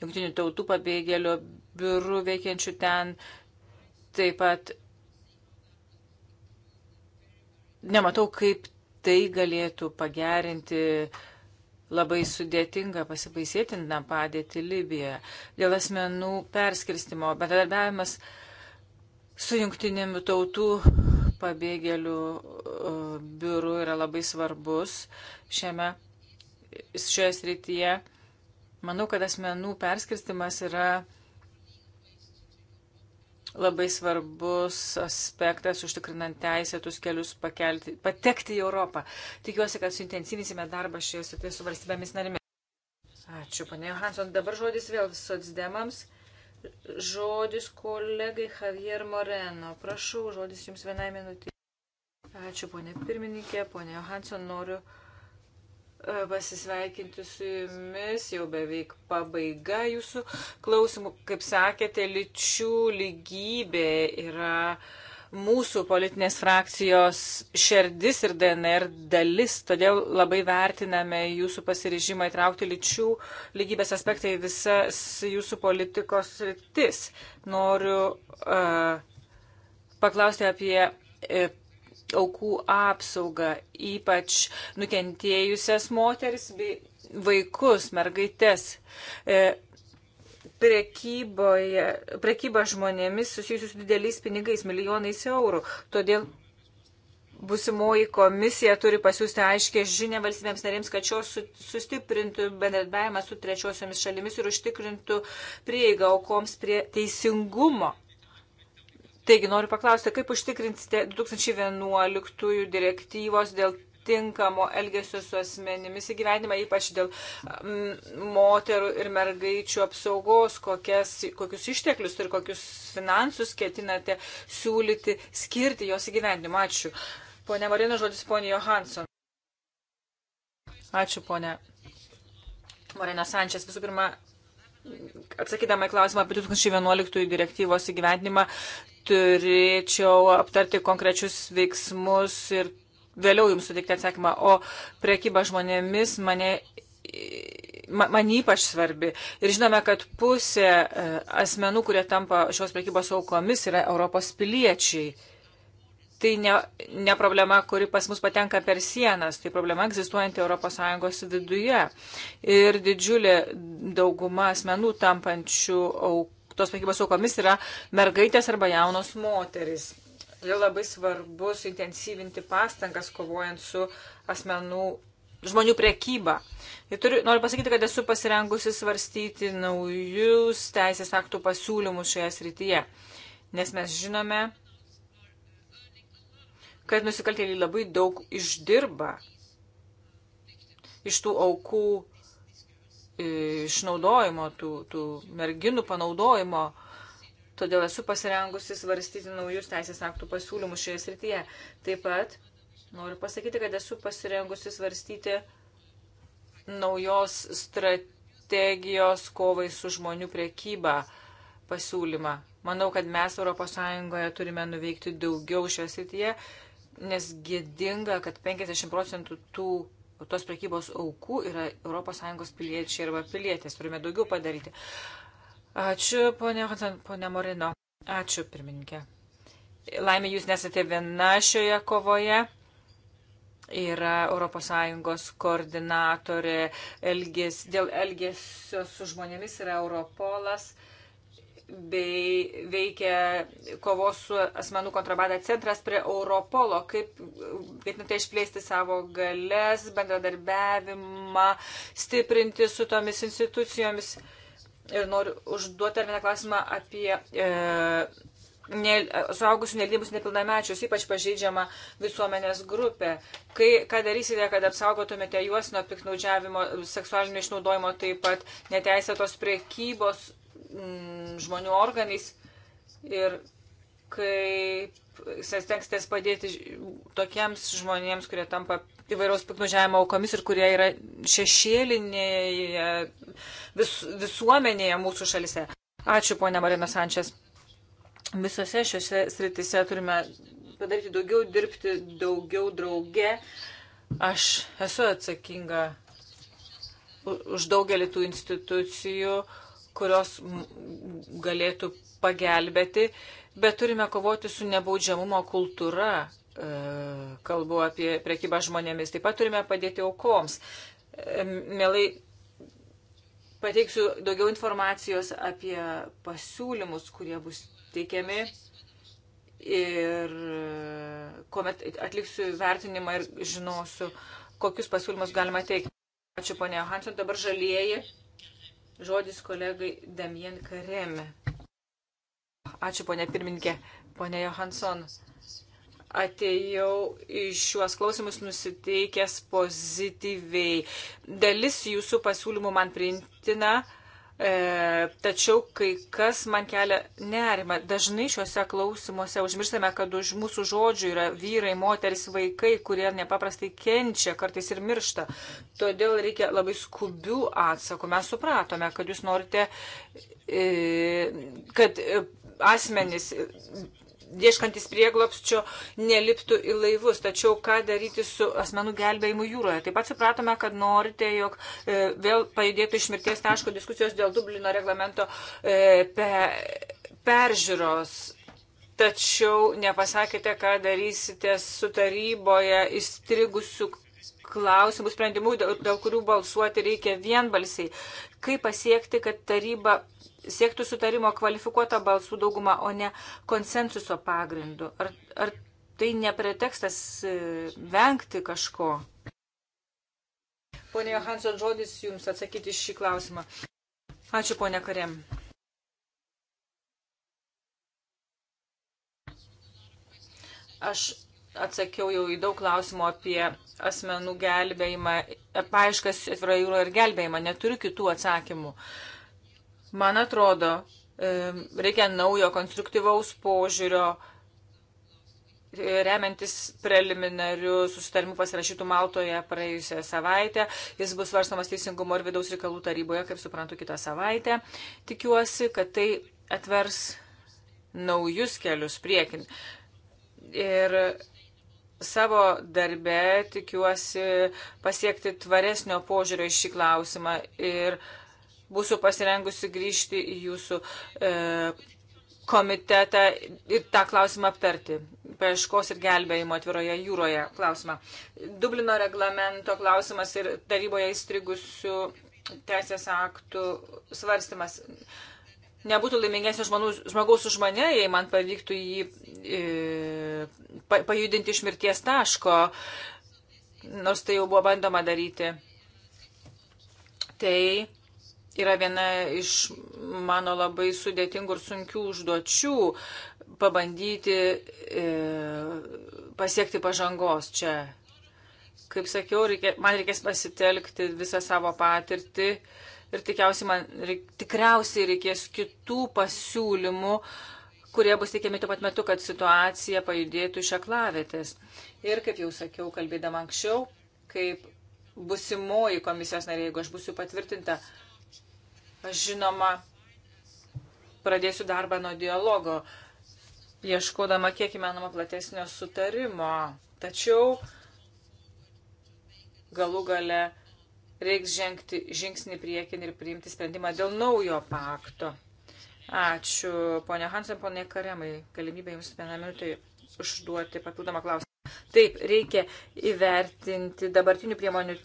jungtinių tautų pabėgėlių biurų veikiančių ten, taip pat nematau, kaip tai galėtų pagerinti labai sudėtingą pasibaisėtiną padėtį Libijoje. Dėl asmenų perskirstimo bendradarbiavimas su jungtinėmi tautų pabėgėlių e, biuru yra labai svarbus šiame, šioje srityje. Manau, kad asmenų perskirstimas yra labai svarbus aspektas užtikrinant teisėtus kelius pakelti, patekti į Europą. Tikiuosi, kad suintensyvinsime darbą šioje srityje su valstybėmis narimis. Ačiū, ponė Johansson. Dabar žodis vėl socdemams. Žodis kolegai Javier Moreno. Prašau, žodis jums vienai minutį. Ačiū, ponė pirmininkė, ponė Johansson. Noriu E, pasisveikinti su jumis, jau beveik pabaiga jūsų klausimų. Kaip sakėte, lyčių lygybė yra mūsų politinės frakcijos šerdis ir DNR dalis, todėl labai vertiname jūsų pasirižimą įtraukti lyčių lygybės aspektai visas jūsų politikos rytis. Noriu uh, paklausti apie uh, aukų apsaugą, ypač nukentėjusias moteris bei vaikus, mergaitės. E, prekyboje, prekyba žmonėmis susijusius dideliais pinigais, milijonais eurų. Todėl busimoji komisija turi pasiūsti aiškę žinę valstybėms narėms, kad šios sustiprintų bendradarbiavimą su trečiosiomis šalimis ir užtikrintų prieigą aukoms prie teisingumo. Taigi noriu paklausti, kaip užtikrinsite 2011 direktyvos dėl tinkamo elgesio su asmenimis įgyvenimą, ypač dėl moterų ir mergaičių apsaugos, kokias, kokius išteklius ir kokius finansus ketinate siūlyti skirti jos įgyvenimą. Ačiū. Pone Marino, žodis ponė Johansson. Ačiū, ponė Marina Sančias. Visų pirma, atsakydama į klausimą apie 2011 direktyvos įgyvendinimą, turėčiau aptarti konkrečius veiksmus ir vėliau jums suteikti atsakymą, o priekyba žmonėmis mane. Man ypač svarbi. Ir žinome, kad pusė e, asmenų, kurie tampa šios prekybos aukomis, yra Europos piliečiai. Tai ne, ne problema, kuri pas mus patenka per sienas, tai problema egzistuojanti ES viduje. Ir didžiulė dauguma asmenų tampančių auk, tos prekybos aukomis yra mergaitės arba jaunos moteris. Ir labai svarbu suintensyvinti pastangas kovojant su asmenų žmonių priekybą. Ir turiu, noriu pasakyti, kad esu pasirengusi svarstyti naujus teisės aktų pasiūlymus šioje srityje, nes mes žinome, kad nusikaltėliai labai daug išdirba iš tų aukų išnaudojimo, tų, tų merginų panaudojimo. Todėl esu pasirengusi svarstyti naujus teisės aktų pasiūlymus šioje srityje. Taip pat noriu pasakyti, kad esu pasirengusi svarstyti naujos strategijos kovai su žmonių priekyba pasiūlymą. Manau, kad mes ES turime nuveikti daugiau šioje srityje, nes gėdinga, kad 50 procentų tų tos prekybos aukų yra ES piliečiai arba pilietės. Turime daugiau padaryti. Ačiū, ponė, ponė Morino. Ačiū, pirmininkė. Laimė, jūs nesate viena šioje kovoje. Yra ES koordinatorė elgės, dėl elgesio su žmonėmis, yra Europolas. Uh, bei veikia kovos su asmenų kontrabanda centras prie Europolo, kaip ketinate išplėsti savo galės, bendradarbiavimą, stiprinti su tomis institucijomis. Ir noriu užduoti vieną klausimą apie e, ne, suaugusių nelydimus nepilnamečius, ypač pažeidžiama visuomenės grupė. Kai, ką darysite, kad apsaugotumėte juos nuo piknaudžiavimo, seksualinio išnaudojimo, taip pat neteisėtos priekybos mm, žmonių organais ir kaip stengsitės padėti tokiems žmonėms, kurie tampa įvairiaus piknužiavimo aukomis ir kurie yra šešėlinėje vis, visuomenėje mūsų šalise. Ačiū, ponia Marina Sančias. Visose šiose sritise turime padaryti daugiau, dirbti daugiau drauge. Aš esu atsakinga už daugelį tų institucijų, uh, kurios galėtų pagelbėti, bet turime kovoti su nebaudžiamumo kultūra. E, kalbu apie prekybą žmonėmis. Taip pat turime padėti aukoms. E, mielai pateiksiu daugiau informacijos apie pasiūlymus, kurie bus teikiami. Ir e, kuomet atliksiu vertinimą ir žinosiu, kokius pasiūlymus galima teikti. Ačiū, ponė Hansen. Dabar žalieji. Žodis kolegai Damien Kareme. Ačiū, ponė pirmininkė, ponė Johansson. Atėjau iš šiuos klausimus nusiteikęs pozityviai. Dalis jūsų pasiūlymų man priimtina. Uh, E, tačiau kai kas man kelia nerima. Dažnai šiuose klausimuose užmirštame, kad už mūsų žodžių yra vyrai, moteris, vaikai, kurie nepaprastai kenčia, kartais ir miršta. Todėl reikia labai skubių atsakų. Mes supratome, kad jūs norite, e, kad e, asmenys ieškantis prieglopščio neliptų į laivus. Tačiau ką daryti su asmenų gelbėjimu jūroje? Taip pat supratome, kad norite, jog e, vėl pajudėtų iš mirties taško diskusijos dėl Dublino reglamento e, pe, peržiūros. Tačiau nepasakėte, ką darysite su taryboje įstrigusiu klausimų sprendimų, dėl, dėl kurių balsuoti reikia vienbalsiai. Kaip pasiekti, kad taryba siektų sutarimo kvalifikuotą balsų daugumą, o ne konsensuso pagrindu. Ar, ar tai ne pretekstas e, vengti kažko? Pone Johansson, žodis Jums atsakyti šį klausimą. Ačiū, ponė Karėm. Aš atsakiau jau į daug klausimų apie asmenų gelbėjimą, paaiškas atvirą jūrą ir gelbėjimą. Neturiu kitų atsakymų. Uh, Man atrodo, reikia naujo konstruktyvaus požiūrio, e, remiantis preliminariu susitarimu pasirašytų Maltoje praėjusią savaitę. Jis bus svarstamas Teisingumo ir vidaus reikalų taryboje, kaip suprantu, kitą savaitę. Tikiuosi, kad tai atvers naujus kelius priekin. Ir savo darbe tikiuosi pasiekti tvaresnio požiūrio į šį klausimą ir uh, Būsiu pasirengusi grįžti į jūsų e, komitetą ir tą klausimą aptarti. Paieškos ir gelbėjimo atviroje jūroje klausimą. Dublino reglamento klausimas ir taryboje įstrigusių teisės aktų svarstymas nebūtų laimingesnio žmogaus už mane, jei man pavyktų jį e, pajudinti iš mirties taško, nors tai jau buvo bandoma daryti. Tai yra viena iš mano labai sudėtingų ir sunkių užduočių pabandyti e, pasiekti pažangos čia. Kaip sakiau, reikia, man reikės pasitelkti visą savo patirtį ir tikriausiai, man, reik, tikriausiai reikės kitų pasiūlymų, kurie bus teikiami tuo pat metu, kad situacija pajudėtų iš aklavėtės. Ir kaip jau sakiau, kalbėdama anksčiau, kaip busimoji komisijos narė, jeigu aš būsiu patvirtinta, uh, Aš žinoma, pradėsiu darbą nuo dialogo, ieškodama kiek įmanoma platesnio sutarimo. Tačiau galų gale reiks žengti žingsnį priekin ir priimti sprendimą dėl naujo pakto. Ačiū, ponia Hansen, ponia Karemai, galimybė jums vieną minutę užduoti papildomą klausimą. Taip, reikia įvertinti dabartinių priemonių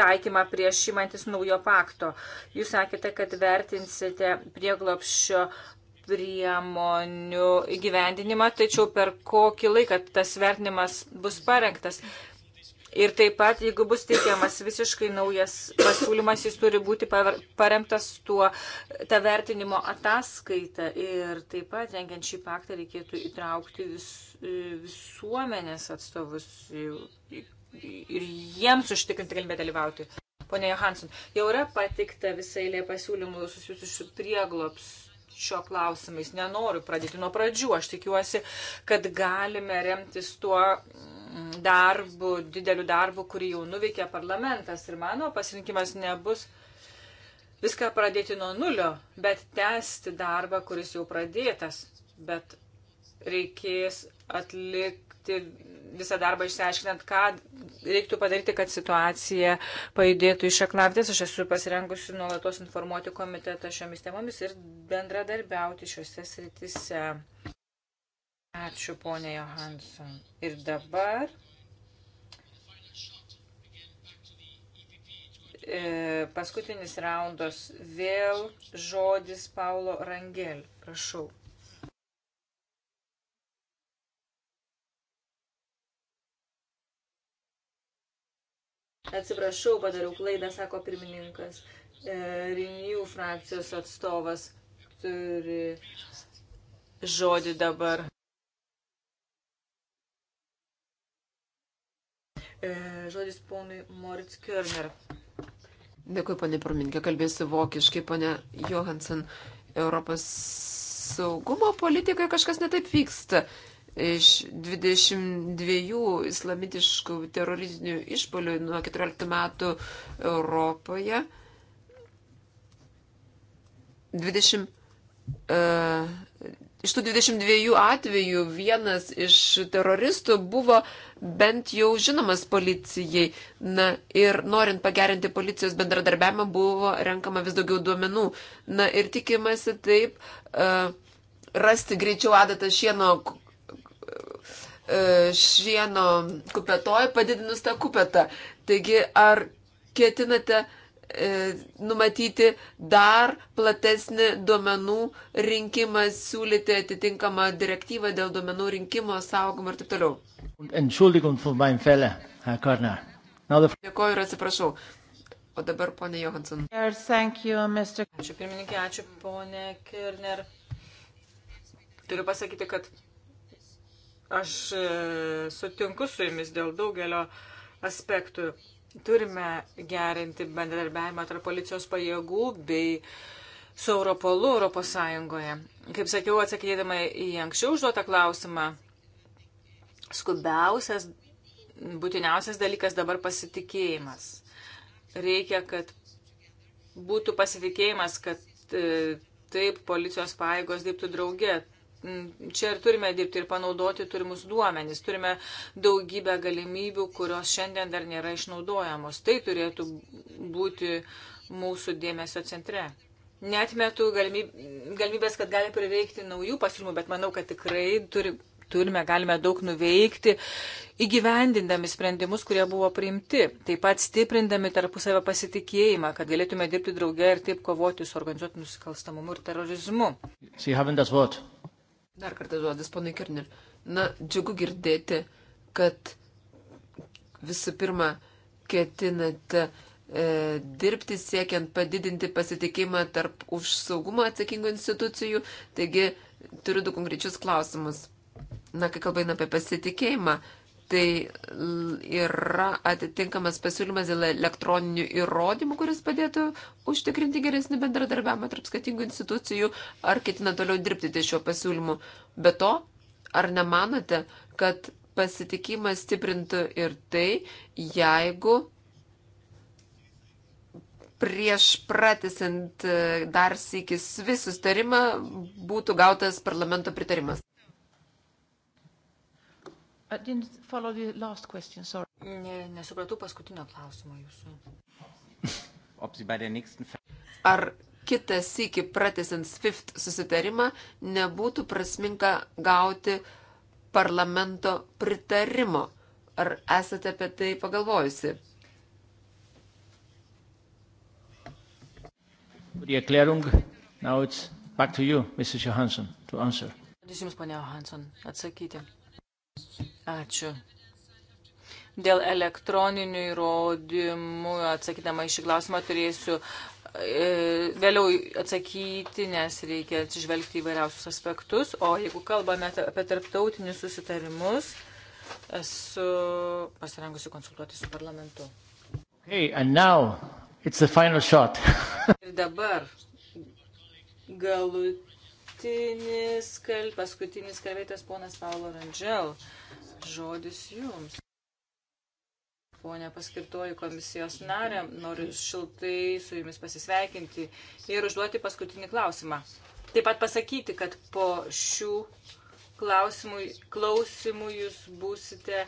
taikymą prieš imantis naujo pakto. Jūs sakėte, kad vertinsite prieglopščio priemonių įgyvendinimą, tačiau per kokį laiką tas vertinimas bus parengtas. Ir taip pat, jeigu bus teikiamas visiškai naujas pasiūlymas, jis turi būti paremtas tuo tą vertinimo ataskaitą. Ir taip pat, rengiant šį paktą, reikėtų įtraukti vis, visuomenės atstovus į, į ir jiems užtikrinti galimybę dalyvauti. Pone Johansson, jau yra patikta visai lė pasiūlymų susijusių su prieglopščio klausimais. Nenoriu pradėti nuo pradžių. Aš tikiuosi, kad galime remtis tuo mm, darbu, dideliu darbu, kurį jau nuveikė parlamentas. Ir mano pasirinkimas nebus viską pradėti nuo nulio, bet tęsti darbą, kuris jau pradėtas. Bet reikės atlikti visą darbą išsiaiškinant, ką reiktų padaryti, kad situacija pajudėtų iš aklavdės. Aš esu pasirengusi nuolatos informuoti komitetą šiomis temomis ir bendradarbiauti šiuose sritise. Ačiū, ponė Johansson. Ir dabar e, paskutinis raundas. Vėl žodis Paulo Rangel. Prašau. Atsiprašau, padariau klaidą, sako pirmininkas. E, Renew frakcijos atstovas turi žodį dabar. E, žodis ponui Moritz Körner. Dėkui, ponė Praminkė, kalbėsiu vokiškai, ponė Johansen. Europos saugumo politikoje kažkas netaip vyksta. Iš 22 islamitiškų teroristinių išpolių nuo 14 metų Europoje 20, uh, e, iš tų 22 atvejų vienas iš teroristų buvo bent jau žinomas policijai. Na ir norint pagerinti policijos bendradarbiavimą buvo renkama vis daugiau duomenų. Na ir tikimasi taip. Uh, rasti greičiau adatą šieno E, šieno kupetoj padidinus tą kupetą. Taigi, ar ketinate e, numatyti dar platesnį duomenų rinkimą, siūlyti atitinkamą direktyvą dėl duomenų rinkimo, saugomą ir taip toliau. Dėkoju ir atsiprašau. O dabar ponė Johansson. Ačiū pirmininkė, ačiū ponė Kirner. Turiu pasakyti, kad Aš e, sutinku su jumis dėl daugelio aspektų. Turime gerinti bendradarbiavimą tarp policijos pajėgų bei su Europolu Europos Sąjungoje. Kaip sakiau, atsakydama į anksčiau užduotą klausimą, skubiausias, būtiniausias dalykas dabar pasitikėjimas. Reikia, kad būtų pasitikėjimas, kad e, taip policijos paėgos dirbtų drauge čia ir turime dirbti ir panaudoti turimus duomenys. Turime daugybę galimybių, kurios šiandien dar nėra išnaudojamos. Tai turėtų būti mūsų dėmesio centre. Netmetu galimybės, kad gali prireikti naujų pasiūlymų, bet manau, kad tikrai turi, turime, galime daug nuveikti, įgyvendindami sprendimus, kurie buvo priimti, taip pat stiprindami tarpusavę pasitikėjimą, kad galėtume dirbti drauge ir taip kovoti su organizuotų nusikalstamumu ir terorizmu. Sie haben das Wort. Dar kartą žodis, ponai Kirner. Na, džiugu girdėti, kad visų pirma ketinate e, dirbti siekiant padidinti pasitikimą tarp už saugumą atsakingų institucijų. Taigi turiu du konkrečius klausimus. Na, kai kalbame apie pasitikėjimą, tai yra atitinkamas pasiūlymas dėl elektroninių įrodymų, kuris padėtų užtikrinti geresnį bendradarbiavimą tarp skatingų institucijų, ar ketina toliau dirbti ties šiuo pasiūlymu. Be to, ar nemanote, kad pasitikimą stiprintų ir tai, jeigu prieš pratisant e, dar sėkis visų starimą būtų gautas parlamento pritarimas? I didn't follow the last question, sorry. Ne, nesupratau paskutinio klausimo jūsų. [laughs] Ar kitą sykį pratesant SWIFT susitarimą nebūtų prasminga gauti parlamento pritarimo? Ar esate apie tai pagalvojusi? Erklärung. Now it's back to you, Mrs. Johansson, to answer. Jums, ponia Johansson, atsakyti. Ačiū. Dėl elektroninių įrodymų atsakydama iš įklausimą turėsiu e, vėliau atsakyti, nes reikia atsižvelgti įvairiausius aspektus. O jeigu kalbame apie tarptautinius susitarimus, esu pasirengusi konsultuoti su parlamentu. Hey, [laughs] Ir dabar galutinis, kal, paskutinis kalbėtas ponas Paulo Rangel. Uh, Žodis jums. Pone paskirtoji komisijos narė, noriu šiltai su jumis pasisveikinti ir užduoti paskutinį klausimą. Taip pat pasakyti, kad po šių klausimų, klausimų jūs būsite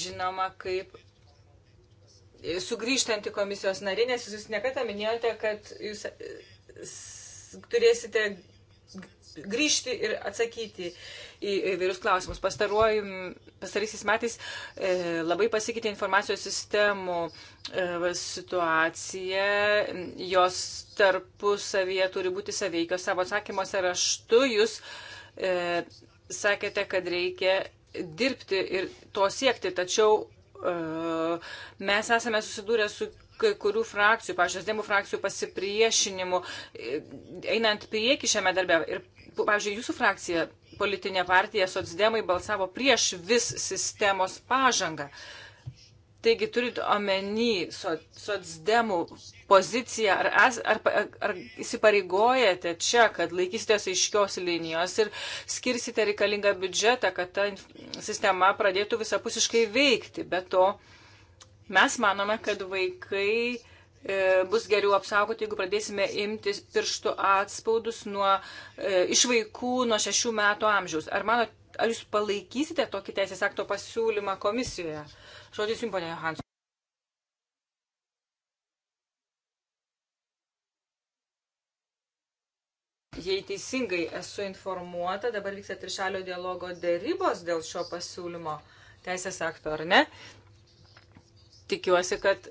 žinoma kaip sugrįžtanti komisijos narė, nes jūs nekada minėjote, kad jūs e, turėsite grįžti ir atsakyti į įvairius klausimus. Pastarysiais metais e, labai pasikeitė informacijos sistemų e, situacija, jos tarpusavyje turi būti saveikios. Savo atsakymuose raštu jūs e, sakėte, kad reikia dirbti ir to siekti, tačiau e, mes esame susidūrę su kai kurių frakcijų, pažiūrėjau, demų frakcijų pasipriešinimu, e, einant prieki šiame darbe. Ir pavyzdžiui, jūsų frakcija, politinė partija, socdemai balsavo prieš vis sistemos pažangą. Taigi turit omeny socdemų poziciją, ar, ar, ar, ar įsipareigojate čia, kad laikysitės aiškios linijos ir skirsite reikalingą biudžetą, kad ta sistema pradėtų visapusiškai veikti. Be to, mes manome, kad vaikai E, bus geriau apsaugoti, jeigu pradėsime imti pirštų atspaudus nuo, e, iš vaikų nuo šešių metų amžiaus. Ar, mano, ar jūs palaikysite tokį teisės akto pasiūlymą komisijoje? Žodis jums, ponė Johans. Jei teisingai esu informuota, dabar vyksta trišalio dialogo dėrybos dėl šio pasiūlymo teisės akto, ar ne? Tikiuosi, kad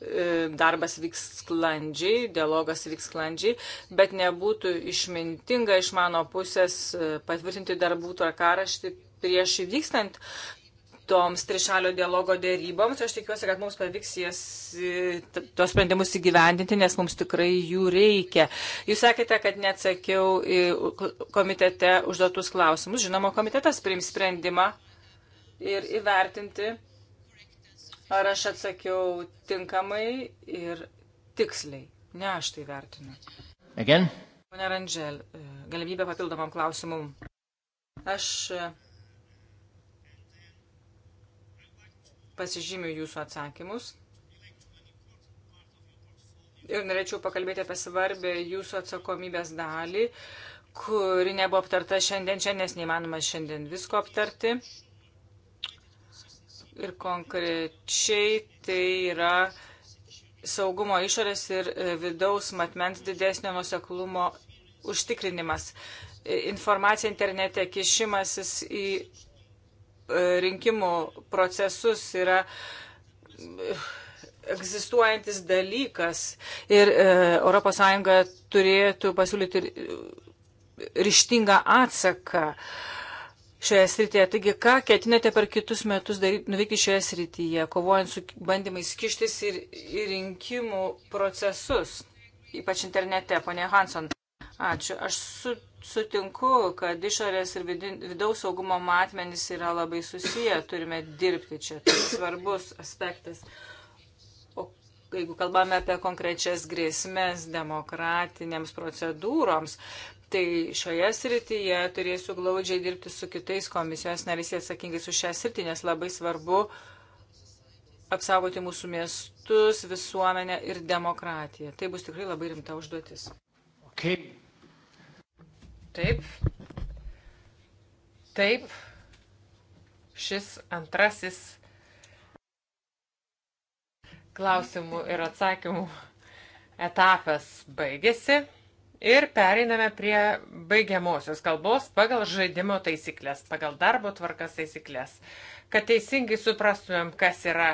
E, darbas vyks sklandžiai, dialogas vyks sklandžiai, bet nebūtų išmintinga iš mano pusės e, patvirtinti darbų tvarkaraštį prieš įvykstant toms trišalio dialogo dėryboms. Aš tikiuosi, kad mums pavyks jas, e, tuos sprendimus įgyvendinti, nes mums tikrai jų reikia. Jūs sakėte, kad neatsakiau komitete užduotus klausimus. Žinoma, komitetas priims sprendimą ir įvertinti Ar aš atsakiau tinkamai ir tiksliai? Ne, aš tai vertinu. Again? Pone Randžel, e, galimybė papildomam klausimum. Aš e, pasižymiu jūsų atsakymus ir norėčiau pakalbėti apie svarbę jūsų atsakomybės dalį, kuri nebuvo aptarta šiandien čia, nes neįmanoma šiandien visko aptarti ir konkrečiai tai yra saugumo išorės ir e, vidaus matmens didesnio nuseklumo užtikrinimas. E, informacija internete, kišimasis į e, rinkimų procesus yra egzistuojantis dalykas ir ES turėtų pasiūlyti ryštingą atsaką. E, šioje srityje. Taigi, ką ketinate per kitus metus daryti, nuveikti šioje srityje, kovojant su bandymais kištis ir, ir rinkimų procesus, ypač internete, ponė Hanson? Ačiū. Aš su, sutinku, kad išorės ir vidin, vidaus saugumo matmenys yra labai susiję, turime dirbti čia. Tai svarbus aspektas. O jeigu kalbame apie konkrečias grėsmės demokratinėms procedūroms, Tai šioje srityje turėsiu glaudžiai dirbti su kitais komisijos narys atsakingai su šią sritį, nes labai svarbu apsaugoti mūsų miestus, visuomenę ir demokratiją. Tai bus tikrai labai rimta užduotis. Okay. Taip. Taip. Šis antrasis klausimų ir atsakymų etapas baigėsi. Ir pereiname prie baigiamosios kalbos pagal žaidimo taisyklės, pagal darbo tvarkas taisyklės. Kad teisingai suprastumėm, kas yra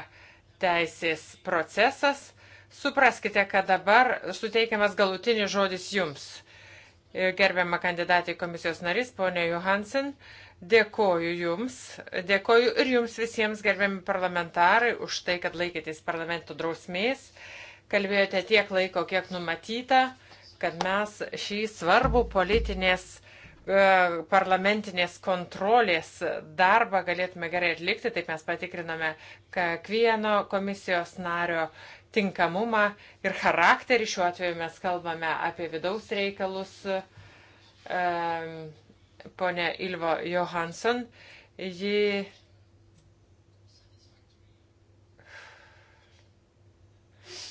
teisės procesas, supraskite, kad dabar suteikiamas galutinis žodis jums. Gerbiama kandidatė į komisijos narys, ponė Johansen, dėkoju jums, dėkoju ir jums visiems, gerbiami parlamentarai, už tai, kad laikėtės parlamento drausmės, kalbėjote tiek laiko, kiek numatyta kad mes šį svarbų politinės e, parlamentinės kontrolės darbą galėtume gerai atlikti, taip mes patikriname kiekvieno komisijos nario tinkamumą ir charakterį. Šiuo atveju mes kalbame apie vidaus reikalus. E, Pone Ilvo Johansson, ji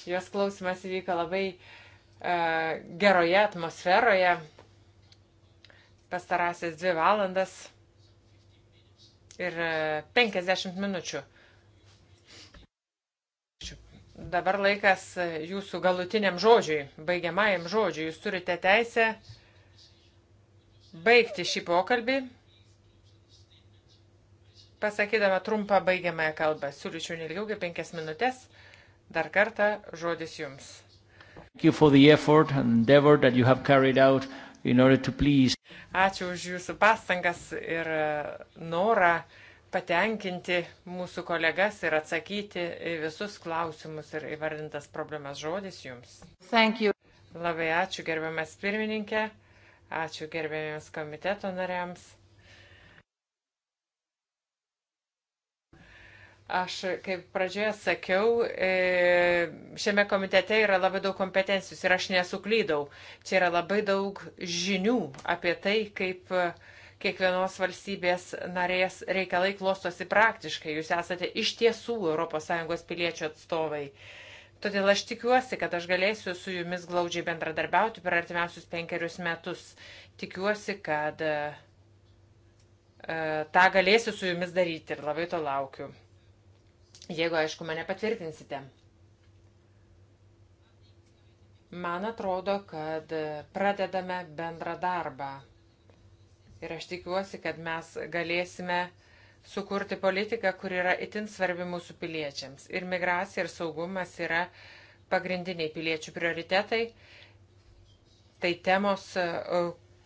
jos klausimas įvyko labai uh, E, geroje atmosferoje pastarąsias dvi valandas ir 50 e, minučių. Dabar laikas jūsų galutiniam žodžiui, baigiamajam žodžiui. Jūs turite teisę baigti šį pokalbį, pasakydama trumpą baigiamąją kalbą. Siūlyčiau nelgiau kaip penkias minutės. Dar kartą žodis jums. Thank you for the effort and endeavor that you have carried out in order to please. Ačiū už jūsų pastangas ir e, norą patenkinti mūsų kolegas ir atsakyti į visus klausimus ir įvardintas problemas žodis jums. Thank you. Labai ačiū gerbiamas pirmininkė, ačiū gerbiamiems komiteto nariams. Aš, kaip pradžioje sakiau, e, šiame komitete yra labai daug kompetencijus ir aš nesuklydau. Čia yra labai daug žinių apie tai, kaip e, kiekvienos valstybės narės reikalai klostosi praktiškai. Jūs esate iš tiesų ES piliečių atstovai. Todėl aš tikiuosi, kad aš galėsiu su jumis glaudžiai bendradarbiauti per artimiausius penkerius metus. Tikiuosi, kad e, e tą galėsiu su jumis daryti ir labai to laukiu. Jeigu, aišku, mane patvirtinsite. Man atrodo, kad pradedame bendrą darbą. Ir aš tikiuosi, kad mes galėsime sukurti politiką, kur yra itin svarbi mūsų piliečiams. Ir migracija, ir saugumas yra pagrindiniai piliečių prioritetai. Tai temos,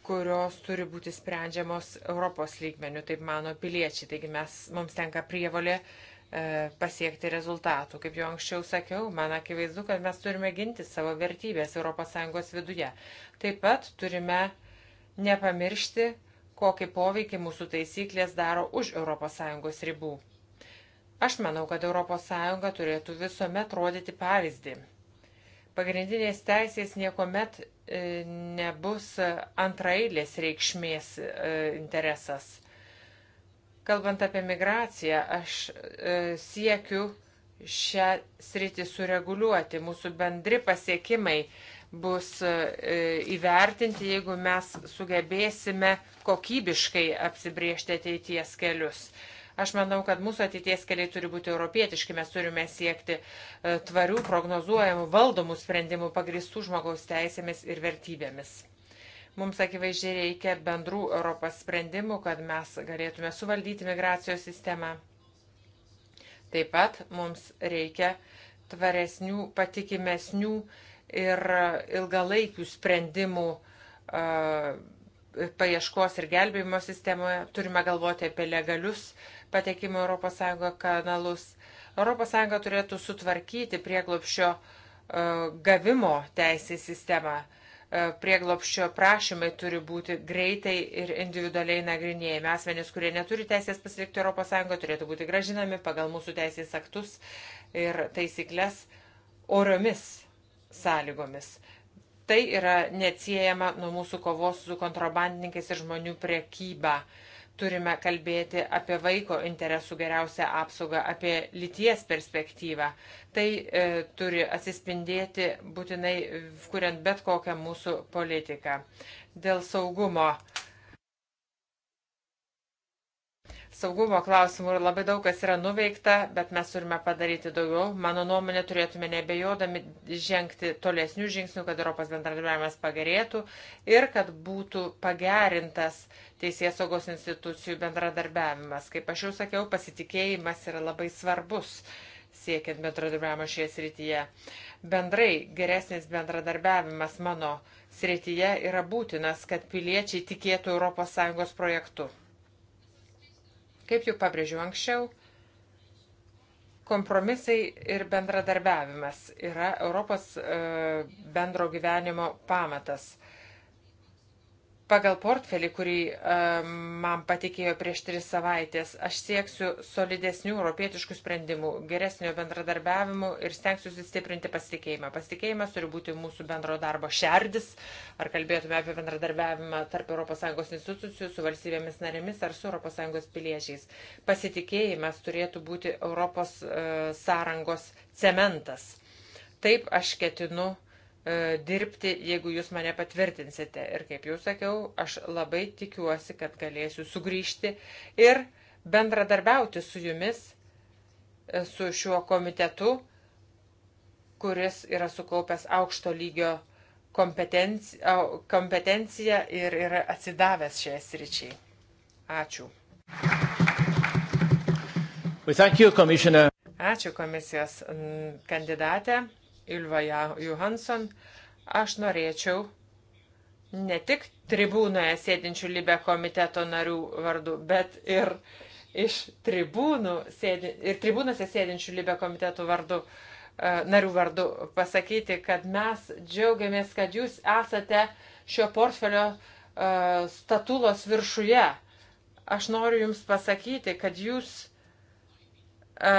kurios turi būti sprendžiamos Europos lygmenių, taip mano piliečiai. Taigi mes, mums tenka prievalė E, pasiekti rezultatų. Kaip jau anksčiau sakiau, man akivaizdu, kad mes turime ginti savo vertybės ES viduje. Taip pat turime nepamiršti, kokį poveikį mūsų taisyklės daro už ES ribų. Aš manau, kad ES turėtų visuomet rodyti pavyzdį. Pagrindinės teisės niekuomet e, nebus antrailės reikšmės e, interesas Kalbant apie migraciją, aš e, siekiu šią sritį sureguliuoti. Mūsų bendri pasiekimai bus e, įvertinti, jeigu mes sugebėsime kokybiškai apsibriežti ateities kelius. Aš manau, kad mūsų ateities keliai turi būti europietiški, mes turime siekti e, tvarių, prognozuojamų, valdomų sprendimų pagristų žmogaus teisėmis ir vertybėmis. Mums akivaizdžiai reikia bendrų Europos sprendimų, kad mes galėtume suvaldyti migracijos sistemą. Taip pat mums reikia tvaresnių, patikimesnių ir ilgalaikių sprendimų uh, paieškos ir gelbėjimo sistemoje. Turime galvoti apie legalius patekimo ES kanalus. ES turėtų sutvarkyti prieglopšio uh, gavimo teisės sistemą. Uh, E, prieglopščio prašymai turi būti greitai ir individualiai nagrinėjami. Asmenys, kurie neturi teisės pasilikti ES, turėtų būti gražinami pagal mūsų teisės aktus ir taisyklės oriomis sąlygomis. Tai yra neatsiejama nuo mūsų kovos su kontrabandininkais ir žmonių priekyba. Uh, turime kalbėti apie vaiko interesų geriausią apsaugą, apie lyties perspektyvą. Tai e, turi atsispindėti būtinai, kuriant bet kokią mūsų politiką. Dėl saugumo e, saugumo klausimų ir labai daug kas yra nuveikta, bet mes turime padaryti daugiau. Mano nuomonė, turėtume nebejodami žengti tolesnių žingsnių, kad Europos bendradarbiavimas pagerėtų ir kad būtų pagerintas teisės saugos institucijų bendradarbiavimas. Kaip aš jau sakiau, pasitikėjimas yra labai svarbus siekiant bendradarbiavimo šioje srityje. Bendrai geresnis bendradarbiavimas mano srityje yra būtinas, kad piliečiai tikėtų ES projektu. Kaip jau pabrėžiau anksčiau, kompromisai ir bendradarbiavimas yra Europos e, bendro gyvenimo pamatas – pagal portfelį, kurį um, man patikėjo prieš tris savaitės, aš sieksiu solidesnių europietiškų sprendimų, geresnio bendradarbiavimo ir stengsiu sustiprinti pasitikėjimą. Pasitikėjimas turi būti mūsų bendro darbo šerdis, ar kalbėtume apie bendradarbiavimą tarp ES institucijų, su valstybėmis narėmis ar su ES piliečiais. Pasitikėjimas turėtų būti Europos uh, sąrangos cementas. Taip aš ketinu uh, E, dirbti, jeigu jūs mane patvirtinsite. Ir kaip jau sakiau, aš labai tikiuosi, kad galėsiu sugrįžti ir bendradarbiauti su jumis, e, su šiuo komitetu, kuris yra sukaupęs aukšto lygio kompetenciją, kompetenciją ir yra atsidavęs šiai sričiai. Ačiū. Ačiū komisijos kandidatė. Ilva Johansson, aš norėčiau ne tik tribūnoje sėdinčių Libe komiteto narių vardų, bet ir iš tribūnų sėdi, ir tribūnose sėdinčių Libe komiteto vardu, e, narių vardu pasakyti, kad mes džiaugiamės, kad jūs esate šio portfelio e, statulos viršuje. Aš noriu jums pasakyti, kad jūs e,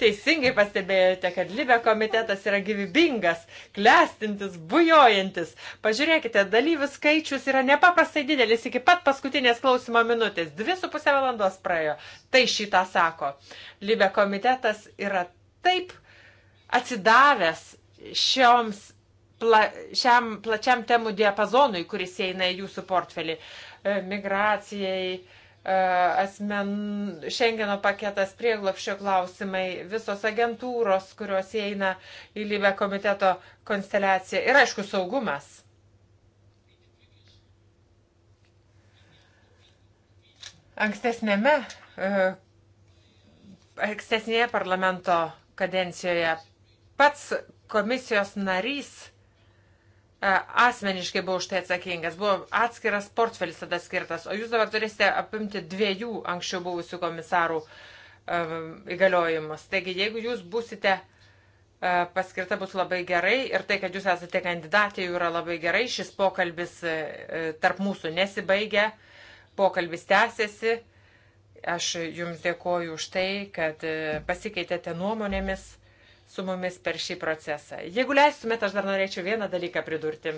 teisingai pastebėjote, kad Libė komitetas yra gyvybingas, klestintis, bujojantis. Pažiūrėkite, dalyvių skaičius yra nepaprastai didelis iki pat paskutinės klausimo minutės. Dvi su pusę valandos praėjo. Tai šitą sako. Libė komitetas yra taip atsidavęs šioms pla, šiam plačiam temų diapazonui, kuris eina į jūsų portfelį, e, migracijai, asmen, Šengeno paketas, prieglopščio klausimai, visos agentūros, kurios įeina į lybę komiteto konsteliaciją ir aišku saugumas. Ankstesnėme, e, ankstesnėje parlamento kadencijoje pats komisijos narys E, asmeniškai buvo už tai atsakingas, buvo atskiras portfelis tada skirtas, o jūs dabar turėsite apimti dviejų anksčiau buvusių komisarų e, įgaliojimus. Taigi, jeigu jūs busite e, paskirta, bus labai gerai ir tai, kad jūs esate kandidatė, jau yra labai gerai. Šis pokalbis tarp mūsų nesibaigia, pokalbis tęsiasi. Aš jums dėkoju už tai, kad pasikeitėte nuomonėmis su mumis per šį procesą. Jeigu leistumėt, aš dar norėčiau vieną dalyką pridurti.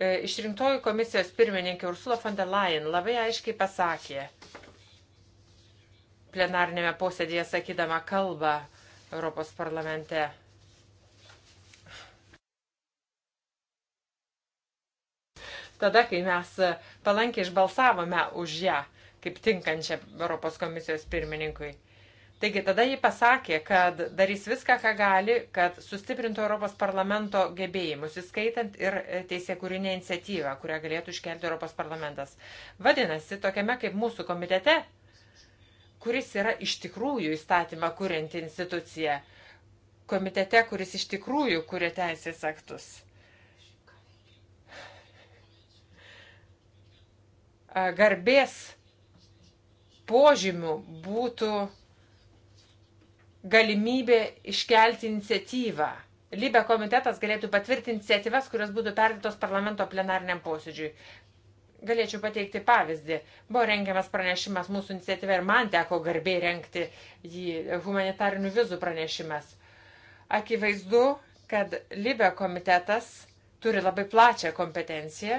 E, išrinktoji komisijos pirmininkė Ursula von der Leyen labai aiškiai pasakė plenarnėme posėdėje sakydama kalbą Europos parlamente. Tada, kai mes palankiai išbalsavome už ją kaip tinkančią Europos komisijos pirmininkui. Taigi tada ji pasakė, kad darys viską, ką gali, kad sustiprintų Europos parlamento gebėjimus, įskaitant ir e, teisėkūrinę iniciatyvą, kurią galėtų iškelti Europos parlamentas. Vadinasi, tokiame kaip mūsų komitete, kuris yra iš tikrųjų įstatymą kurianti institucija, komitete, kuris iš tikrųjų kuria teisės aktus. Garbės požymių būtų galimybė iškelti iniciatyvą. Libe komitetas galėtų patvirtinti iniciatyvas, kurios būtų perdėtos parlamento plenariniam posėdžiui. Galėčiau pateikti pavyzdį. Buvo rengiamas pranešimas mūsų iniciatyva ir man teko garbiai renkti jį humanitarinių vizų pranešimas. Akivaizdu, kad Libe komitetas turi labai plačią kompetenciją.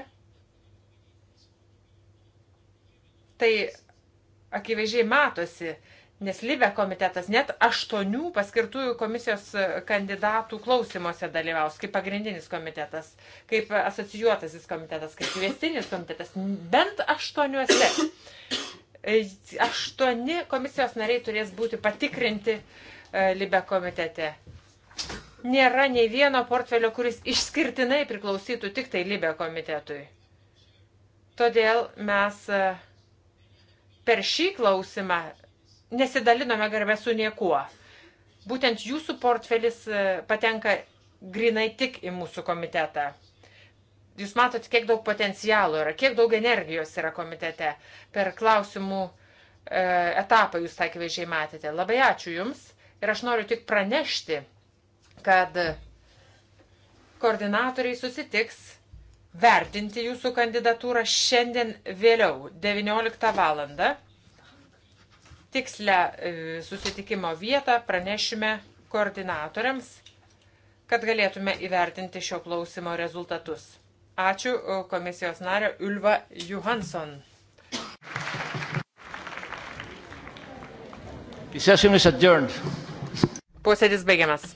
Tai akivaizdžiai matosi, Nes Libė komitetas net aštuonių paskirtųjų komisijos kandidatų klausimuose dalyvaus kaip pagrindinis komitetas, kaip asocijuotasis komitetas, kaip kviestinis komitetas. Bent aštuoniuose. Aštuoni komisijos nariai turės būti patikrinti e, Libė komitete. Nėra nei vieno portfelio, kuris išskirtinai priklausytų tik tai Libė komitetui. Todėl mes e, per šį klausimą nesidalinome garbę su niekuo. Būtent jūsų portfelis e, patenka grinai tik į mūsų komitetą. Jūs matot, kiek daug potencialo yra, kiek daug energijos yra komitete. Per klausimų e, etapą jūs tą akivaizdžiai matėte. Labai ačiū Jums ir aš noriu tik pranešti, kad koordinatoriai susitiks vertinti jūsų kandidatūrą šiandien vėliau, 19 valandą tikslę e, susitikimo vietą pranešime koordinatoriams, kad galėtume įvertinti šio klausimo rezultatus. Ačiū e, komisijos nario Ulva Johansson. Posėdis baigiamas.